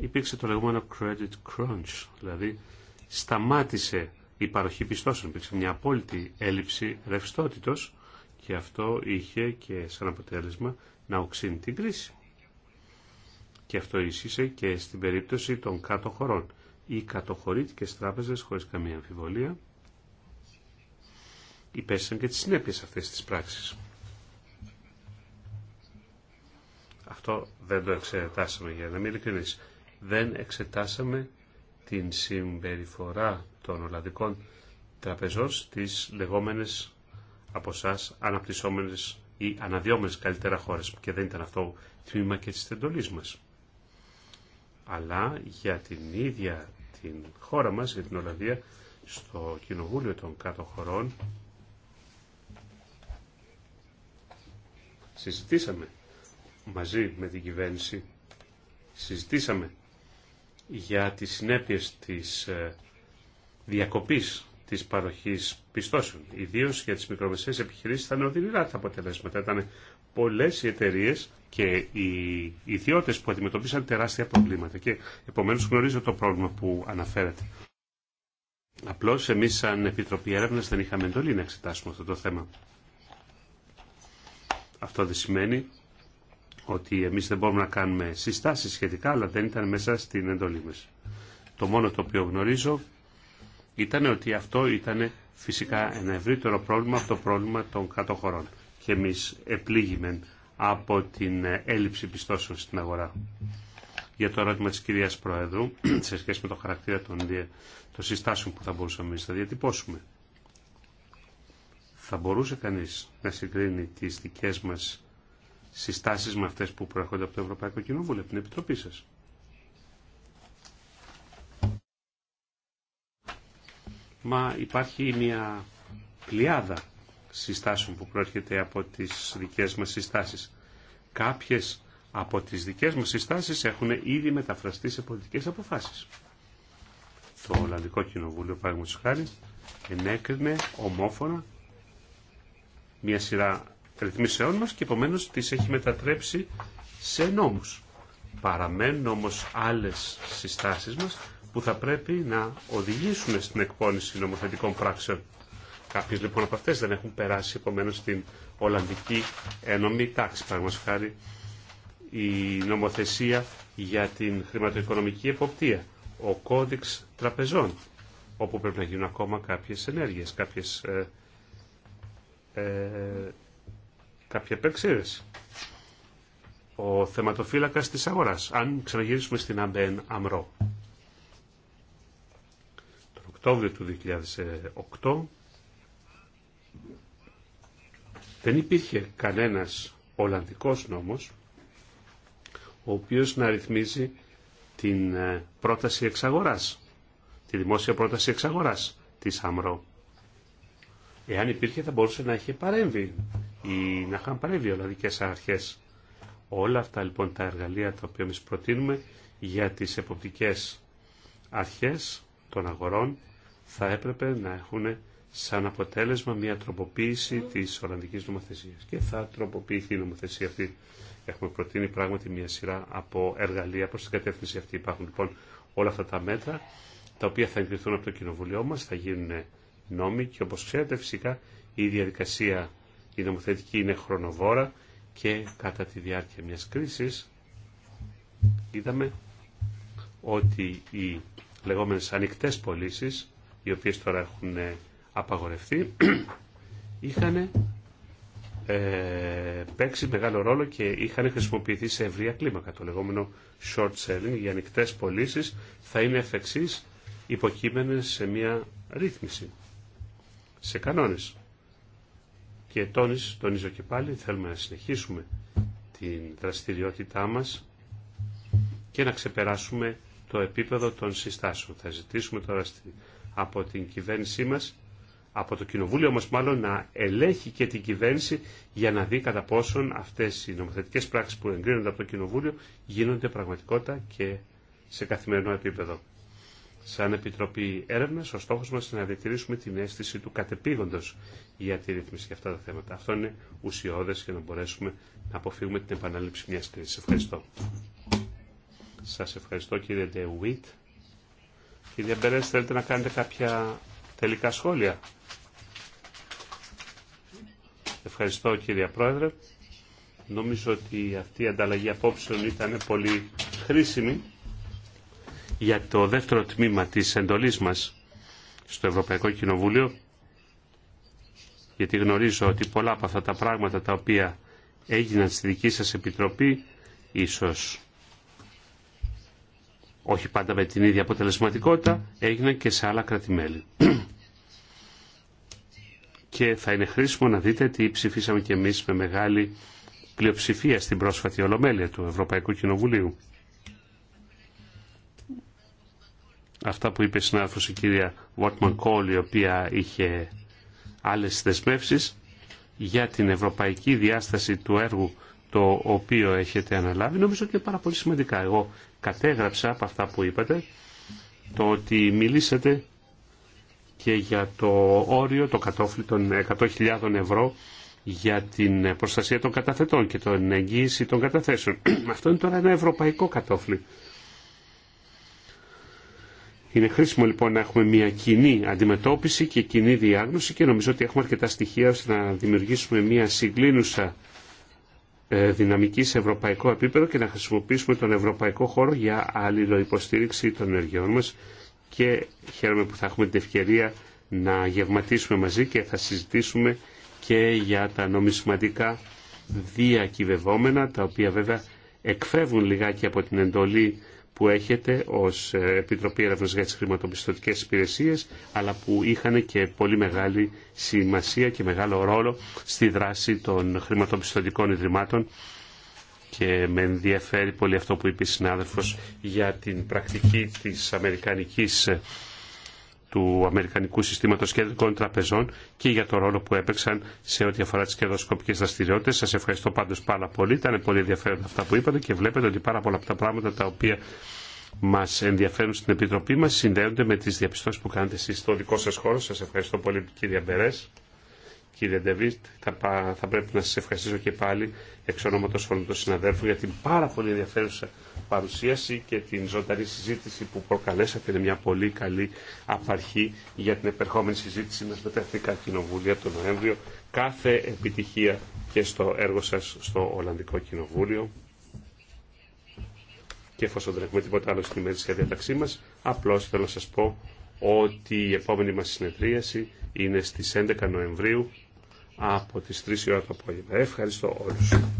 Υπήρξε το λεγόμενο credit crunch, δηλαδή σταμάτησε η παροχή πιστώσεων, υπήρξε μια απόλυτη έλλειψη ρευστότητος και αυτό είχε και σαν αποτέλεσμα να οξύνει την κρίση. Και αυτό ίσχυσε και στην περίπτωση των κάτω χωρών ή κατοχωρήτικες τράπεζες χωρίς καμία αμφιβολία υπέστησαν και τις συνέπειες αυτές της πράξης. Αυτό δεν το εξετάσαμε για να μην ειλικρινείς. Δεν εξετάσαμε την συμπεριφορά των Ολλανδικών τραπεζών στις λεγόμενες από εσά αναπτυσσόμενες ή αναδυόμενες καλύτερα χώρες και δεν ήταν αυτό τμήμα και της εντολής μας. Αλλά για την ίδια την χώρα μας, για την Ολλανδία, στο Κοινοβούλιο των Κάτω Χωρών συζητήσαμε μαζί με την κυβέρνηση συζητήσαμε για τις συνέπειες της ε, διακοπής της παροχής πιστώσεων. Ιδίως για τις μικρομεσαίες επιχειρήσεις ήταν οδυνηρά τα αποτελέσματα. Ήταν πολλές οι εταιρείε και οι ιδιώτες που αντιμετωπίσαν τεράστια προβλήματα και επομένως γνωρίζω το πρόβλημα που αναφέρεται. Απλώς εμείς σαν Επιτροπή Έρευνας δεν είχαμε εντολή να εξετάσουμε αυτό το θέμα. Αυτό δεν σημαίνει ότι εμείς δεν μπορούμε να κάνουμε συστάσεις σχετικά, αλλά δεν ήταν μέσα στην εντολή μας. Το μόνο το οποίο γνωρίζω ήταν ότι αυτό ήταν φυσικά ένα ευρύτερο πρόβλημα από το πρόβλημα των κατοχωρών. Και εμείς επλήγημεν από την έλλειψη πιστώσεων στην αγορά. Για το ερώτημα της κυρίας Προέδρου, σε σχέση με το χαρακτήρα των, των συστάσεων που θα μπορούσαμε εμείς να διατυπώσουμε. Θα μπορούσε κανείς να συγκρίνει τις δικές μας συστάσεις με αυτές που προέρχονται από το Ευρωπαϊκό Κοινοβούλιο, από την Επιτροπή σας. Μα υπάρχει μια πλειάδα συστάσεων που προέρχεται από τις δικές μας συστάσεις. Κάποιες από τις δικές μας συστάσεις έχουν ήδη μεταφραστεί σε πολιτικές αποφάσεις. Το Ολλανδικό Κοινοβούλιο, παραδείγματος χάρη, ενέκρινε ομόφωνα μια σειρά ρυθμίσεών μας και επομένως τις έχει μετατρέψει σε νόμους. Παραμένουν όμως άλλες συστάσεις μας που θα πρέπει να οδηγήσουν στην εκπόνηση νομοθετικών πράξεων. Κάποιε λοιπόν από αυτέ δεν έχουν περάσει επομένω στην Ολλανδική Ένωμη Τάξη. Παραδείγματο χάρη η νομοθεσία για την χρηματοοικονομική εποπτεία, ο κώδικς τραπεζών, όπου πρέπει να γίνουν ακόμα κάποιες ενέργειες, κάποιες ε, ε κάποια επεξήρεση. Ο θεματοφύλακας της αγοράς. Αν ξαναγυρίσουμε στην Αμπέν Αμρό. Τον Οκτώβριο του 2008 δεν υπήρχε κανένας Ολλανδικός νόμος ο οποίος να ρυθμίζει την ε, πρόταση εξαγοράς, τη δημόσια πρόταση εξαγοράς της ΑΜΡΟ. Εάν υπήρχε θα μπορούσε να είχε παρέμβει ή να είχαν παρέμβει οι Ολλανδικές αρχές. Όλα αυτά λοιπόν τα εργαλεία τα οποία εμείς προτείνουμε για τις εποπτικές αρχές των αγορών θα έπρεπε να έχουν σαν αποτέλεσμα μια τροποποίηση της Ολλανδικής νομοθεσίας. Και θα τροποποιηθεί η νομοθεσία αυτή. Έχουμε προτείνει πράγματι μια σειρά από εργαλεία προς την κατεύθυνση αυτή. Υπάρχουν λοιπόν όλα αυτά τα μέτρα τα οποία θα εγκριθούν από το Κοινοβουλίο μας, θα γίνουν νόμοι και όπως ξέρετε φυσικά η διαδικασία η νομοθετική είναι χρονοβόρα και κατά τη διάρκεια μιας κρίσης είδαμε ότι οι λεγόμενες ανοιχτές πωλήσει, οι οποίες τώρα έχουν ε, απαγορευτεί, είχαν ε, παίξει μεγάλο ρόλο και είχαν χρησιμοποιηθεί σε ευρία κλίμακα. Το λεγόμενο short selling, οι ανοιχτέ πωλήσει, θα είναι εφ' εξής υποκείμενες σε μια ρύθμιση, σε κανόνες και τόνιζω, τονίζω και πάλι θέλουμε να συνεχίσουμε την δραστηριότητά μας και να ξεπεράσουμε το επίπεδο των συστάσεων. Θα ζητήσουμε τώρα από την κυβέρνησή μας, από το Κοινοβούλιο όμως μάλλον, να ελέγχει και την κυβέρνηση για να δει κατά πόσον αυτές οι νομοθετικές πράξεις που εγκρίνονται από το Κοινοβούλιο γίνονται πραγματικότητα και σε καθημερινό επίπεδο. Σαν Επιτροπή Έρευνα, ο στόχο μα είναι να διατηρήσουμε την αίσθηση του κατεπήγοντο για τη ρύθμιση για αυτά τα θέματα. Αυτό είναι ουσιώδε για να μπορέσουμε να αποφύγουμε την επανάληψη μια κρίση. Ευχαριστώ. Σα ευχαριστώ κύριε Ντεουίτ. Κύριε Μπερέ, θέλετε να κάνετε κάποια τελικά σχόλια. Ευχαριστώ κύριε Πρόεδρε. Νομίζω ότι αυτή η ανταλλαγή απόψεων ήταν πολύ χρήσιμη για το δεύτερο τμήμα της εντολής μας στο Ευρωπαϊκό Κοινοβούλιο γιατί γνωρίζω ότι πολλά από αυτά τα πράγματα τα οποία έγιναν στη δική σας Επιτροπή ίσως όχι πάντα με την ίδια αποτελεσματικότητα έγιναν και σε άλλα κρατημέλη. και θα είναι χρήσιμο να δείτε τι ψηφίσαμε και εμείς με μεγάλη πλειοψηφία στην πρόσφατη Ολομέλεια του Ευρωπαϊκού Κοινοβουλίου. αυτά που είπε η συνάδελφος η κυρία Βόρτμαν Κόλ η οποία είχε άλλες δεσμεύσεις για την ευρωπαϊκή διάσταση του έργου το οποίο έχετε αναλάβει νομίζω και πάρα πολύ σημαντικά. Εγώ κατέγραψα από αυτά που είπατε το ότι μιλήσατε και για το όριο, το κατόφλι των 100.000 ευρώ για την προστασία των καταθετών και την εγγύηση των καταθέσεων. Αυτό είναι τώρα ένα ευρωπαϊκό κατόφλι. Είναι χρήσιμο λοιπόν να έχουμε μια κοινή αντιμετώπιση και κοινή διάγνωση και νομίζω ότι έχουμε αρκετά στοιχεία ώστε να δημιουργήσουμε μια συγκλίνουσα ε, δυναμική σε ευρωπαϊκό επίπεδο και να χρησιμοποιήσουμε τον ευρωπαϊκό χώρο για αλληλοϊποστήριξη των ενεργειών μας και χαίρομαι που θα έχουμε την ευκαιρία να γευματίσουμε μαζί και θα συζητήσουμε και για τα νομισματικά διακυβευόμενα τα οποία βέβαια εκφεύγουν λιγάκι από την εντολή που έχετε ως ε, Επιτροπή Έρευνας για τις Χρηματοπιστωτικές Υπηρεσίες, αλλά που είχαν και πολύ μεγάλη σημασία και μεγάλο ρόλο στη δράση των χρηματοπιστωτικών ιδρυμάτων και με ενδιαφέρει πολύ αυτό που είπε η συνάδελφος για την πρακτική της Αμερικανικής του Αμερικανικού Συστήματος Κεντρικών Τραπεζών και για το ρόλο που έπαιξαν σε ό,τι αφορά τις κερδοσκοπικέ δραστηριότητε. Σας ευχαριστώ πάντω πάρα πολύ. Ήταν πολύ ενδιαφέροντα αυτά που είπατε και βλέπετε ότι πάρα πολλά από τα πράγματα τα οποία μας ενδιαφέρουν στην Επιτροπή μας συνδέονται με τις διαπιστώσει που κάνετε εσεί στο δικό σα χώρο. Σα ευχαριστώ πολύ κύριε Μπερέ. Κύριε Ντεβίτ, θα, θα πρέπει να σα ευχαριστήσω και πάλι εξ ονόματο όλων των συναδέλφων για την πάρα πολύ ενδιαφέρουσα παρουσίαση και την ζωντανή συζήτηση που προκαλέσατε. Είναι μια πολύ καλή απαρχή για την επερχόμενη συζήτηση μα με τα Εθνικά Κοινοβούλια τον Νοέμβριο. Κάθε επιτυχία και στο έργο σα στο Ολλανδικό Κοινοβούλιο. Και εφόσον δεν έχουμε τίποτα άλλο στην ημερήσια διαταξή μας, απλώς θέλω να σας πω ότι η επόμενη μας συνεδρίαση είναι στις 11 Νοεμβρίου από τις 3 η ώρα το απόγευμα. Ευχαριστώ όλους.